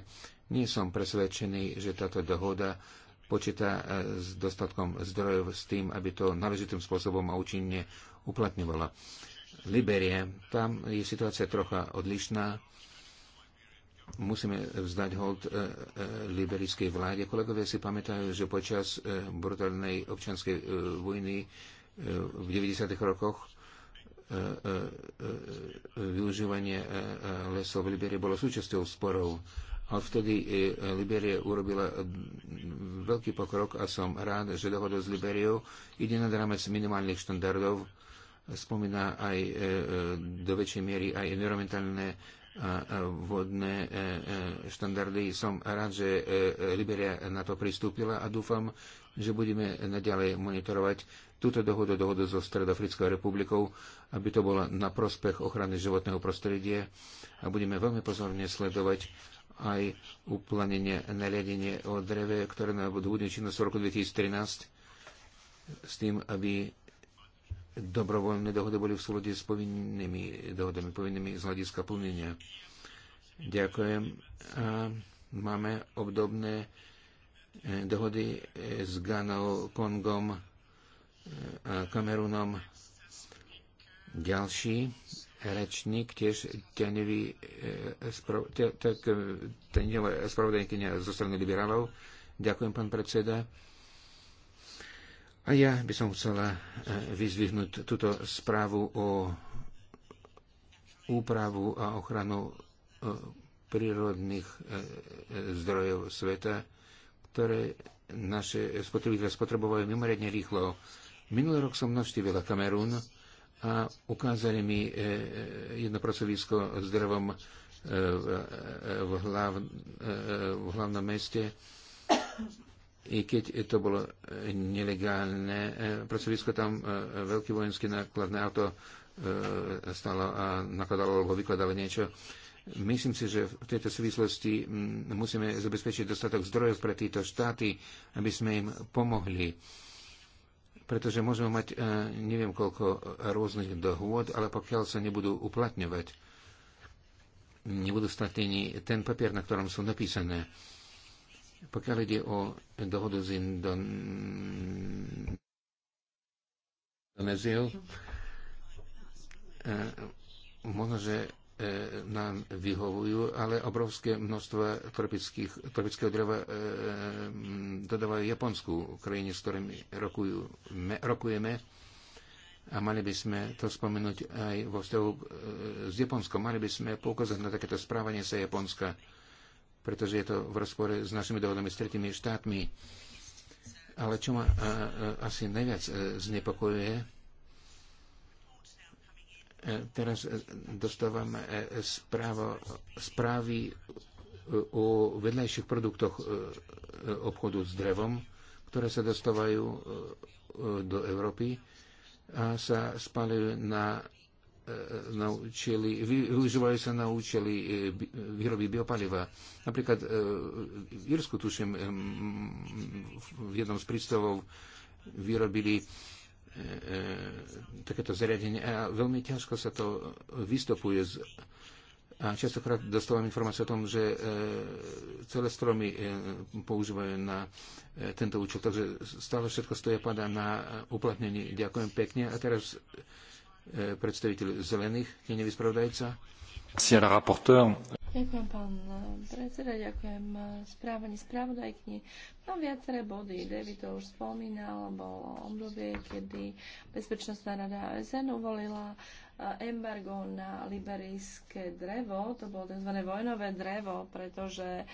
Nie som presvedčený, že táto dohoda počíta e, s dostatkom zdrojov s tým, aby to náležitým spôsobom a účinne uplatňovala. Liberie, tam je situácia trocha odlišná musíme vzdať hold e, e, liberickej vláde. Kolegovia si pamätajú, že počas e, brutálnej občianskej vojny v 90. rokoch využívanie lesov v Liberii bolo súčasťou sporov. A vtedy Liberia urobila veľký pokrok a som rád, že dohoda s Liberiou ide nad rámec minimálnych štandardov, spomína aj do väčšej miery aj environmentálne vodné e, e, štandardy. Som rád, že e, Liberia na to pristúpila a dúfam, že budeme naďalej monitorovať túto dohodu, dohodu so Stredoafrickou republikou, aby to bolo na prospech ochrany životného prostredia a budeme veľmi pozorne sledovať aj uplanenie nariadenie o dreve, ktoré nadobudne činnosť v roku 2013 s tým, aby dobrovoľné dohody boli v súlade s povinnými dohodami, povinnými z hľadiska plnenia. Ďakujem. A máme obdobné e, dohody e, s Ganou, Kongom e, a Kamerunom. Ďalší rečník, tiež tenivý spravodajkynia zo strany liberálov. Ďakujem, pán predseda. A ja by som chcela e, vyzvihnúť túto správu o úpravu a ochranu e, prírodných e, zdrojov sveta, ktoré naše spotrebiteľe spotrebovali mimoriadne rýchlo. Minulý rok som navštívila Kamerún a ukázali mi jedno pracovisko s drevom v, hlav, v hlavnom meste i keď to bolo e, nelegálne e, pracovisko, tam e, veľký vojenský nákladné auto stalo a nakladalo alebo vykladalo niečo. Myslím si, že v tejto súvislosti mm, musíme zabezpečiť dostatok zdrojov pre tieto štáty, aby sme im pomohli. Pretože môžeme mať neviem koľko rôznych dohôd, ale pokiaľ sa nebudú uplatňovať, nebudú stratení ten papier, na ktorom sú napísané pokiaľ ide o dohodu s Indonéziou, e, možno, že e, nám vyhovujú, ale obrovské množstvo tropického dreva e, dodávajú Japonsku, krajine, s ktorými rokujú, me, rokujeme. A mali by sme to spomenúť aj vo vzťahu e, s Japonskom. Mali by sme poukázať na takéto správanie sa Japonska pretože je to v rozpore s našimi dohodami s tretimi štátmi. Ale čo ma asi najviac e, znepokojuje, e, teraz dostávame správo, správy o vedľajších produktoch e, obchodu s drevom, ktoré sa dostávajú do Európy a sa spalujú na E, e, naučili, využívajú sa naučili e, výroby biopaliva. Napríklad v Irsku, tuším, v jednom z prístavov vyrobili takéto zariadenie a veľmi ťažko sa to vystopuje z a častokrát dostávam informáciu o tom, že e, celé stromy e, používajú na e, tento účel, takže stále všetko stojí padá na uplatnenie, Ďakujem pekne. A teraz E, predstaviteľ zelených, tenevý spravodajca. Ďakujem, pán e, predseda, ďakujem e, správanie spravodajkne. Mám no, viaceré body, David to už spomínal, bolo obdobie, kedy Bezpečnostná rada OSN uvolila embargo na liberijské drevo, to bolo tzv. vojnové drevo, pretože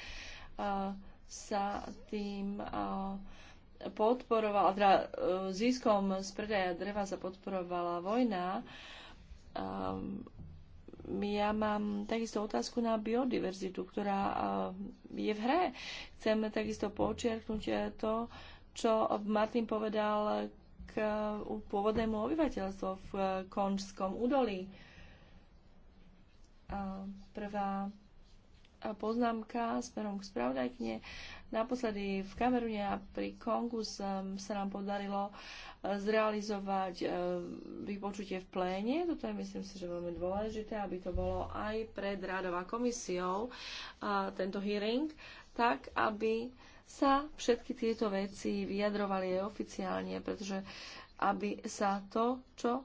sa tým uh, podporovala, teda e, získom z predaja dreva sa podporovala vojna. ja mám takisto otázku na biodiverzitu, ktorá je v hre. Chcem takisto počiarknúť e, to, čo Martin povedal k pôvodnému obyvateľstvu v e, Konžskom údolí. Prvá poznámka smerom k spravodajkne. Naposledy v Kamerune a pri Kongu sa, sa nám podarilo eh, zrealizovať eh, vypočutie v pléne. Toto je myslím si, že veľmi dôležité, aby to bolo aj pred rádová komisiou eh, tento hearing, tak aby sa všetky tieto veci vyjadrovali aj oficiálne, pretože aby sa to, čo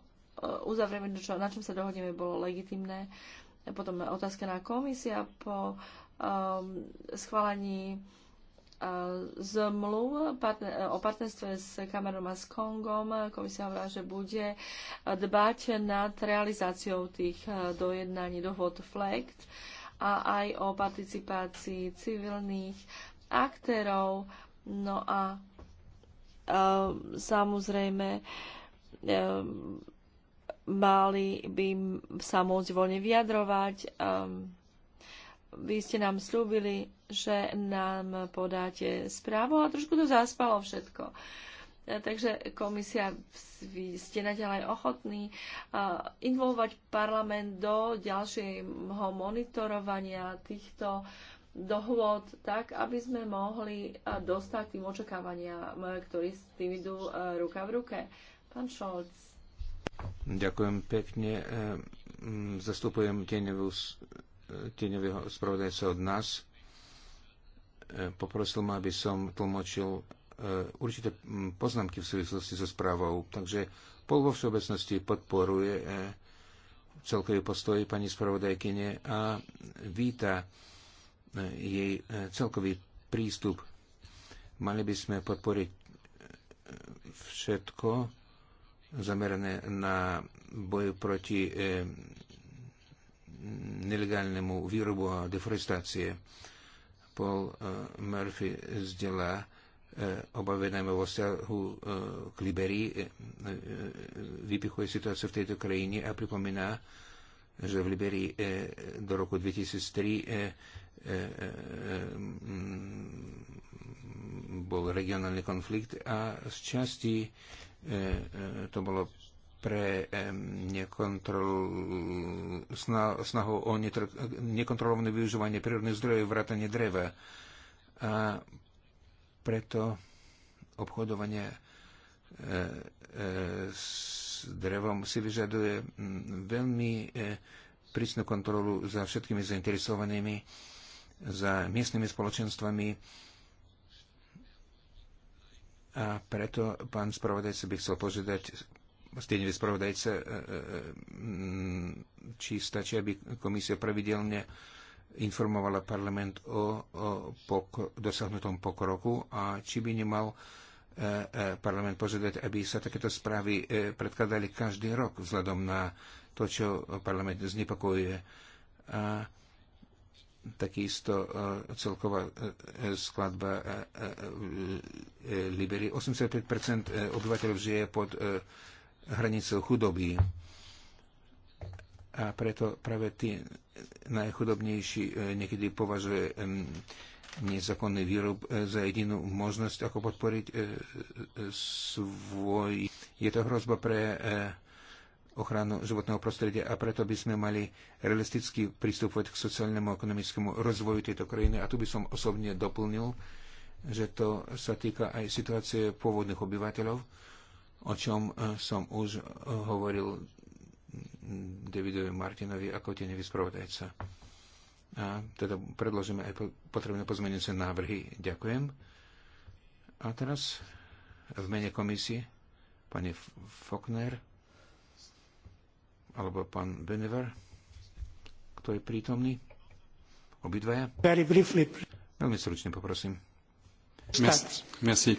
uzavrieme, na čom sa dohodneme, bolo legitimné. Potom otázka na komisia po um, schválení zmluv o partnerstve s Kamerom a s Kongom. Komisia hovorila, že bude dbať nad realizáciou tých e, dojednaní dohod FLECT a aj o participácii civilných aktérov. No a e, samozrejme e, mali by sa môcť voľne vyjadrovať vy ste nám slúbili, že nám podáte správu a trošku to zaspalo všetko. E, takže komisia, vy ste naďalej ochotní e, involovať parlament do ďalšieho monitorovania týchto dohôd tak, aby sme mohli e, dostať tým očakávaniam, ktorí s tým idú ruka v ruke. Pán Šolc. Ďakujem pekne. Zastupujem tieňovú tieňového spravodajca od nás e, poprosil ma, aby som tlmočil e, určité poznámky v súvislosti so správou. Takže pol vo všeobecnosti podporuje e, celkový postoj pani spravodajkyne a víta jej celkový prístup. Mali by sme podporiť všetko zamerané na boj proti nelegálnemu výrobu a deforestácie. Paul eh, Murphy zdieľa eh, obave najmä vo vzťahu eh, k Liberii, vypichuje situáciu v tejto krajine a pripomína, že v Liberii do roku 2003 mm, bol regionálny konflikt a z časti to bolo pre snahu o nekontrolované využívanie prírodných zdrojov vrátane dreva. A preto obchodovanie e, e, s drevom si vyžaduje veľmi e, prísnu kontrolu za všetkými zainteresovanými, za miestnymi spoločenstvami. A preto pán spravodajca by chcel požiadať stejne spravodajca, e, e, e, či stačí, aby komisia pravidelne informovala parlament o, o pok- dosahnutom pokroku a či by nemal parlament požiadať, aby sa takéto správy predkladali každý rok vzhľadom na to, čo parlament znepokojuje. A takisto celková skladba Libery. 85% obyvateľov žije pod hranicou chudoby. A preto práve tí najchudobnejší e, niekedy považuje nezákonný výrob e, za jedinú možnosť, ako podporiť e, svoj. Je to hrozba pre ochranu životného prostredia a preto by sme mali realisticky pristupovať k sociálnemu a ekonomickému rozvoju tejto krajiny. A tu by som osobne doplnil, že to sa týka aj situácie pôvodných obyvateľov, o čom e, som už e, hovoril Davidovi Martinovi ako tenevý spravodajca. A teda predložíme aj potrebné pozmenujúce návrhy. Ďakujem. A teraz v mene komisie pani Fokner alebo pán Benever, kto je prítomný? Obidvaja? Veľmi stručne poprosím. Merci. Merci.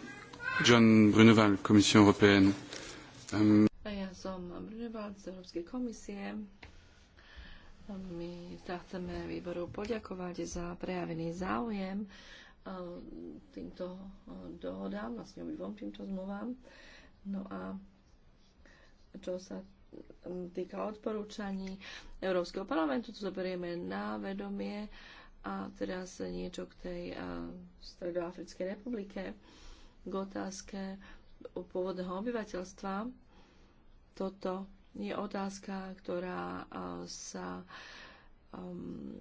John Bruneval, Um... Ja som Bruneval z Európskej komisie. My sa chceme výboru poďakovať za prejavený záujem týmto dohodám, vlastne obidvom týmto zmluvám. No a čo sa týka odporúčaní Európskeho parlamentu, to zoberieme na vedomie. A teraz niečo k tej Stredoafrickej republike k otázke pôvodného obyvateľstva. Toto je otázka, ktorá sa um,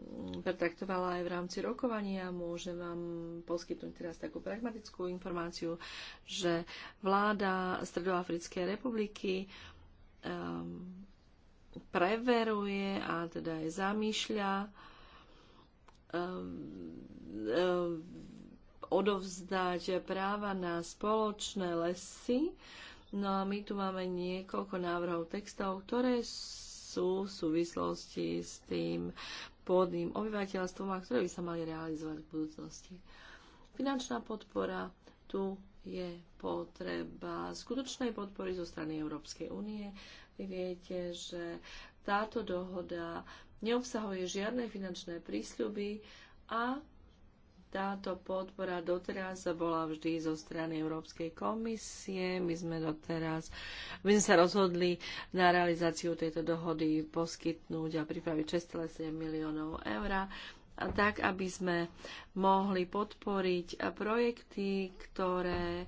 pretraktovala aj v rámci rokovania. Môžem vám poskytnúť teraz takú pragmatickú informáciu, že vláda Stredoafrickej republiky um, preveruje a teda aj zamýšľa um, odovzdať práva na spoločné lesy. No a my tu máme niekoľko návrhov textov, ktoré sú v súvislosti s tým pôdnym obyvateľstvom a ktoré by sa mali realizovať v budúcnosti. Finančná podpora tu je potreba skutočnej podpory zo strany Európskej únie. Vy viete, že táto dohoda neobsahuje žiadne finančné prísľuby a táto podpora doteraz bola vždy zo strany Európskej komisie. My sme doteraz, my sme sa rozhodli na realizáciu tejto dohody poskytnúť a pripraviť 6,7 miliónov eur tak, aby sme mohli podporiť projekty, ktoré e,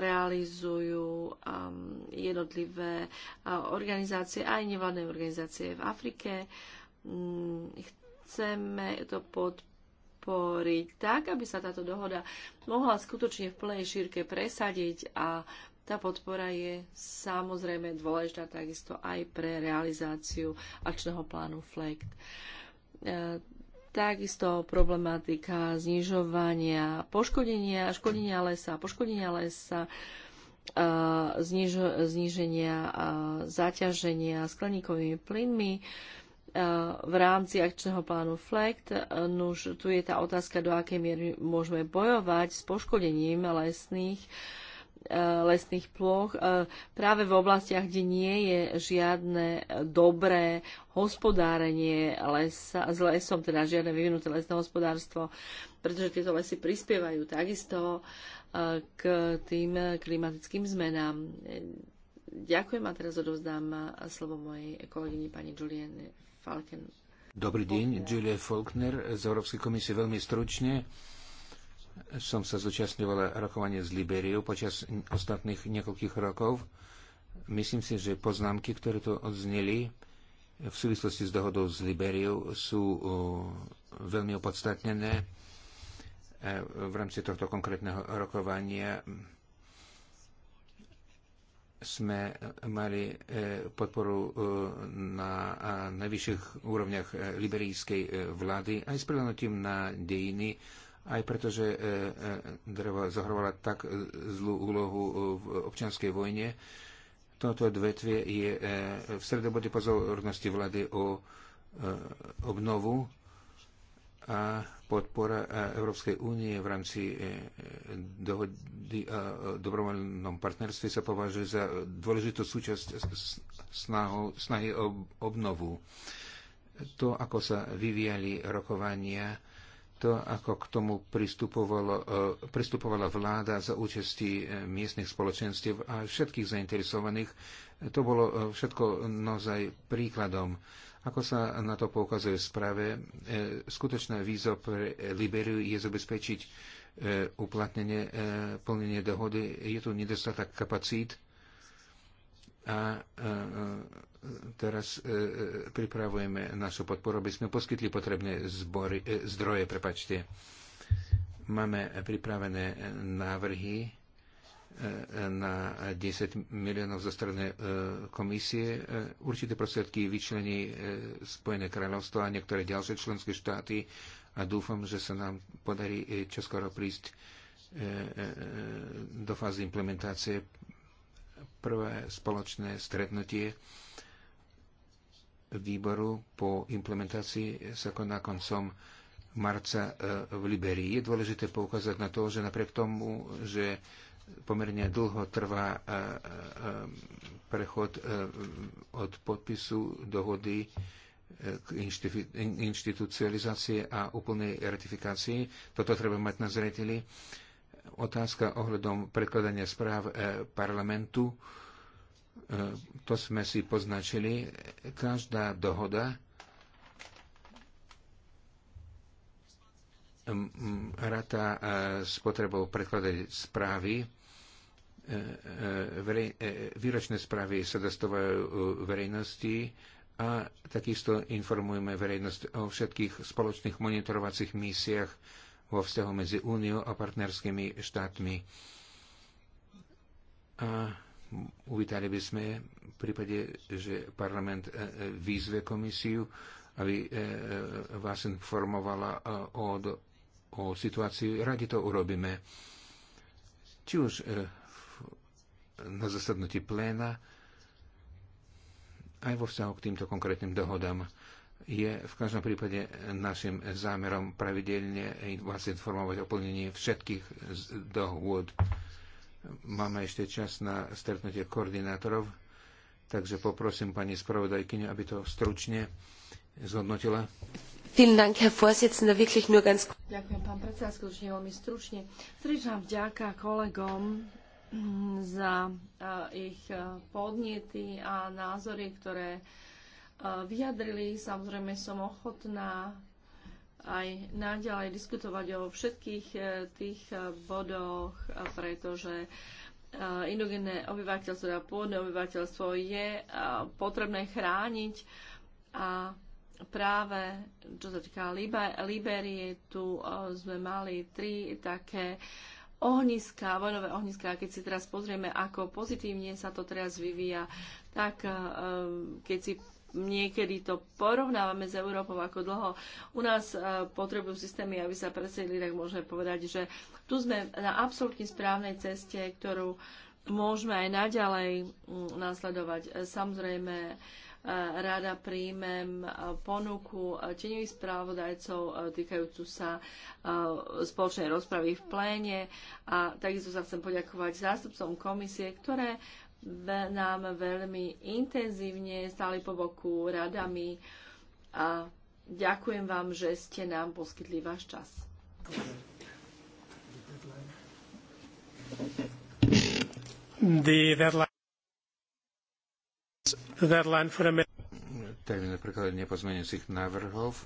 realizujú um, jednotlivé e, organizácie, aj nevládne organizácie v Afrike. Mm, chceme to podporiť podporiť tak, aby sa táto dohoda mohla skutočne v plnej šírke presadiť a tá podpora je samozrejme dôležitá takisto aj pre realizáciu akčného plánu FLECT. E, takisto problematika znižovania poškodenia, škodenia lesa, poškodenia lesa, e, zniž, zniženia e, zaťaženia skleníkovými plynmi, v rámci akčného plánu FLECT. E, nuž, tu je tá otázka, do akej miery môžeme bojovať s poškodením lesných e, lesných ploch e, práve v oblastiach, kde nie je žiadne dobré hospodárenie lesa, s lesom, teda žiadne vyvinuté lesné hospodárstvo, pretože tieto lesy prispievajú takisto k tým klimatickým zmenám. Ďakujem a teraz odovzdám slovo mojej kolegyni pani Julienne Falken. Dobrý deň, Julia Faulkner z Európskej komisie. Veľmi stručne som sa zúčastňovala rokovanie s Liberiou počas ostatných niekoľkých rokov. Myslím si, že poznámky, ktoré tu odzneli v súvislosti s dohodou s Liberiou, sú veľmi opodstatnené e, v rámci tohto konkrétneho rokovania sme mali e, podporu e, na najvyšších úrovniach e, liberijskej vlády aj s prihľadnutím na dejiny, aj pretože drevo zahrovala tak zlú úlohu v občianskej vojne. Toto dvetvie je v stredobode pozornosti vlády o obnovu a podpora e, Európskej únie v rámci e, dohody a dobrovoľnom partnerstve sa považuje za dôležitú súčasť snahu, snahy o obnovu. To, ako sa vyvíjali rokovania, to, ako k tomu e, pristupovala vláda za účasti miestnych spoločenstiev a všetkých zainteresovaných, to bolo všetko naozaj príkladom ako sa na to poukazuje v správe, e, skutočná víza pre Liberiu je zabezpečiť e, uplatnenie, e, plnenie dohody. Je tu nedostatok kapacít a teraz pripravujeme našu podporu, aby sme poskytli potrebné zbory, zdroje. Prepačte. Máme pripravené návrhy na 10 miliónov zo strany e, komisie. E, určité prostriedky vyčlení e, Spojené kráľovstvo a niektoré ďalšie členské štáty a dúfam, že sa nám podarí čoskoro prísť do fázy implementácie prvé spoločné stretnutie výboru po implementácii sa koná koncom marca v Liberii. Je dôležité poukázať na to, že napriek tomu, že pomerne dlho trvá e, e, e, prechod od podpisu dohody k inštitucializácii a úplnej ratifikácii. Toto treba mať na zreteli. Otázka ohľadom prekladania správ parlamentu. To sme si poznačili. Každá dohoda rata s potrebou prekladať správy verej, e, výročné správy sa dostávajú e, verejnosti a takisto informujeme verejnosť o všetkých spoločných monitorovacích misiách vo vzťahu medzi Úniou a partnerskými štátmi. A uvítali by sme v prípade, že parlament e, výzve komisiu, aby vás informovala o, o situácii. Radi to urobíme. Či už na zasadnutí pléna aj vo vzťahu k týmto konkrétnym dohodám. Je v každom prípade našim zámerom pravidelne vás informovať o plnení všetkých dohôd. Máme ešte čas na stretnutie koordinátorov, takže poprosím pani spravodajkyňu, aby to stručne zhodnotila. Ďakujem, pán predseda, skutočne veľmi stručne. Srdečná vďaka kolegom za eh, ich eh, podnety a názory, ktoré eh, vyjadrili. Samozrejme som ochotná aj naďalej diskutovať o všetkých tých bodoch, pretože indogené obyvateľstvo, teda pôvodné obyvateľstvo je potrebné chrániť a práve, čo sa týka Liberie, tu sme mali tri také ohniska, vojnové ohniska. A keď si teraz pozrieme, ako pozitívne sa to teraz vyvíja, tak e, keď si niekedy to porovnávame s Európou, ako dlho u nás e, potrebujú systémy, aby sa presedli, tak môžeme povedať, že tu sme na absolútne správnej ceste, ktorú môžeme aj naďalej mm, nasledovať. E, samozrejme, Rada príjmem ponuku tenivých správodajcov týkajúcu sa spoločnej rozpravy v pléne a takisto sa chcem poďakovať zástupcom komisie, ktoré nám veľmi intenzívne stáli po boku radami a ďakujem vám, že ste nám poskytli váš čas. The deadline. Termín prekladania pozmeniacich návrhov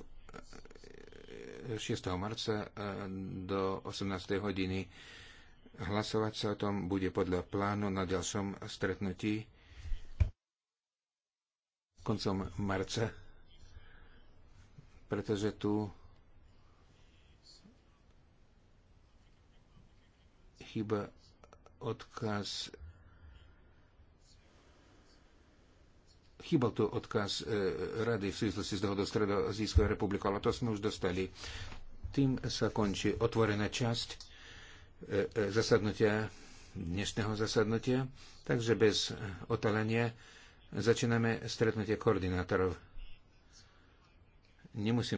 6. E, marca e, do 18. hodiny. Hlasovať sa o tom bude podľa plánu na ďalšom stretnutí koncom marca, pretože tu chyba odkaz chýbal tu odkaz e, Rady v súvislosti s dohodou Stredoazijskou republikou, ale to sme už dostali. Tým sa končí otvorená časť e, e, zasadnutia, dnešného zasadnutia. Takže bez otalenia začíname stretnutie koordinátorov. Nemusím